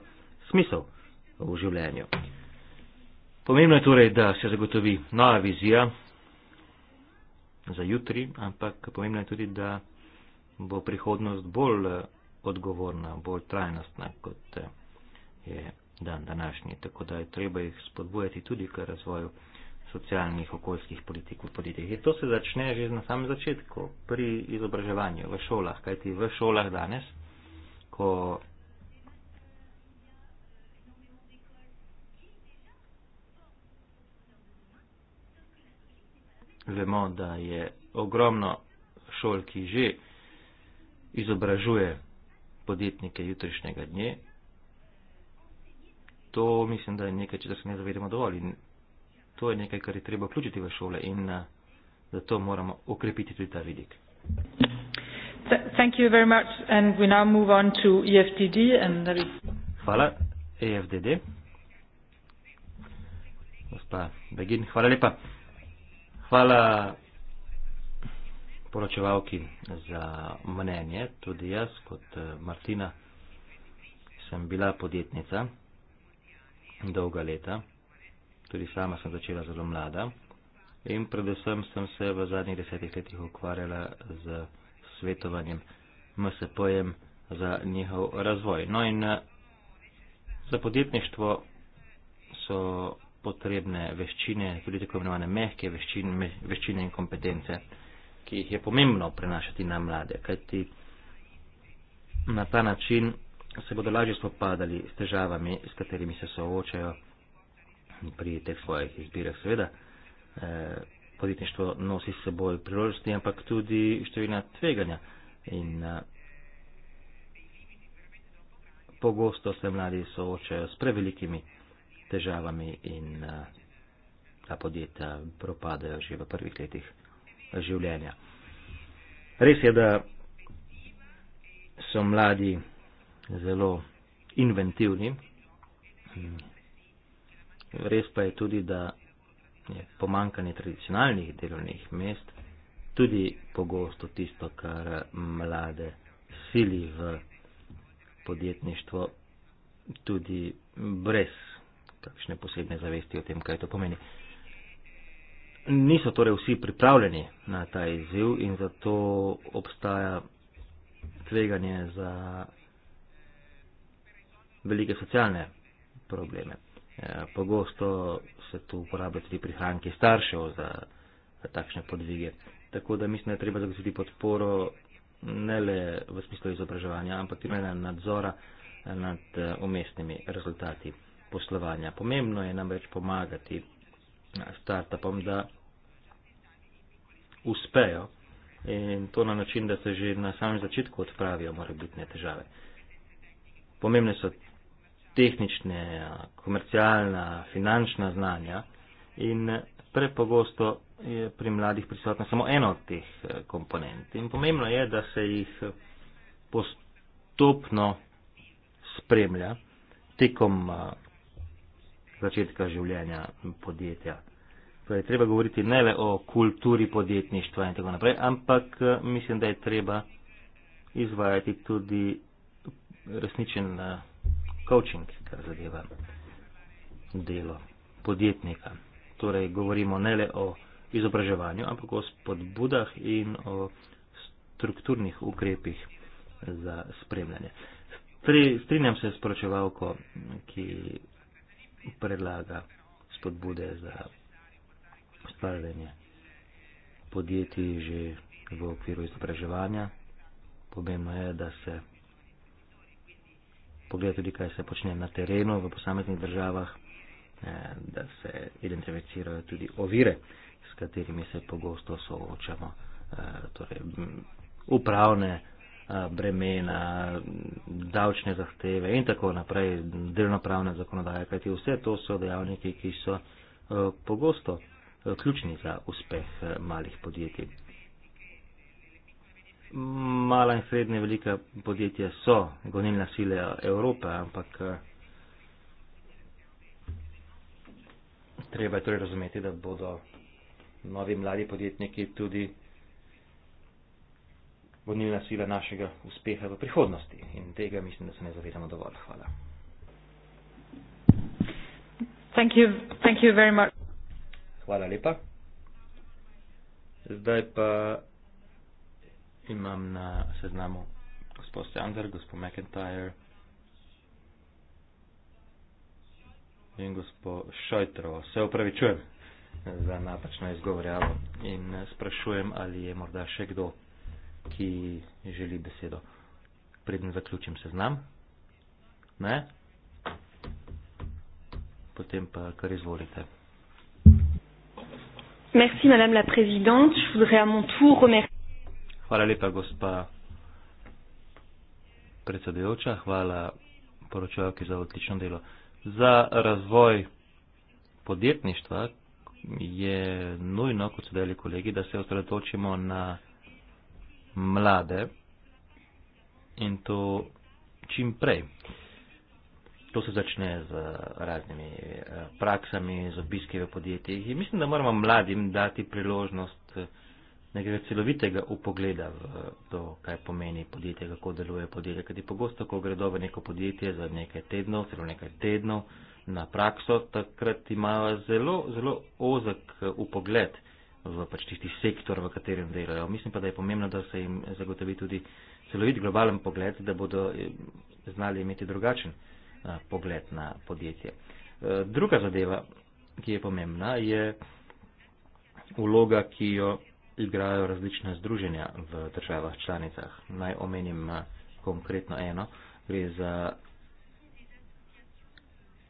smisel v življenju. Pomembno je torej, da se zagotovi nova vizija za jutri, ampak pomembno je tudi, da bo prihodnost bolj eh, odgovorna, bolj trajnostna, kot eh, je dan današnji. Tako da je treba jih spodbujati tudi k razvoju socialnih, okoljskih politik v podjetjih. In to se začne že na samem začetku, pri izobraževanju, v šolah. Kajti v šolah danes, ko. Vemo, da je ogromno šol, ki že izobražuje podjetnike jutrišnjega dne. To mislim, da je nekaj, če se ne zavedamo dovolj. In to je nekaj, kar je treba vključiti v šole in eh, zato moramo okrepiti tudi ta vidik. E hvala, EFDD. Gospa Begin, hvala lepa. Hvala poročevalki za mnenje. Tudi jaz kot eh, Martina sem bila podjetnica dolga leta tudi sama sem začela zelo mlada in predvsem sem se v zadnjih desetih letih ukvarjala z svetovanjem MSP-jem za njihov razvoj. No in eh, za podjetništvo so potrebne veščine, tudi tako imenovane mehke veščine, veščine in kompetence, ki jih je pomembno prenašati na mlade, kajti na ta način se bodo lažje spopadali s težavami, s katerimi se soočajo pri teh svojih izbirah seveda. Eh, podjetništvo nosi s seboj priložnosti, ampak tudi številna tveganja. In eh, pogosto se mladi soočajo s prevelikimi težavami in eh, ta podjetja propadajo že v prvih letih življenja. Res je, da so mladi zelo inventivni, Res pa je tudi, da je pomankanje tradicionalnih delovnih mest tudi pogosto tisto, kar mlade sili v podjetništvo, tudi brez kakšne posebne zavesti o tem, kaj to pomeni. Niso torej vsi pripravljeni na ta izziv in zato obstaja tveganje za velike socialne probleme. Eh, pogosto se tu uporablja tudi prihranke staršev za, za takšne podvige. Tako da mislim, da je treba zagotoviti podporo ne le v smislu izobraževanja, ampak tudi nadzora nad eh, umestnimi rezultati poslovanja. Pomembno je namreč pomagati startupom, da uspejo in to na način, da se že na samem začetku odpravijo morebitne težave. Pomembne so tehnične, komercialna, finančna znanja in prepogosto je pri mladih prisotna samo ena od teh eh, komponent. In pomembno je, da se jih eh, postopno spremlja tekom eh, začetka življenja podjetja. Torej, treba govoriti ne le o kulturi podjetništva in tako naprej, ampak mislim, da je treba izvajati tudi resničen coaching, kar zadeva delo podjetnika. Torej, govorimo ne le o izobraževanju, ampak o spodbudah in o strukturnih ukrepih za spremljanje. Strinjam se s poročevalko, ki predlaga spodbude za ustvarjanje podjetij že v okviru izobraževanja. Pomembno je, da se pogleda tudi, kaj se počne na terenu v posameznih državah, eh, da se identificirajo tudi ovire, s katerimi se pogosto soočamo, eh, torej upravne eh, bremena, davčne zahteve in tako naprej, delnopravne zakonodaje, kajti vse to so dejavniki, ki so pogosto ključni za uspeh malih podjetij mala in srednje velika podjetja so gonilna sile Evrope, ampak eh, treba je torej razumeti, da bodo novi mladi podjetniki tudi gonilna sila našega uspeha v prihodnosti. In tega mislim, da se ne zavedamo dovolj. Hvala. Thank you. Thank you very much. Hvala lepa. Zdaj pa imam na seznamu gospod Sander, gospod McIntyre in gospod Šojtrovo. Se upravičujem za napačno izgovorjavo in sprašujem, ali je morda še kdo, ki želi besedo. Preden zaključim seznam. Ne? Potem pa kar izvolite. Merci, madame la présidente. Je voudrais à mon tour remercier. Hvala lepa, gospa predsedujoča. Hvala poročevalki za odlično delo. Za razvoj podjetništva je nujno, kot so deli kolegi, da se osredotočimo na mlade in to čim prej. To se začne z raznimi eh, praksami, z obiski v podjetjih in mislim, da moramo mladim dati priložnost, eh, nekega celovitega upogleda v to, kaj pomeni podjetje, kako deluje podjetje. Kajti pogosto, ko gredo v neko podjetje za nekaj tednov, celo nekaj tednov na prakso, takrat imajo zelo, zelo ozek eh, upogled v pač tisti sektor, v katerem delajo. Mislim pa, da je pomembno, da se jim zagotovi tudi celovit globalen pogled, da bodo eh, znali imeti drugačen eh, pogled na podjetje. Druga zadeva, ki je pomembna, je vloga, ki jo igrajo različna združenja v državah članicah. Naj omenim eh, konkretno eno, gre za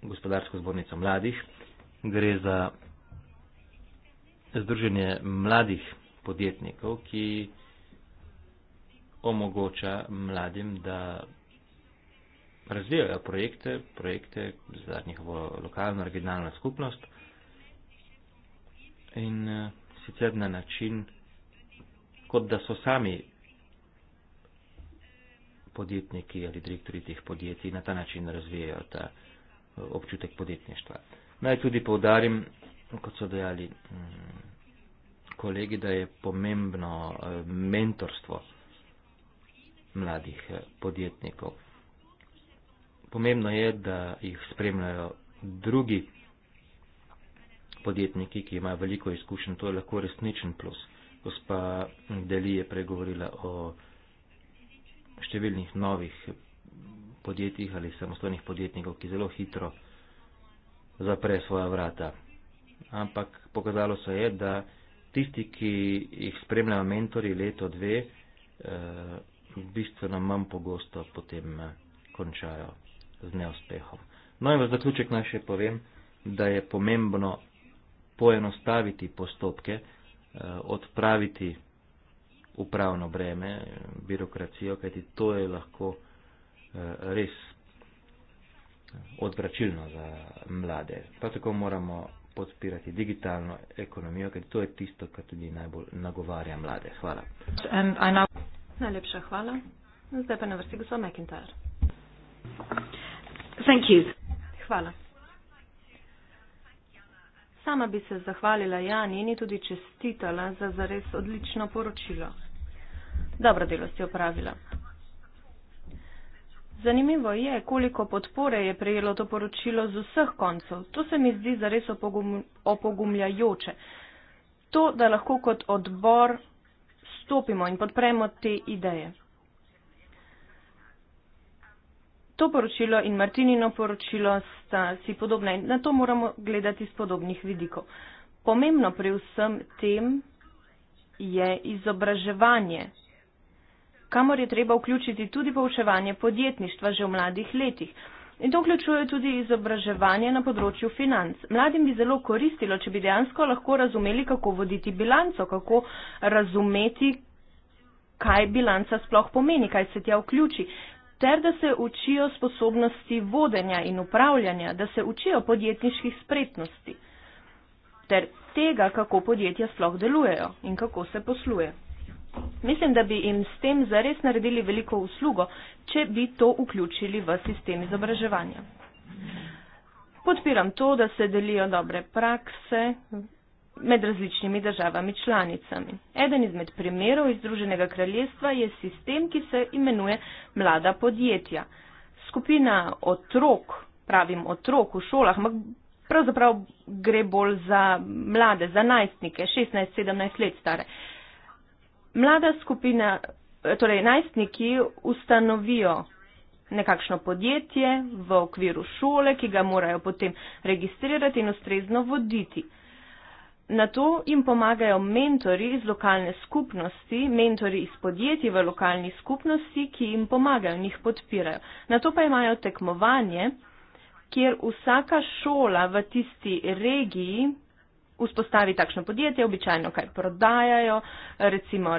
gospodarsko zbornico mladih, gre za združenje mladih podjetnikov, ki omogoča mladim, da razvijajo projekte, projekte za njihovo lokalno, regionalno skupnost in eh, sicer na način, kot da so sami podjetniki ali direktori teh podjetij na ta način razvijajo ta eh, občutek podjetništva. Naj tudi povdarim, kot so dejali mm, kolegi, da je pomembno eh, mentorstvo mladih eh, podjetnikov. Pomembno je, da jih spremljajo drugi podjetniki, ki imajo veliko izkušenj, to je lahko resničen plus gospa Deli je pregovorila o številnih novih podjetjih ali samostojnih podjetnikov, ki zelo hitro zapre svoja vrata. Ampak pokazalo se je, da tisti, ki jih spremljajo mentori leto, dve, eh, bistveno manj pogosto potem eh, končajo z neuspehom. No in v zaključek naj še povem, da je pomembno poenostaviti postopke, Eh, odpraviti upravno breme, birokracijo, kajti to je lahko eh, res odvračilno za mlade. Prav tako moramo podpirati digitalno ekonomijo, ker to je tisto, kar tudi najbolj nagovarja mlade. Hvala. Najlepša hvala. Zdaj pa na vrsti gospod McIntyre. Thank you. Hvala. Sama bi se zahvalila Jani in tudi čestitala za zares odlično poročilo. Dobro delo ste opravila. Zanimivo je, koliko podpore je prejelo to poročilo z vseh koncev. To se mi zdi zares opogum, opogumljajoče. To, da lahko kot odbor stopimo in podpremo te ideje. to poročilo in Martinino poročilo sta si podobna in na to moramo gledati z podobnih vidikov. Pomembno pri vsem tem je izobraževanje, kamor je treba vključiti tudi poučevanje podjetništva že v mladih letih. In to vključuje tudi izobraževanje na področju financ. Mladim bi zelo koristilo, če bi dejansko lahko razumeli, kako voditi bilanco, kako razumeti, kaj bilanca sploh pomeni, kaj se tja vključi, ter da se učijo sposobnosti vodenja in upravljanja, da se učijo podjetniških spretnosti ter tega, kako podjetja sploh delujejo in kako se posluje. Mislim, da bi jim s tem zares naredili veliko uslugo, če bi to vključili v sistem izobraževanja. Podpiram to, da se delijo dobre prakse med različnimi državami članicami. Eden izmed primerov iz Združenega kraljestva je sistem, ki se imenuje mlada podjetja. Skupina otrok, pravim otrok v šolah, ampak pravzaprav gre bolj za mlade, za najstnike, 16-17 let stare. Mlada skupina, torej najstniki ustanovijo nekakšno podjetje v okviru šole, ki ga morajo potem registrirati in ustrezno voditi. Na to jim pomagajo mentori iz lokalne skupnosti, mentori iz podjetij v lokalni skupnosti, ki jim pomagajo in jih podpirajo. Na to pa imajo tekmovanje, kjer vsaka šola v tisti regiji vzpostavi takšno podjetje, običajno kaj prodajajo, recimo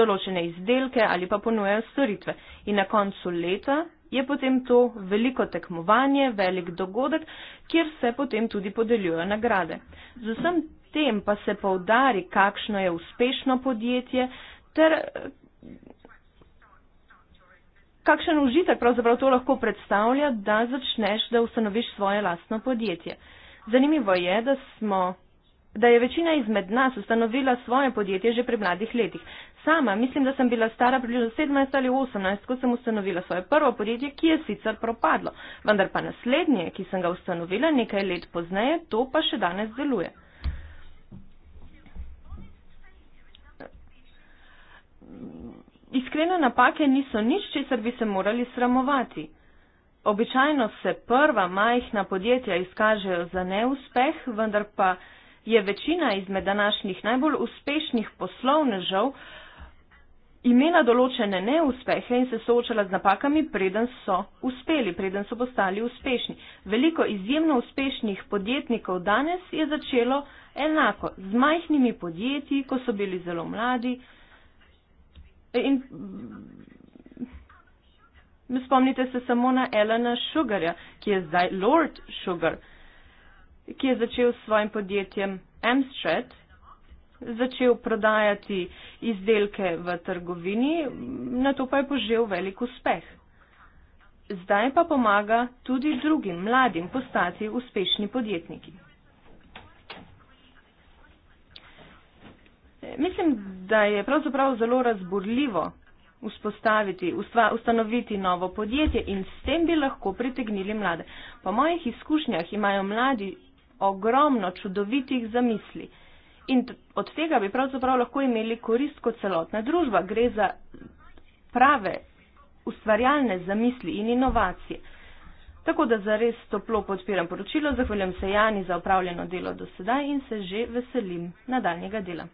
določene izdelke ali pa ponujajo storitve. In na koncu leta je potem to veliko tekmovanje, velik dogodek, kjer se potem tudi podeljujejo nagrade. Z vsem tem pa se povdari, kakšno je uspešno podjetje ter kakšen užitek pravzaprav to lahko predstavlja, da začneš, da ustanoviš svoje lastno podjetje. Zanimivo je, da smo da je večina izmed nas ustanovila svoje podjetje že pri mladih letih. Sama mislim, da sem bila stara približno 17 ali 18, ko sem ustanovila svoje prvo podjetje, ki je sicer propadlo, vendar pa naslednje, ki sem ga ustanovila nekaj let pozneje, to pa še danes deluje. Iskrene napake niso nič, česar bi se morali sramovati. Običajno se prva majhna podjetja izkažejo za neuspeh, vendar pa je večina izmed današnjih najbolj uspešnih poslovnežev imela določene neuspehe in se soočala z napakami, preden so uspeli, preden so postali uspešni. Veliko izjemno uspešnih podjetnikov danes je začelo enako, z majhnimi podjetji, ko so bili zelo mladi. In mm, spomnite se samo na Elena Sugarja, ki je zdaj Lord Sugar ki je začel s svojim podjetjem Amstrad, začel prodajati izdelke v trgovini, na to pa je požel velik uspeh. Zdaj pa pomaga tudi drugim mladim postati uspešni podjetniki. Mislim, da je pravzaprav zelo razburljivo vzpostaviti, ustva, ustanoviti novo podjetje in s tem bi lahko pritegnili mlade. Po mojih izkušnjah imajo mladi ogromno čudovitih zamisli. In od tega bi pravzaprav lahko imeli korist kot celotna družba. Gre za prave ustvarjalne zamisli in inovacije. Tako da zares toplo podpiram poročilo, zahvaljujem se Jani za upravljeno delo do sedaj in se že veselim nadaljnjega dela.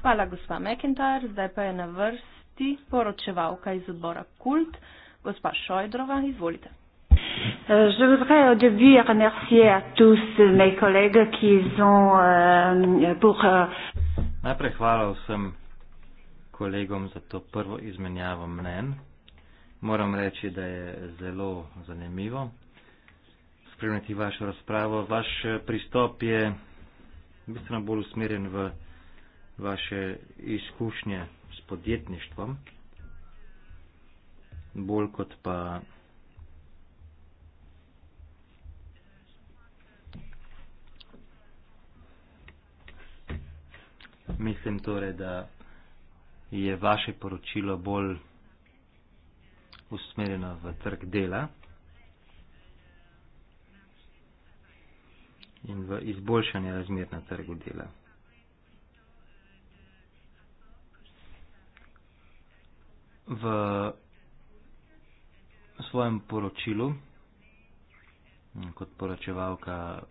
Hvala gospa McIntyre, zdaj pa je na vrsti poročevalka iz odbora Kult, gospa Šojdrova, izvolite. Euh, je voudrais au début remercier à tous mes collègues qui ont euh, pour. Euh, Najprej hvala vsem kolegom za to prvo izmenjavo mnen. Moram reči, da je zelo zanimivo spremljati vašo razpravo. Vaš eh, pristop je bistveno bolj usmerjen v vaše izkušnje s podjetništvom, bolj kot pa Mislim torej, da je vaše poročilo bolj usmerjeno v trg dela in v izboljšanje razmer na trgu dela. V svojem poročilu kot poročevalka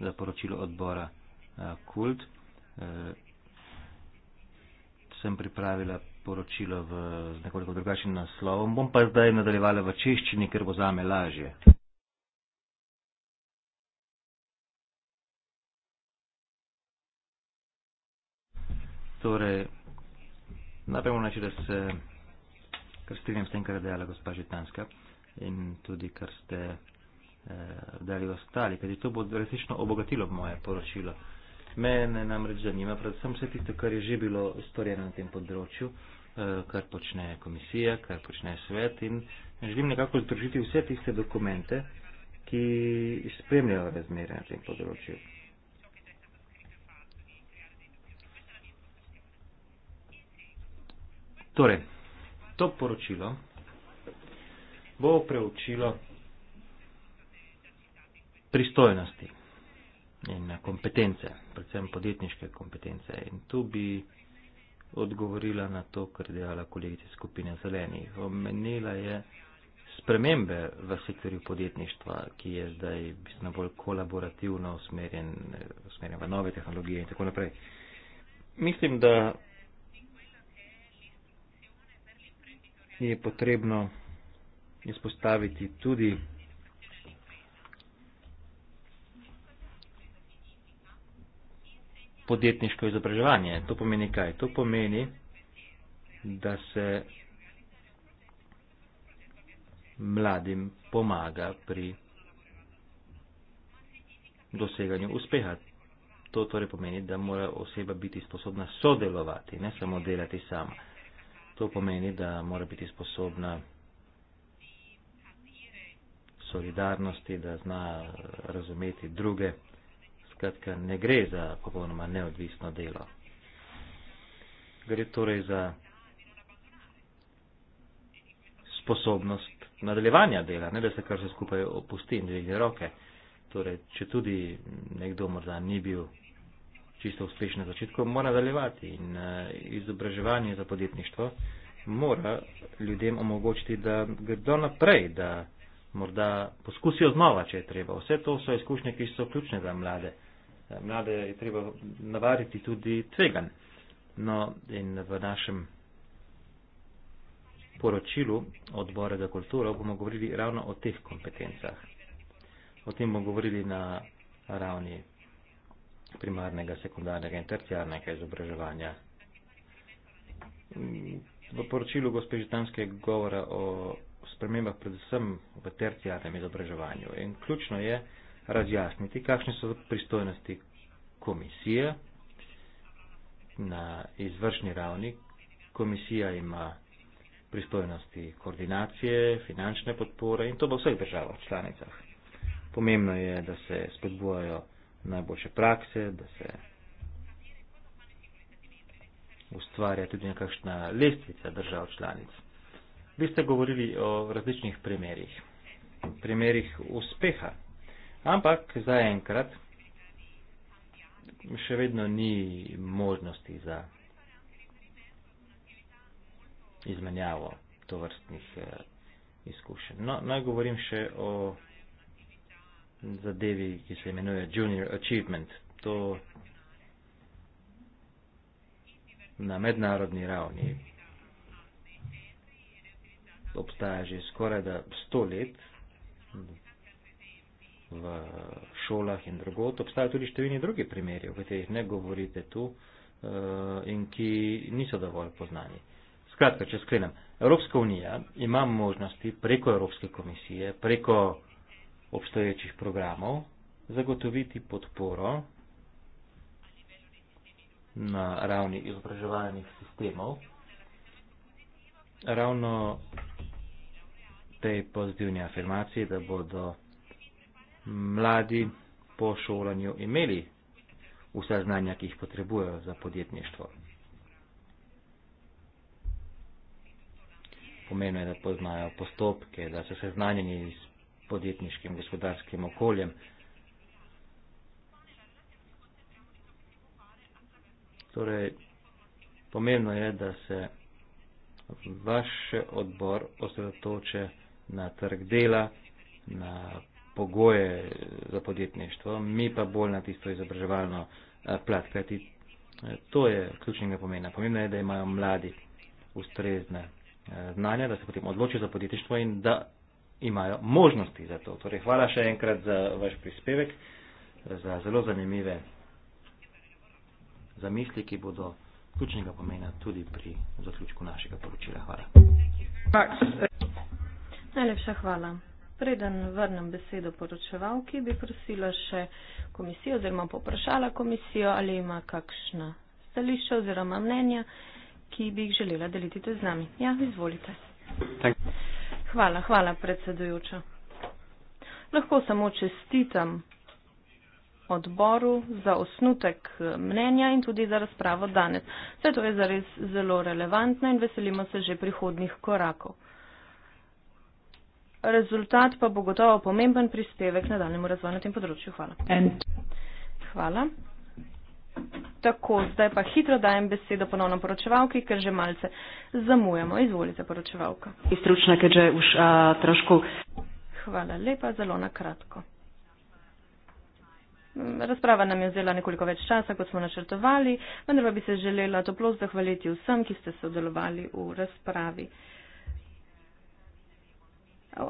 za poročilo odbora Eh, kult. Eh, sem pripravila poročilo v, z nekoliko drugačnim naslovom, bom pa zdaj nadaljevala v češčini, ker bo zame lažje. Torej, najprej moram reči, da se strinjam s tem, kar je dejala gospa Žitanska in tudi kar ste eh, dali ostali, kajti to bo resnično obogatilo moje poročilo. Eh, Mene namreč zanima predvsem vse tisto, kar je že bilo storjeno na tem področju, eh, kar počne komisija, kar počne svet in želim nekako združiti vse tiste dokumente, ki spremljajo razmere na tem področju. Torej, to poročilo bo preučilo pristojnosti in kompetence, predvsem podjetniške kompetence. In tu bi odgovorila na to, kar je dejala kolegica skupine zelenih. Omenila je spremembe v sektorju podjetništva, ki je zdaj bistveno bolj kolaborativno usmerjen, usmerjen v nove tehnologije in tako naprej. Mislim, da je potrebno izpostaviti tudi podjetniško izobraževanje. To pomeni kaj? To pomeni, da se mladim pomaga pri doseganju uspeha. To torej pomeni, da mora oseba biti sposobna sodelovati, ne samo delati sama. To pomeni, da mora biti sposobna solidarnosti, da zna razumeti druge Skratka, ne gre za popolnoma neodvisno delo. Gre torej za sposobnost nadaljevanja dela, ne da se kar se skupaj opusti in dvigne roke. Torej, če tudi nekdo morda ni bil čisto uspešen na začetku, mora nadaljevati in eh, izobraževanje za podjetništvo mora ljudem omogočiti, da gredo naprej, da morda poskusijo znova, če je treba. Vse to so izkušnje, ki so ključne za mlade. Eh, mlade je treba navaditi tudi tvegan. No in v našem poročilu odbora za kulturo bomo govorili ravno o teh kompetencah. O tem bomo govorili na ravni primarnega, sekundarnega in terciarnega izobraževanja. V poročilu gospe Žitanske govora o spremembah predvsem v terciarnem izobraževanju. In ključno je, razjasniti, kakšne so pristojnosti komisije na izvršni ravni. Komisija ima pristojnosti koordinacije, finančne podpore in to v vseh državah članicah. Pomembno je, da se spodbujajo najboljše prakse, da se ustvarja tudi nekakšna lestvica držav članic. Vi ste govorili o različnih primerih, primerih uspeha Ampak zaenkrat še vedno ni možnosti za izmenjavo tovrstnih eh, izkušenj. No, naj govorim še o zadevi, ki se imenuje Junior Achievement. To na mednarodni ravni obstaja že skoraj da sto let v šolah in drugot. Obstajajo tudi številni drugi primeri, o katerih ne govorite tu eh, in ki niso dovolj poznani. Skratka, če sklenem, Evropska unija ima možnosti preko Evropske komisije, preko obstoječih programov zagotoviti podporo na ravni izobraževalnih sistemov ravno tej pozitivni afirmaciji, da bodo mladi po šolanju imeli vsa znanja, ki jih potrebujejo za podjetništvo. Pomeno je, da poznajo postopke, da so seznanjeni s podjetniškim gospodarskim okoljem. Torej, pomembno je, da se vaš odbor osredotoče na trg dela, na pogoje za podjetništvo, mi pa bolj na tisto izobraževalno eh, plat. Kajti eh, to je ključnega pomena. Pomembno je, da imajo mladi ustrezne eh, znanja, da se potem odločijo za podjetništvo in da imajo možnosti za to. Torej, hvala še enkrat za vaš prispevek, za zelo zanimive zamisli, ki bodo ključnega pomena tudi pri zaključku našega poročila. Hvala. Najlepša hvala. Preden vrnem besedo poročevalki, bi prosila še komisijo oziroma poprašala komisijo, ali ima kakšna stališča oziroma mnenja, ki bi jih želela deliti tudi z nami. Ja, izvolite. Hvala, hvala predsedujoča. Lahko samo čestitam odboru za osnutek eh, mnenja in tudi za razpravo danes. Vse to je zares zelo relevantno in veselimo se že prihodnih korakov rezultat pa bo gotovo pomemben prispevek na daljemu razvoju na tem področju. Hvala. Hvala. Tako, zdaj pa hitro dajem besedo ponovno poročevalki, ker že malce zamujamo. Izvolite, poročevalka. Istručna, ker že už a, trošku. Hvala lepa, zelo na kratko. Razprava nam je vzela nekoliko več časa, kot smo načrtovali, vendar pa bi se želela toplo zahvaliti vsem, ki ste sodelovali v razpravi.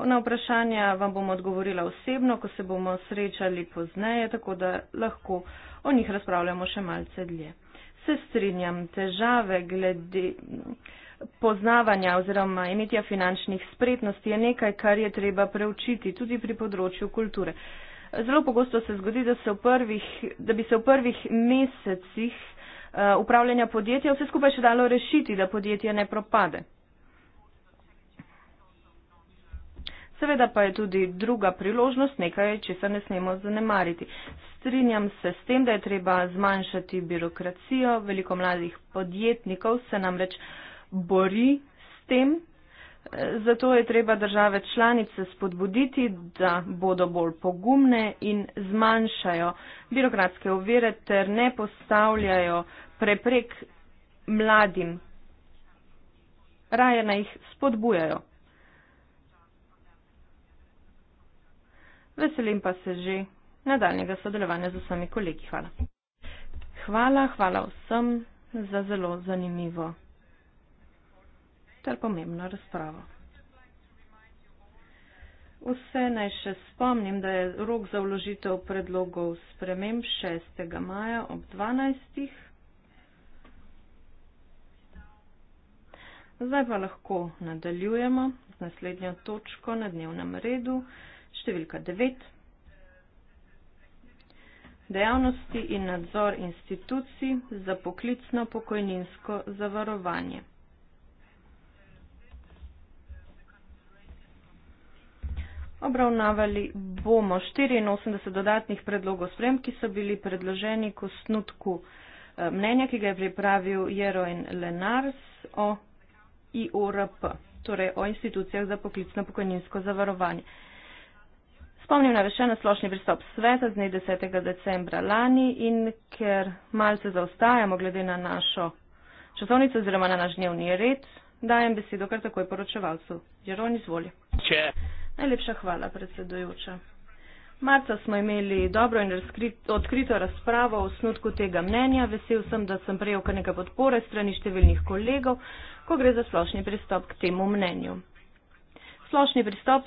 Na vprašanja vam bom odgovorila osebno, ko se bomo srečali pozneje, tako da lahko o njih razpravljamo še malce dlje. Se strinjam, težave glede poznavanja oziroma imetja finančnih spretnosti je nekaj, kar je treba preučiti tudi pri področju kulture. Zelo pogosto se zgodi, da, se prvih, da bi se v prvih mesecih eh, upravljanja podjetja vse skupaj še dalo rešiti, da podjetje ne propade. Seveda pa je tudi druga priložnost nekaj, če se ne smemo zanemariti. Strinjam se s tem, da je treba zmanjšati birokracijo. Veliko mladih podjetnikov se namreč bori s tem. Zato je treba države članice spodbuditi, da bodo bolj pogumne in zmanjšajo birokratske ovire ter ne postavljajo preprek mladim. Raje naj jih spodbujajo. veselim pa se že nadaljnega sodelovanja z vsemi kolegi. Hvala. Hvala, hvala vsem za zelo zanimivo ter pomembno razpravo. Vse naj še spomnim, da je rok za vložitev predlogov sprememb 6. maja ob 12. Zdaj pa lahko nadaljujemo z naslednjo točko na dnevnem redu številka 9. Dejavnosti in nadzor institucij za poklicno pokojninsko zavarovanje. Obravnavali bomo 84 dodatnih predlogov sprem, ki so bili predloženi k osnutku eh, mnenja, ki ga je pripravil Jeroen Lenars o IORP, torej o institucijah za poklicno pokojninsko zavarovanje. Spomnim na rešeno splošni pristop sveta z dne 10. decembra lani in ker malce zaostajamo glede na našo časovnico oziroma na naš dnevni red, dajem besedo kar takoj poročevalcu. Jeron, izvoli. Če. Najlepša hvala, predsedujoča. Marca smo imeli dobro in odkrito razpravo o snutku tega mnenja. Vesel sem, da sem prejel kar nekaj podpore strani številnih kolegov, ko gre za splošni pristop k temu mnenju. Splošni pristop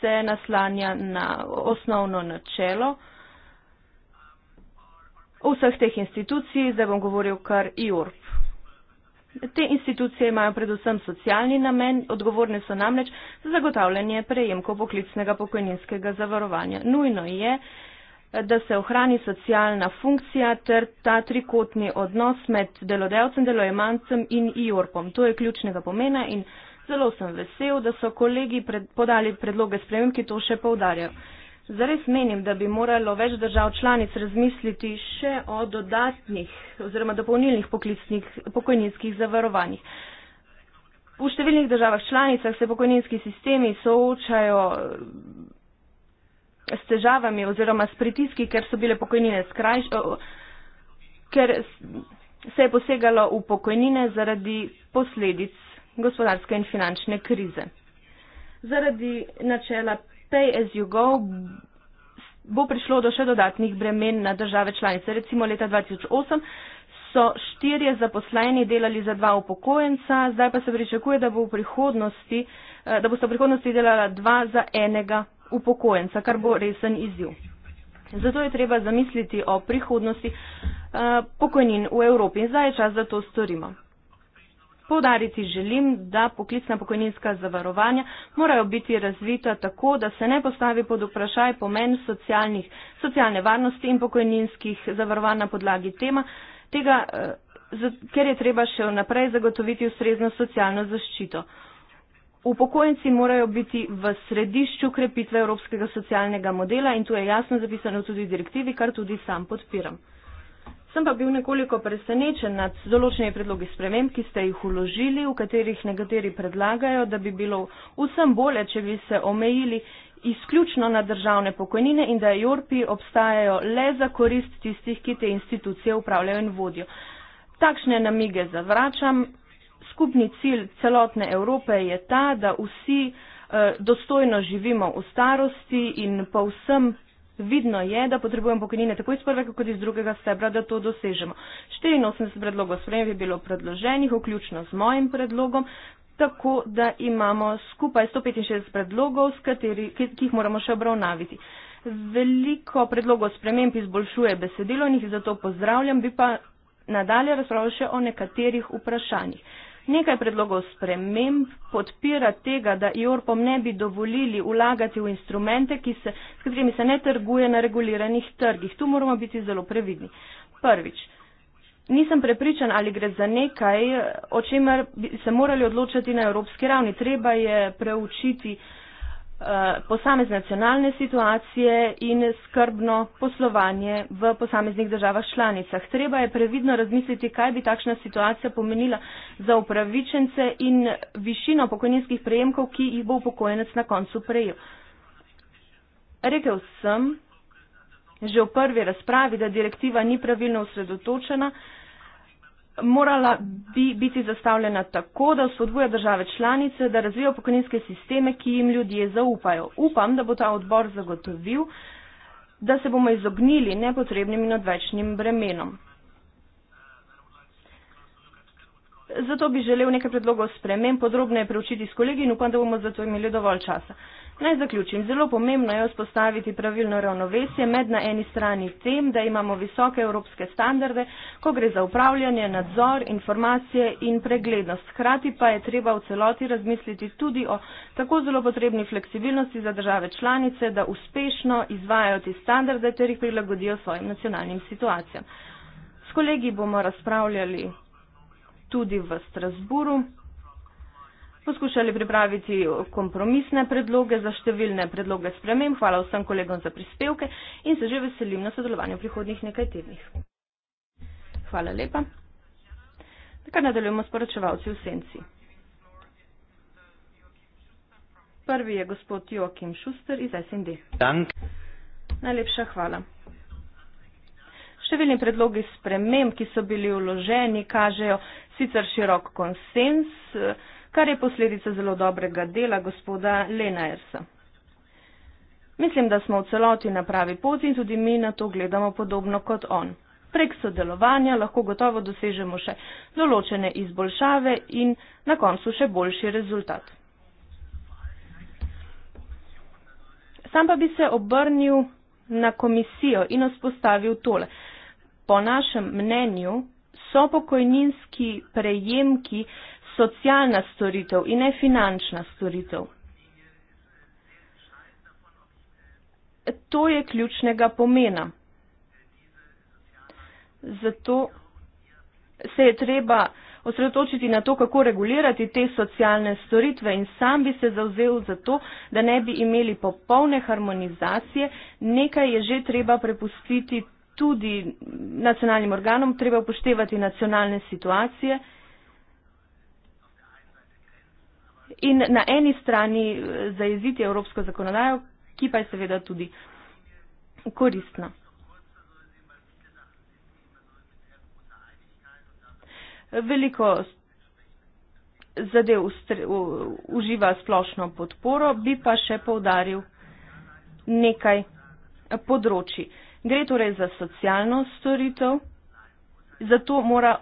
se naslanja na osnovno načelo vseh teh institucij, zdaj bom govoril kar IURP. Te institucije imajo predvsem socialni namen, odgovorne so namreč za zagotavljanje prejemkov poklicnega pokojninskega zavarovanja. Nujno je, da se ohrani socialna funkcija ter ta trikotni odnos med delodajalcem, delojemancem in IURPom. To je ključnega pomena in. Zelo sem vesel, da so kolegi pred, podali predloge sprememb, ki to še povdarjajo. Zares menim, da bi moralo več držav članic razmisliti še o dodatnih oziroma dopolnilnih poklicnih pokojninskih zavarovanjih. V številnih državah članicah se pokojninski sistemi soočajo s težavami oziroma s pritiski, ker so bile pokojnine skrajšane, ker se je posegalo v pokojnine zaradi posledic gospodarske in finančne krize. Zaradi načela pay as you go bo prišlo do še dodatnih bremen na države članice. Recimo leta 2008 so štirje zaposleni delali za dva upokojenca, zdaj pa se pričakuje, da, bo eh, da bo sta v prihodnosti delala dva za enega upokojenca, kar bo resen izziv. Zato je treba zamisliti o prihodnosti eh, pokojnin v Evropi in zdaj je čas, da to storimo. Poudariti želim, da poklicna pokojninska zavarovanja morajo biti razvita tako, da se ne postavi pod vprašaj pomen socialne varnosti in pokojninskih zavarovanj na podlagi tema, tega, eh, ker je treba še naprej zagotoviti ustrezno socialno zaščito. Upokojenci morajo biti v središču krepitve evropskega socialnega modela in tu je jasno zapisano tudi v direktivi, kar tudi sam podpiram. Sem pa bil nekoliko presenečen nad določenimi predlogi sprememb, ki ste jih uložili, v katerih nekateri predlagajo, da bi bilo vsem bolje, če bi se omejili izključno na državne pokojnine in da JORPI obstajajo le za korist tistih, ki te institucije upravljajo in vodijo. Takšne namige zavračam. Skupni cilj celotne Evrope je ta, da vsi eh, dostojno živimo v starosti in po vsem Vidno je, da potrebujemo pokojnine tako iz prvega kot iz drugega stebra, da to dosežemo. 84 predlogov sprejem je bilo predloženih, vključno z mojim predlogom, tako da imamo skupaj 165 predlogov, kateri, ki, ki jih moramo še obravnaviti. Veliko predlogov sprememb izboljšuje besedilo in jih zato pozdravljam, bi pa nadalje razpravljal še o nekaterih vprašanjih. Nekaj predlogov sprememb podpira tega, da Iorpom ne bi dovolili ulagati v instrumente, se, s katerimi se ne trguje na reguliranih trgih. Tu moramo biti zelo previdni. Prvič. Nisem prepričan, ali gre za nekaj, o čemer bi se morali odločati na evropski ravni. Treba je preučiti uh, Eh, posamezne nacionalne situacije in skrbno poslovanje v posameznih državah članicah. Treba je previdno razmisliti, kaj bi takšna situacija pomenila za upravičence in višino pokojninskih prejemkov, ki jih bo upokojenec na koncu prejel. Rekel sem že v prvi razpravi, da direktiva ni pravilno usredotočena, morala bi biti zastavljena tako, da spodbuja države članice, da razvijo pokojninske sisteme, ki jim ljudje zaupajo. Upam, da bo ta odbor zagotovil, da se bomo izognili nepotrebnim in odvečnim bremenom. Zato bi želel nekaj predlogov sprememb podrobneje preučiti s kolegi in upam, da bomo zato imeli dovolj časa. Naj zaključim. Zelo pomembno je vzpostaviti pravilno ravnovesje med na eni strani tem, da imamo visoke evropske standarde, ko gre za upravljanje, nadzor, informacije in preglednost. Hkrati pa je treba v celoti razmisliti tudi o tako zelo potrebni fleksibilnosti za države članice, da uspešno izvajajo ti standarde ter jih prilagodijo svojim nacionalnim situacijam. S kolegi bomo razpravljali tudi v Strasburu poskušali pripraviti kompromisne predloge za številne predloge sprememb. Hvala vsem kolegom za prispevke in se že veselim na sodelovanju v prihodnih nekaj tednih. Hvala lepa. Tako nadaljujemo s poročevalci v senci. Prvi je gospod Joakim Šuster iz SND. Dank. Najlepša hvala. Številni predlogi sprememb, ki so bili vloženi, kažejo sicer širok konsens, kar je posledica zelo dobrega dela gospoda Lenaersa. Mislim, da smo v celoti na pravi poti in tudi mi na to gledamo podobno kot on. Prek sodelovanja lahko gotovo dosežemo še določene izboljšave in na koncu še boljši rezultat. Sam pa bi se obrnil na komisijo in vzpostavil tole. Po našem mnenju so pokojninski prejemki socialna storitev in ne finančna storitev. To je ključnega pomena. Zato se je treba osredotočiti na to, kako regulirati te socialne storitve in sam bi se zauzel za to, da ne bi imeli popolne harmonizacije. Nekaj je že treba prepustiti tudi nacionalnim organom treba upoštevati nacionalne situacije. In na eni strani eh, zajeziti evropsko zakonodajo, ki pa je seveda tudi koristna. Veliko zadev uživa splošno podporo, bi pa še povdaril nekaj področji. Gre torej za socialno storitev, zato mora,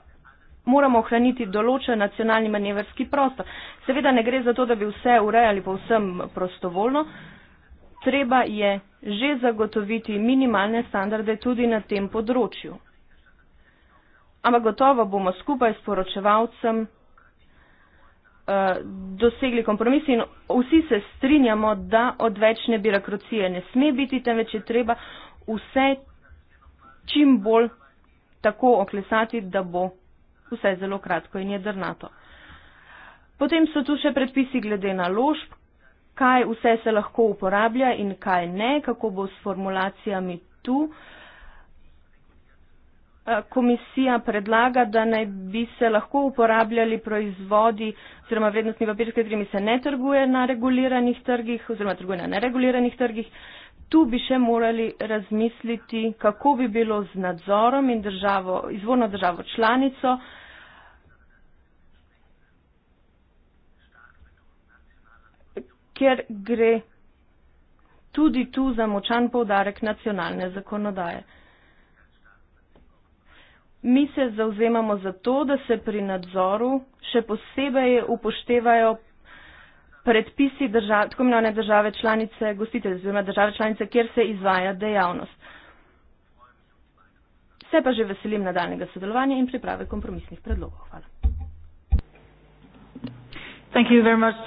moramo ohraniti določen nacionalni manevrski prostor. Seveda ne gre za to, da bi vse urejali povsem prostovoljno, treba je že zagotoviti minimalne standarde tudi na tem področju. Ampak gotovo bomo skupaj s poročevalcem eh, dosegli kompromis in vsi se strinjamo, da odvečne birokracije ne sme biti, temveč je treba vse čim bolj tako oklesati, da bo vse zelo kratko in jedrnato. Potem so tu še predpisi glede naložb, kaj vse se lahko uporablja in kaj ne, kako bo s formulacijami tu. Eh, komisija predlaga, da naj bi se lahko uporabljali proizvodi oziroma vrednostni papir, s katerimi se ne trguje na reguliranih trgih oziroma trguje na nereguliranih trgih, tu bi še morali razmisliti, kako bi bilo z nadzorom in državo, izvorno državo članico. ker gre tudi tu za močan povdarek nacionalne zakonodaje. Mi se zauzemamo za to, da se pri nadzoru še posebej upoštevajo predpisi države, tako imenovane države članice, gostitelj oziroma države članice, kjer se izvaja dejavnost. Se pa že veselim nadaljnega sodelovanja in priprave kompromisnih predlogov. Hvala. Thank you very much.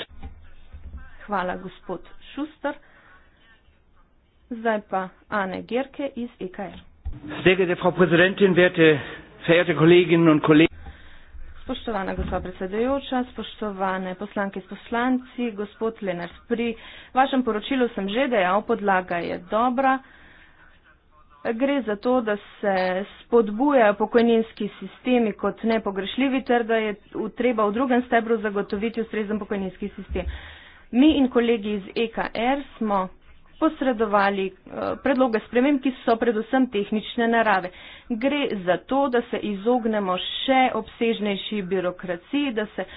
Hvala, gospod Šuster. Zdaj pa Ane Gerke iz EKR. Sehr geehrte Frau Präsidentin, werte verehrte Kolleginnen und Kollegen. Spoštovana gospa predsedajoča, spoštovane poslanke in poslanci, gospod Lenars, pri vašem poročilu sem že dejal, podlaga je dobra. Gre za to, da se spodbujajo pokojninski sistemi kot nepogrešljivi ter da je treba v drugem stebru zagotoviti ustrezen pokojninski sistem. Mi in kolegi iz EKR smo posredovali eh, predloge sprememb, ki so predvsem tehnične narave. Gre za to, da se izognemo še obsežnejši birokraciji, da se eh,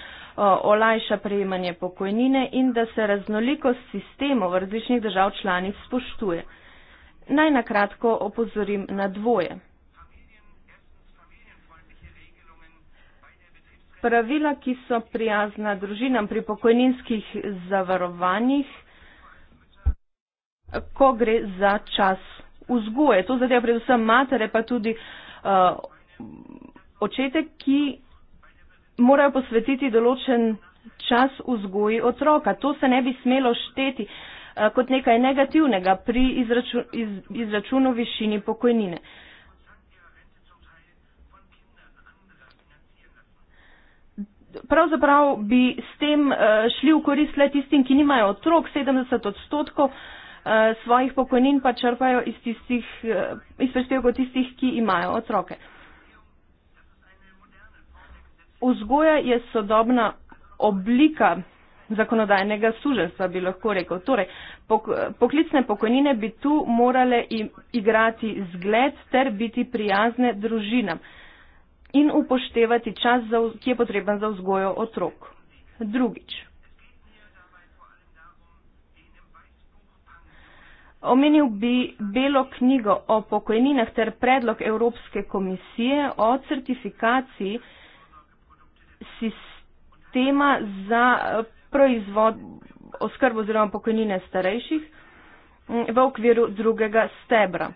olajša prejemanje pokojnine in da se raznolikost sistemov v različnih držav članic spoštuje. Naj nakratko opozorim na dvoje. Pravila, ki so prijazna družinam pri pokojninskih zavarovanjih, ko gre za čas vzgoje. To zadeva predvsem matere, pa tudi uh, očete, ki morajo posvetiti določen čas vzgoji otroka. To se ne bi smelo šteti uh, kot nekaj negativnega pri izraču, iz, izračunu višini pokojnine. Pravzaprav bi s tem uh, šli v korist le tistim, ki nimajo otrok, 70 odstotkov uh, Eh, svojih pokojnin pa črpajo iz, tistih, eh, iz prispevkov tistih, ki imajo otroke. Vzgoja je sodobna oblika zakonodajnega suženstva, bi lahko rekel. Torej, pok poklicne pokojnine bi tu morale igrati zgled ter biti prijazne družinam in upoštevati čas, ki je potreben za vzgojo otrok. Drugič, Omenil bi belo knjigo o pokojninah ter predlog Evropske komisije o certifikaciji sistema za eh, proizvod oskrbo oziroma pokojnine starejših mm, v okviru drugega stebra.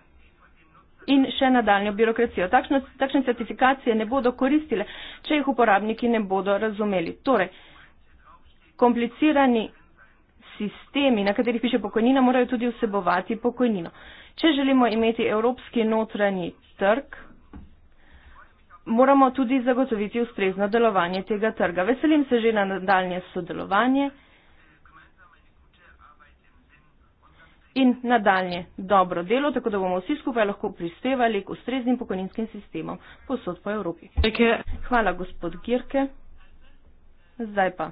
In še nadaljno birokracijo. Takšno, takšne certifikacije ne bodo koristile, če jih uporabniki ne bodo razumeli. Torej, komplicirani sistemi, na katerih piše pokojnina, morajo tudi vsebovati pokojnino. Če želimo imeti evropski notranji trg, moramo tudi zagotoviti ustrezno delovanje tega trga. Veselim se že na nadaljnje sodelovanje in nadaljnje dobro delo, tako da bomo vsi skupaj lahko prispevali k ustreznim pokojninskim sistemom posod po Evropi. Hvala, gospod Girke. Zdaj pa.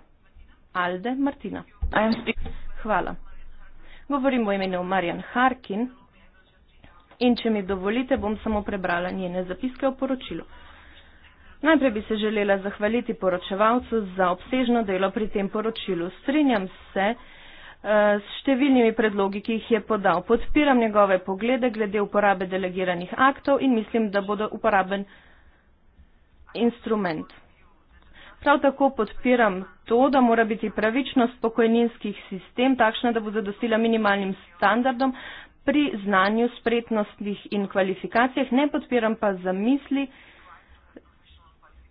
Alde Martina. I am speaking. Hvala. Govorim o imenu Marjan Harkin in če mi dovolite, bom samo prebrala njene zapiske o poročilu. Najprej bi se želela zahvaliti poročevalcu za obsežno delo pri tem poročilu. Strinjam se eh, s številnimi predlogi, ki jih je podal. Podpiram njegove poglede glede uporabe delegiranih aktov in mislim, da bodo uporaben instrument. Prav tako podpiram to, da mora biti pravičnost pokojninskih sistem takšna, da bo zadostila minimalnim standardom pri znanju, spretnostih in kvalifikacijah. Ne podpiram pa zamisli,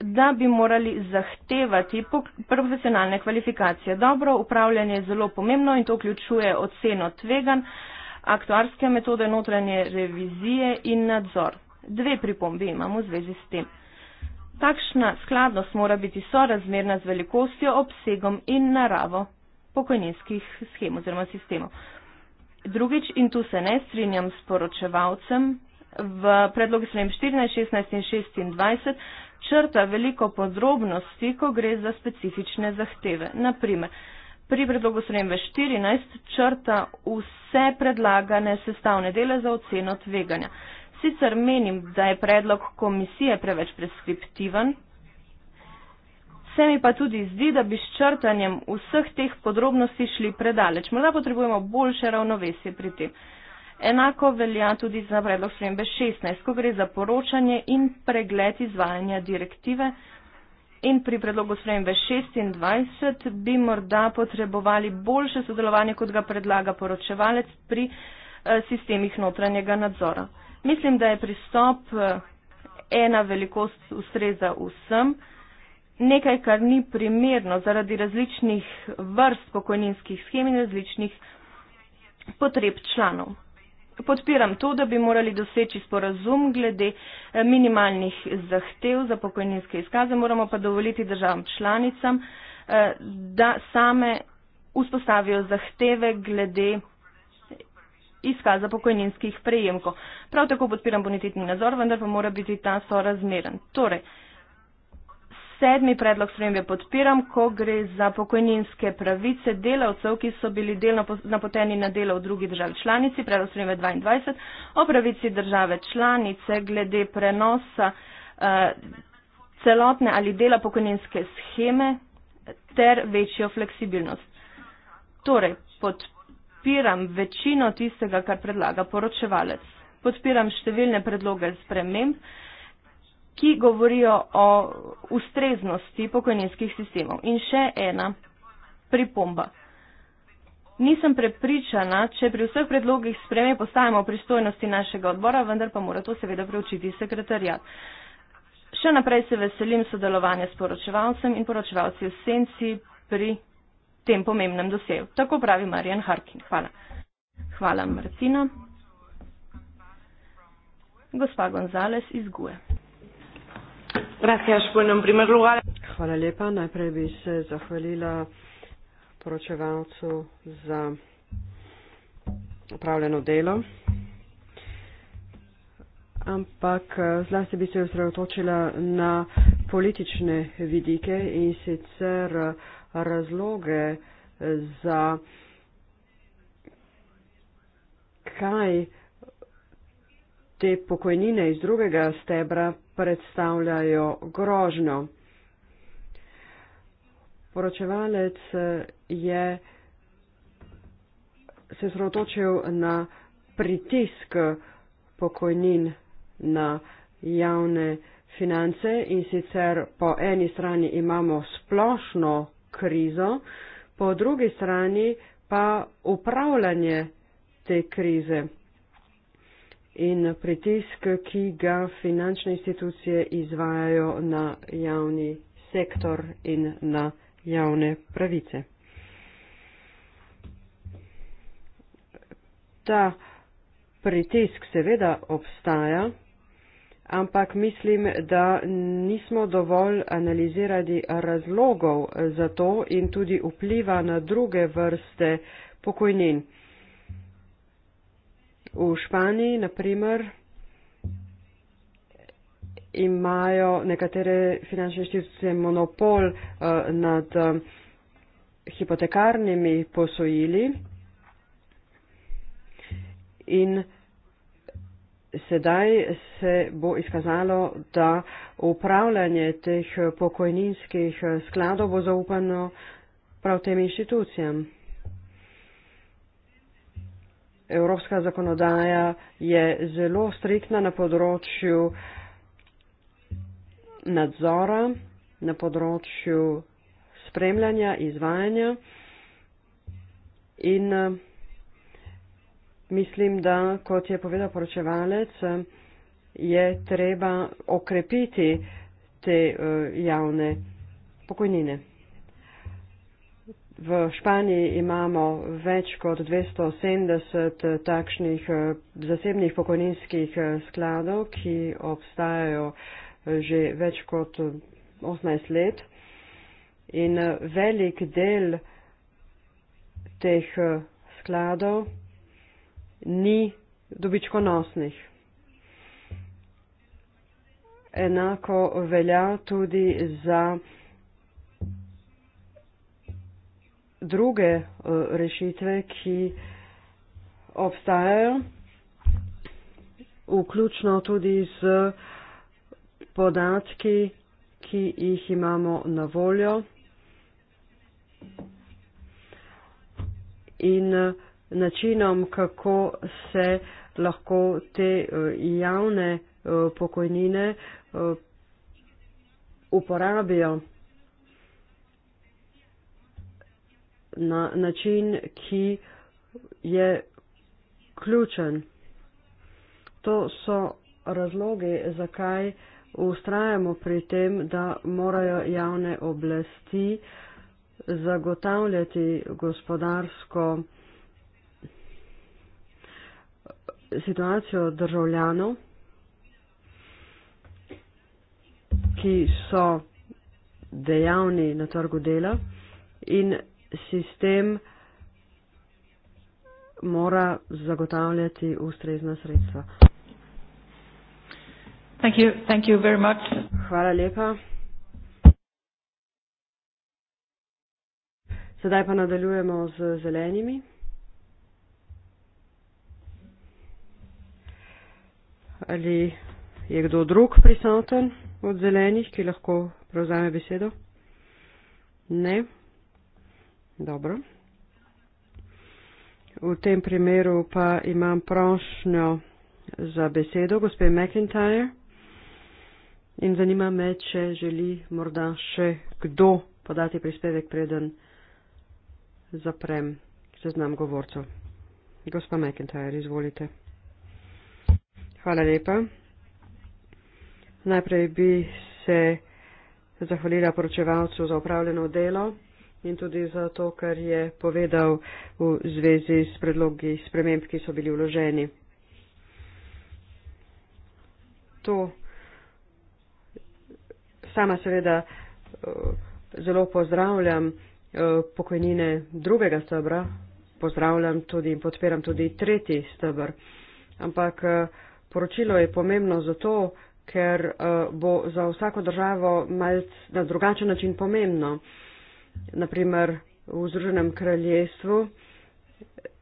da bi morali zahtevati profesionalne kvalifikacije. Dobro upravljanje je zelo pomembno in to vključuje oceno tvegan, aktuarske metode notranje revizije in nadzor. Dve pripombe imamo v zvezi s tem. Takšna skladnost mora biti sorazmerna z velikostjo, obsegom in naravo pokojninskih schem oziroma sistemov. Drugič, in tu se ne strinjam s poročevalcem, v predlogu sprem 14, 16 in 26 črta veliko podrobnosti, ko gre za specifične zahteve. Naprimer, pri predlogu sprem 14 črta vse predlagane sestavne dele za oceno tveganja. Sicer menim, da je predlog komisije preveč preskriptiven, se mi pa tudi zdi, da bi s črtanjem vseh teh podrobnosti šli predaleč. Morda potrebujemo boljše ravnovesje pri tem. Enako velja tudi za predlog spremembe 16, ko gre za poročanje in pregled izvajanja direktive. In pri predlogu spremembe 26 bi morda potrebovali boljše sodelovanje, kot ga predlaga poročevalec pri eh, sistemih notranjega nadzora. Mislim, da je pristop eh, ena velikost ustreza vsem. Nekaj, kar ni primerno zaradi različnih vrst pokojninskih schem in različnih potreb članov. Podpiram to, da bi morali doseči sporazum glede eh, minimalnih zahtev za pokojninske izkaze, moramo pa dovoliti državam članicam, eh, da same vzpostavijo zahteve glede izkaza pokojninskih prejemkov. Prav tako podpiram bonitetni nadzor, vendar pa mora biti ta sorazmeren. Torej, sedmi predlog spremembe podpiram, ko gre za pokojninske pravice delavcev, ki so bili delno napoteni na delo v drugi državi članici, predlog spremembe 22, o pravici države članice glede prenosa uh, celotne ali dela pokojninske scheme ter večjo fleksibilnost. Torej, podpiram podpiram večino tistega, kar predlaga poročevalec. Podpiram številne predloge sprememb, ki govorijo o ustreznosti pokojninskih sistemov. In še ena pripomba. Nisem prepričana, če pri vseh predlogih spreme postajamo v pristojnosti našega odbora, vendar pa mora to seveda preučiti sekretarjat. Še naprej se veselim sodelovanja s poročevalcem in poročevalci v senci pri tem pomembnem dosegu. Tako pravi Marjan Harkin. Hvala. Hvala, Marcina. Gospa Gonzales iz Gue. Hvala lepa. Najprej bi se zahvalila poročevalcu za upravljeno delo. Ampak zlasti bi se osredotočila na politične vidike in sicer uh, razloge za kaj te pokojnine iz drugega stebra predstavljajo grožnjo. Poročevalec je se zrotočil na pritisk pokojnin na javne finance in sicer po eni strani imamo splošno krizo, po drugi strani pa upravljanje te krize in pritisk, ki ga finančne institucije izvajajo na javni sektor in na javne pravice. Ta pritisk seveda obstaja ampak mislim, da nismo dovolj analizirali razlogov za to in tudi vpliva na druge vrste pokojnin. V Španiji, naprimer, imajo nekatere finančne inštitucije monopol uh, nad uh, hipotekarnimi posojili in uh, sedaj se bo izkazalo, da upravljanje teh pokojninskih skladov bo zaupano prav tem inštitucijam. Evropska zakonodaja je zelo striktna na področju nadzora, na področju spremljanja, izvajanja in Mislim, da kot je povedal poročevalec, je treba okrepiti te eh, javne pokojnine. V Španiji imamo več kot 270 eh, takšnih eh, zasebnih pokojninskih skladov, ki obstajajo že več kot 18 let. In velik del teh skladov ni dobičkonosnih. Enako velja tudi za druge eh, rešitve, ki obstajajo, vključno tudi z podatki, ki jih imamo na voljo. In uh, načinom, kako se lahko te eh, javne eh, pokojnine eh, uporabijo na način, ki je ključen. To so razloge, zakaj ustrajamo pri tem, da morajo javne oblasti zagotavljati gospodarsko situacijo državljanov, ki so dejavni na trgu dela in sistem mora zagotavljati ustrezna sredstva. Thank you. Thank you very much. Hvala lepa. Sedaj pa nadaljujemo z zelenimi. ali je kdo drug prisoten od zelenih, ki lahko prevzame besedo? Ne. Dobro. V tem primeru pa imam prošnjo za besedo gospe McIntyre in zanima me, če želi morda še kdo podati prispevek preden zaprem seznam govorcev. Gospa McIntyre, izvolite. Hvala lepa. Najprej bi se zahvalila poročevalcu za upravljeno delo in tudi za to, kar je povedal v zvezi s predlogi sprememb, ki so bili vloženi. To sama seveda eh, zelo pozdravljam eh, pokojnine drugega stebra, pozdravljam tudi in podpiram tudi tretji stebr. Ampak uh, poročilo je pomembno zato, ker eh, bo za vsako državo na drugačen način pomembno. Naprimer, v Združenem kraljestvu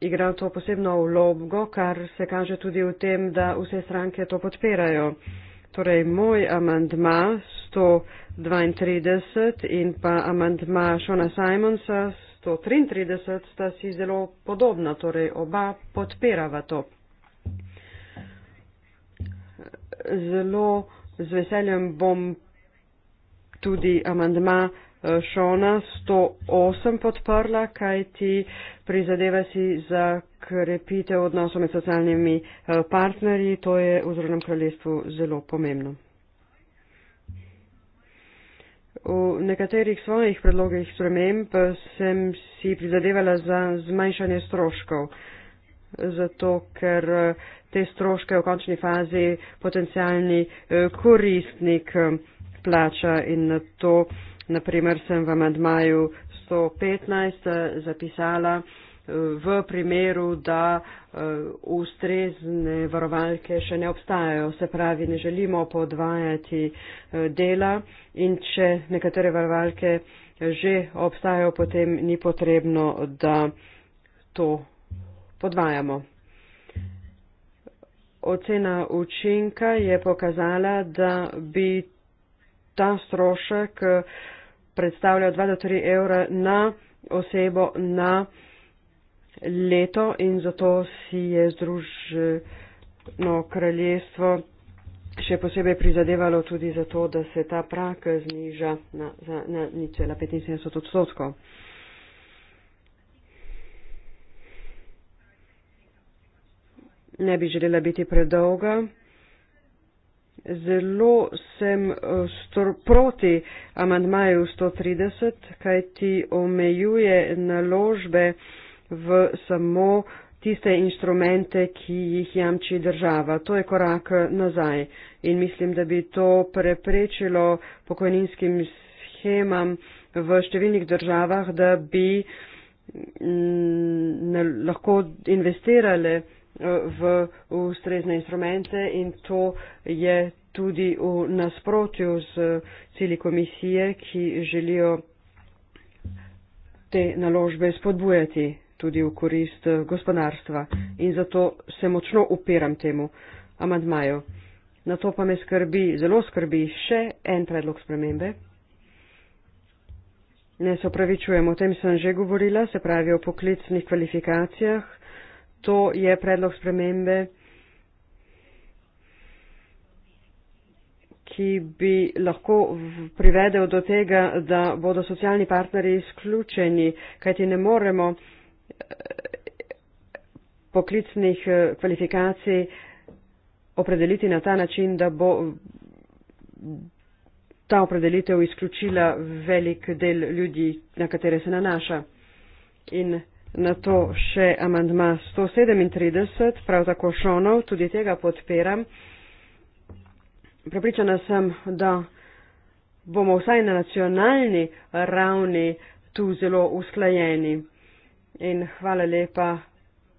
igra to posebno vlogo, kar se kaže tudi v tem, da vse stranke to podpirajo. Torej, moj amandma 132 in pa amandma Šona Simonsa 133 sta si zelo podobna, torej oba podpirava to zelo z veseljem bom tudi amandma eh, Šona 108 podprla, kajti prizadeva si za krepitev odnosov med socialnimi eh, partnerji. To je v Združenem kraljestvu zelo pomembno. V nekaterih svojih predlogih sprememb eh, sem si prizadevala za zmanjšanje stroškov. Uh, zato ker eh, te stroške v končni fazi potencijalni eh, koristnik eh, plača in na to, naprimer, sem v amandmaju 115 zapisala v primeru, da ustrezne varovalke še ne obstajajo. Se pravi, ne želimo podvajati dela in če nekatere varovalke že obstajajo, potem ni potrebno, da to podvajamo. Ocena učinka je pokazala, da bi ta strošek eh, predstavljal 2 do 3 evra na osebo na leto in zato si je Združeno kraljestvo še posebej prizadevalo tudi za to, da se ta prak zniža na, na 0,75 odstotkov. ne bi želela biti predolga. Zelo sem eh, stru, proti amantmaju 130, kaj ti omejuje naložbe v samo tiste instrumente, ki jih jamči država. To je korak eh, nazaj in mislim, da bi to preprečilo pokojninskim schemam v številnih državah, da bi m, mm, lahko investirale v ustrezne instrumente in to je tudi v nasprotju z cili komisije, ki želijo te naložbe spodbujati tudi v korist eh, gospodarstva in zato se močno upiram temu amadmaju. Na to pa me skrbi, zelo skrbi še en predlog spremembe. Ne se opravičujem, o tem sem že govorila, se pravi o poklicnih kvalifikacijah to je predlog spremembe, ki bi lahko privedel do tega, da bodo socialni partnerji izključeni, kajti ne moremo eh, poklicnih eh, kvalifikacij opredeliti na ta način, da bo ta opredelitev izključila velik del ljudi, na katere se nanaša. In na to še amandma 137, prav tako šonov, tudi tega podpiram. Prepričana sem, da bomo vsaj na nacionalni ravni tu zelo usklajeni. In hvala lepa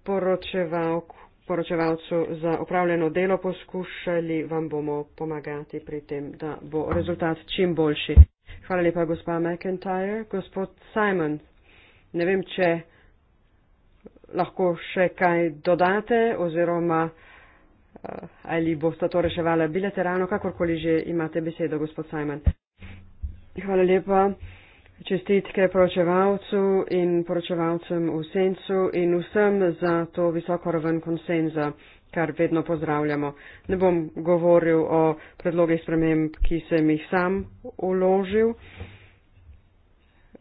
poročevalcu za upravljeno delo, poskušali vam bomo pomagati pri tem, da bo rezultat čim boljši. Hvala lepa, gospa McIntyre. Gospod Simon, ne vem, če lahko še kaj dodate oziroma eh, ali boste to reševali bilateralno, kakorkoli že imate besedo, gospod Simon. Hvala lepa. Čestitke poročevalcu in poročevalcem v sencu in vsem za to visoko raven konsenza, kar vedno pozdravljamo. Ne bom govoril o predlogih sprememb, ki sem jih sam uložil.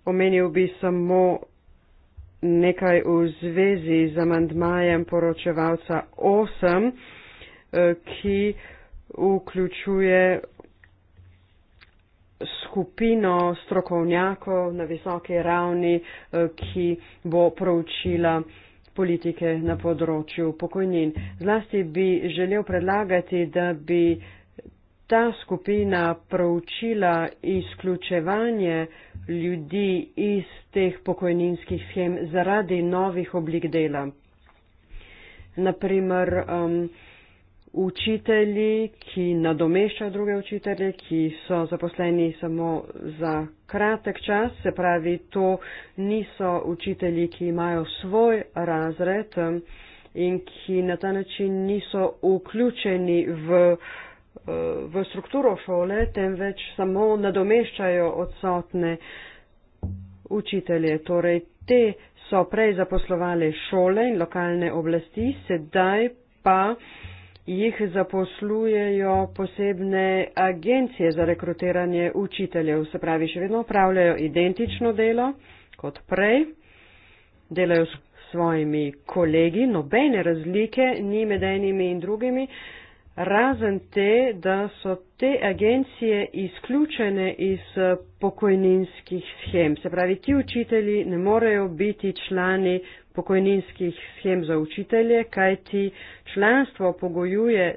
Omenil bi samo nekaj v zvezi z amandmajem poročevalca 8, eh, ki vključuje skupino strokovnjakov na visoki ravni, eh, ki bo proučila politike na področju pokojnin. Zlasti bi želel predlagati, da bi ta skupina proučila izključevanje ljudi iz teh pokojninskih schem zaradi novih oblik dela. Naprimer, um, učitelji, ki nadomeščajo druge učitelje, ki so zaposleni samo za kratek čas, se pravi, to niso učitelji, ki imajo svoj razred um, in ki na ta način niso vključeni v uh, v strukturo šole, temveč samo nadomeščajo odsotne učitelje. Torej, te so prej zaposlovali šole in lokalne oblasti, sedaj pa jih zaposlujejo posebne agencije za rekrutiranje učiteljev. Se pravi, še vedno upravljajo identično delo kot prej, delajo s svojimi kolegi, nobene razlike ni med enimi in drugimi razen te, da so te agencije izključene iz eh, pokojninskih schem. Se pravi, ti učitelji ne morejo biti člani pokojninskih schem za učitelje, kajti članstvo pogojuje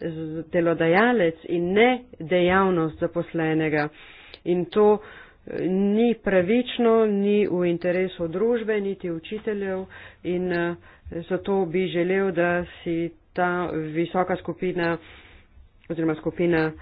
delodajalec in ne dejavnost zaposlenega. In to eh, ni pravično, ni v interesu družbe, niti učiteljev in eh, zato bi želel, da si ta visoka skupina oziroma skupina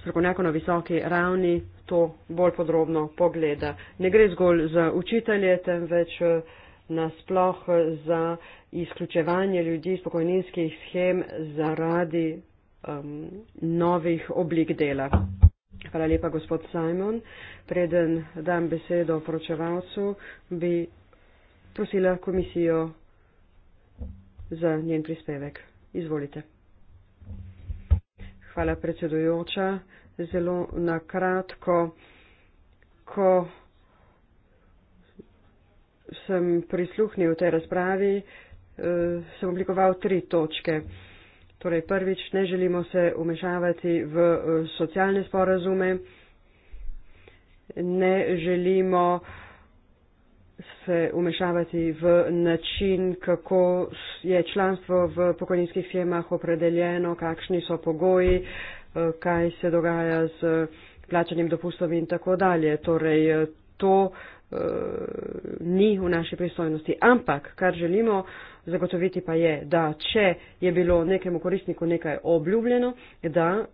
strokovnjakov na visoki ravni to bolj podrobno pogleda. Ne gre zgolj za učitelje, temveč eh, nasploh eh, za izključevanje ljudi iz pokojninskih schem zaradi um, novih oblik dela. Hvala lepa, gospod Simon. Preden dam besedo poročevalcu, bi prosila komisijo za njen prispevek. Izvolite hvala predsedujoča. Zelo nakratko, ko sem prisluhnil tej razpravi, eh, sem oblikoval tri točke. Torej, prvič, ne želimo se umešavati v eh, socialne sporazume, ne želimo uh, se umešavati v način, kako je članstvo v pokojninskih schemah opredeljeno, kakšni so pogoji, eh, kaj se dogaja z plačanim dopustom in tako dalje. Torej, eh, to uh, ni v naši pristojnosti. Ampak, kar želimo zagotoviti pa je, da če je bilo nekemu koristniku nekaj obljubljeno, da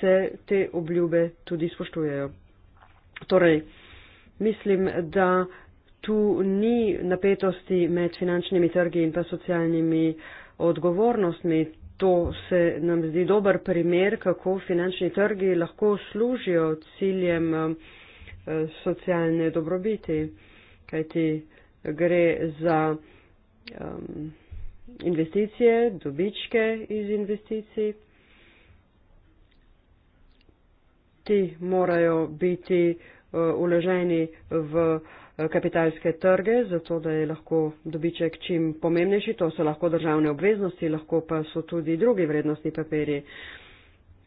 se te obljube tudi spoštujejo. Torej, mislim, da uh, tu ni napetosti med finančnimi trgi in pa socialnimi odgovornostmi. To se nam zdi dober primer, kako finančni trgi lahko služijo ciljem eh, socialne dobrobiti, kajti gre za um, investicije, dobičke iz investicij. Ti morajo biti uh, eh, uleženi v uh, Eh, kapitalske trge, zato da je lahko dobiček čim pomembnejši. To so lahko državne obveznosti, lahko pa so tudi drugi vrednostni papiri.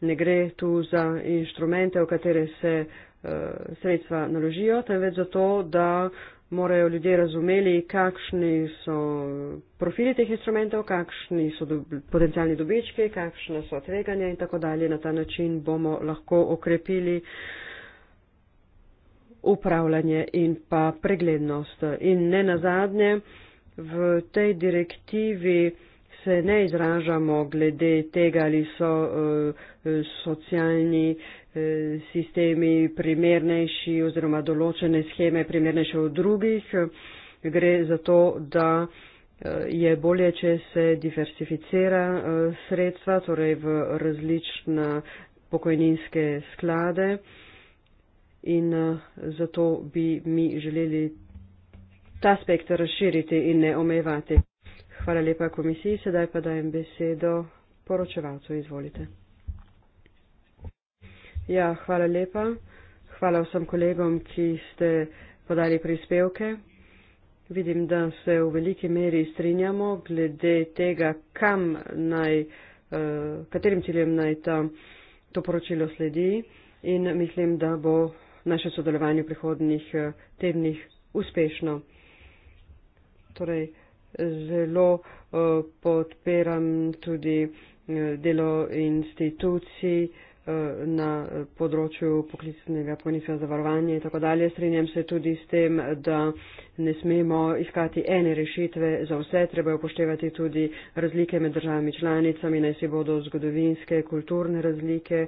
Ne gre tu za inštrumente, v katere se eh, sredstva naložijo, temveč zato, da morajo ljudje razumeli, kakšni so profili teh instrumentov, kakšni so do, potencijalni dobički, kakšne so tveganja in tako dalje. Na ta način bomo lahko okrepili uh, upravljanje in pa preglednost. In ne nazadnje, v tej direktivi se ne izražamo glede tega, ali so eh, socialni eh, sistemi primernejši oziroma določene scheme primernejše od drugih. Gre za to, da eh, je bolje, če se diversificira sredstva, torej v različna pokojninske sklade in uh, zato bi mi želeli ta aspekt razširiti in ne omejevati. Hvala lepa komisiji, sedaj pa dajem besedo poročevalcu, izvolite. Ja, hvala lepa. Hvala vsem kolegom, ki ste podali prispevke. Vidim, da se v veliki meri strinjamo glede tega, kam naj, eh, katerim ciljem naj ta, to poročilo sledi in mislim, da bo naše sodelovanje v prihodnih eh, tednih uspešno. Torej, zelo eh, podpiram tudi eh, delo institucij, Eh, na področju poklicnega poklicnega zavarovanja in tako dalje. Strenjam se tudi s tem, da ne smemo iskati ene rešitve za vse, treba je upoštevati tudi razlike med državami članicami, naj si bodo zgodovinske, kulturne razlike,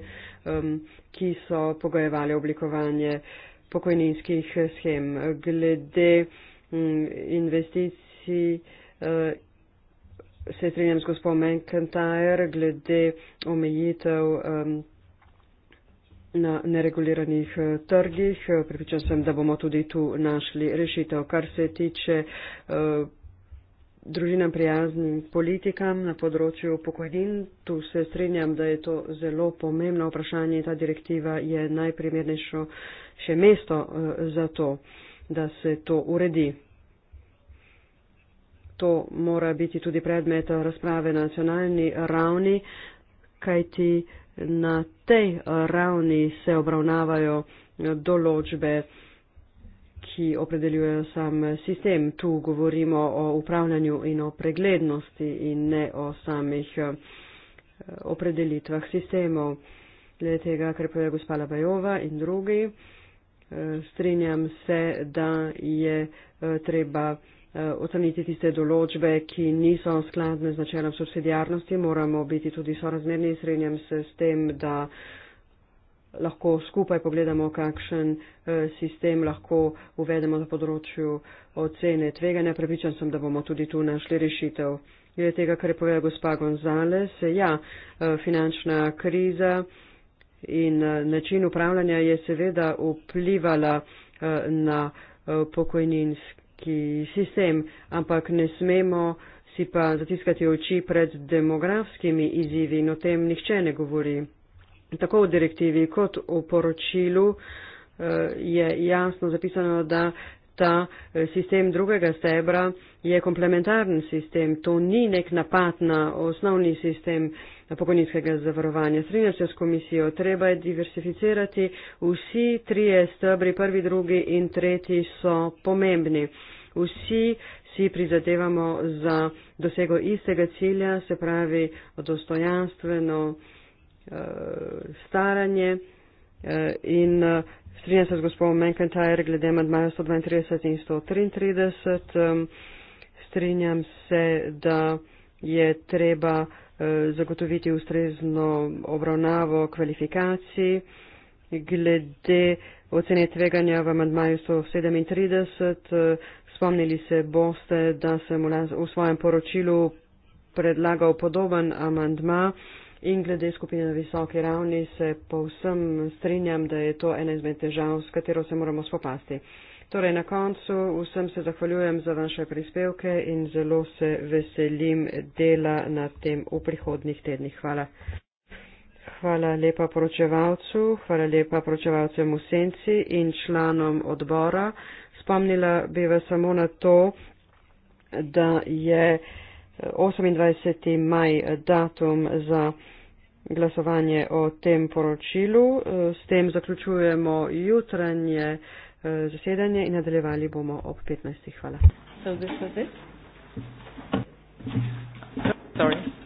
um, ki so pogojevali oblikovanje pokojninskih schem. Glede um, investicij. Uh, se strinjam s gospodom Menkentajer glede omejitev um, na nereguliranih eh, trgih. Eh, Pripričan sem, da bomo tudi tu našli rešitev, kar se tiče eh, družinam prijaznim politikam na področju pokojnin. Tu se strinjam, da je to zelo pomembno vprašanje in ta direktiva je najprimernejšo še mesto za to, da se to uredi. To mora biti tudi predmet razprave na nacionalni ravni, kajti uh, na tej ravni se obravnavajo določbe, ki opredeljujejo sam sistem. Tu govorimo o upravljanju in o preglednosti in ne o samih eh, opredelitvah sistemov. Glede tega, kar pove gospa Labajova in drugi, eh, strinjam se, da je eh, treba Eh, ocaniti tiste določbe, ki niso skladne z načelom subsidijarnosti. Moramo biti tudi sorazmerni in srednjem se s tem, da lahko skupaj pogledamo, kakšen eh, sistem lahko uvedemo na področju ocene tveganja. Prepričan sem, da bomo tudi tu našli rešitev. Glede tega, kar je povedal gospa Gonzales, eh, ja, finančna kriza in način upravljanja je seveda vplivala na pokojninske ki sistem, ampak ne smemo si pa zatiskati oči pred demografskimi izzivi in o tem nihče ne govori. Tako v direktivi kot v poročilu eh, je jasno zapisano, da ta eh, sistem drugega stebra je komplementarni sistem, to ni nek napad na osnovni sistem pokojninskega zavarovanja. Srednja se s komisijo, treba je diversificirati, vsi trije stebri, prvi, drugi in tretji so pomembni. Vsi si prizadevamo za dosego istega cilja, se pravi dostojanstveno uh, staranje uh, in uh, Strinjam se z gospodom Menkentajer glede madmaja 132 in 133. Strinjam se, da je treba eh, zagotoviti ustrezno obravnavo kvalifikacij. Glede ocene tveganja v amandmaju 137, eh, spomnili se boste, da sem v svojem poročilu predlagal podoben amandma in glede skupine na visoki ravni se povsem strinjam, da je to ena izmed težav, s katero se moramo spopasti. Torej, na koncu vsem se zahvaljujem za vaše prispevke in zelo se veselim dela na tem v prihodnih tednih. Hvala. Hvala lepa poročevalcu, hvala lepa poročevalcem v senci in članom odbora. Spomnila bi vas samo na to, da je 28. Eh, maj datum za glasovanje o tem poročilu. Eh, s tem zaključujemo jutranje. Eh, zasedanje in nadaljevali bomo ob 15. Hvala. So this was it? Sorry.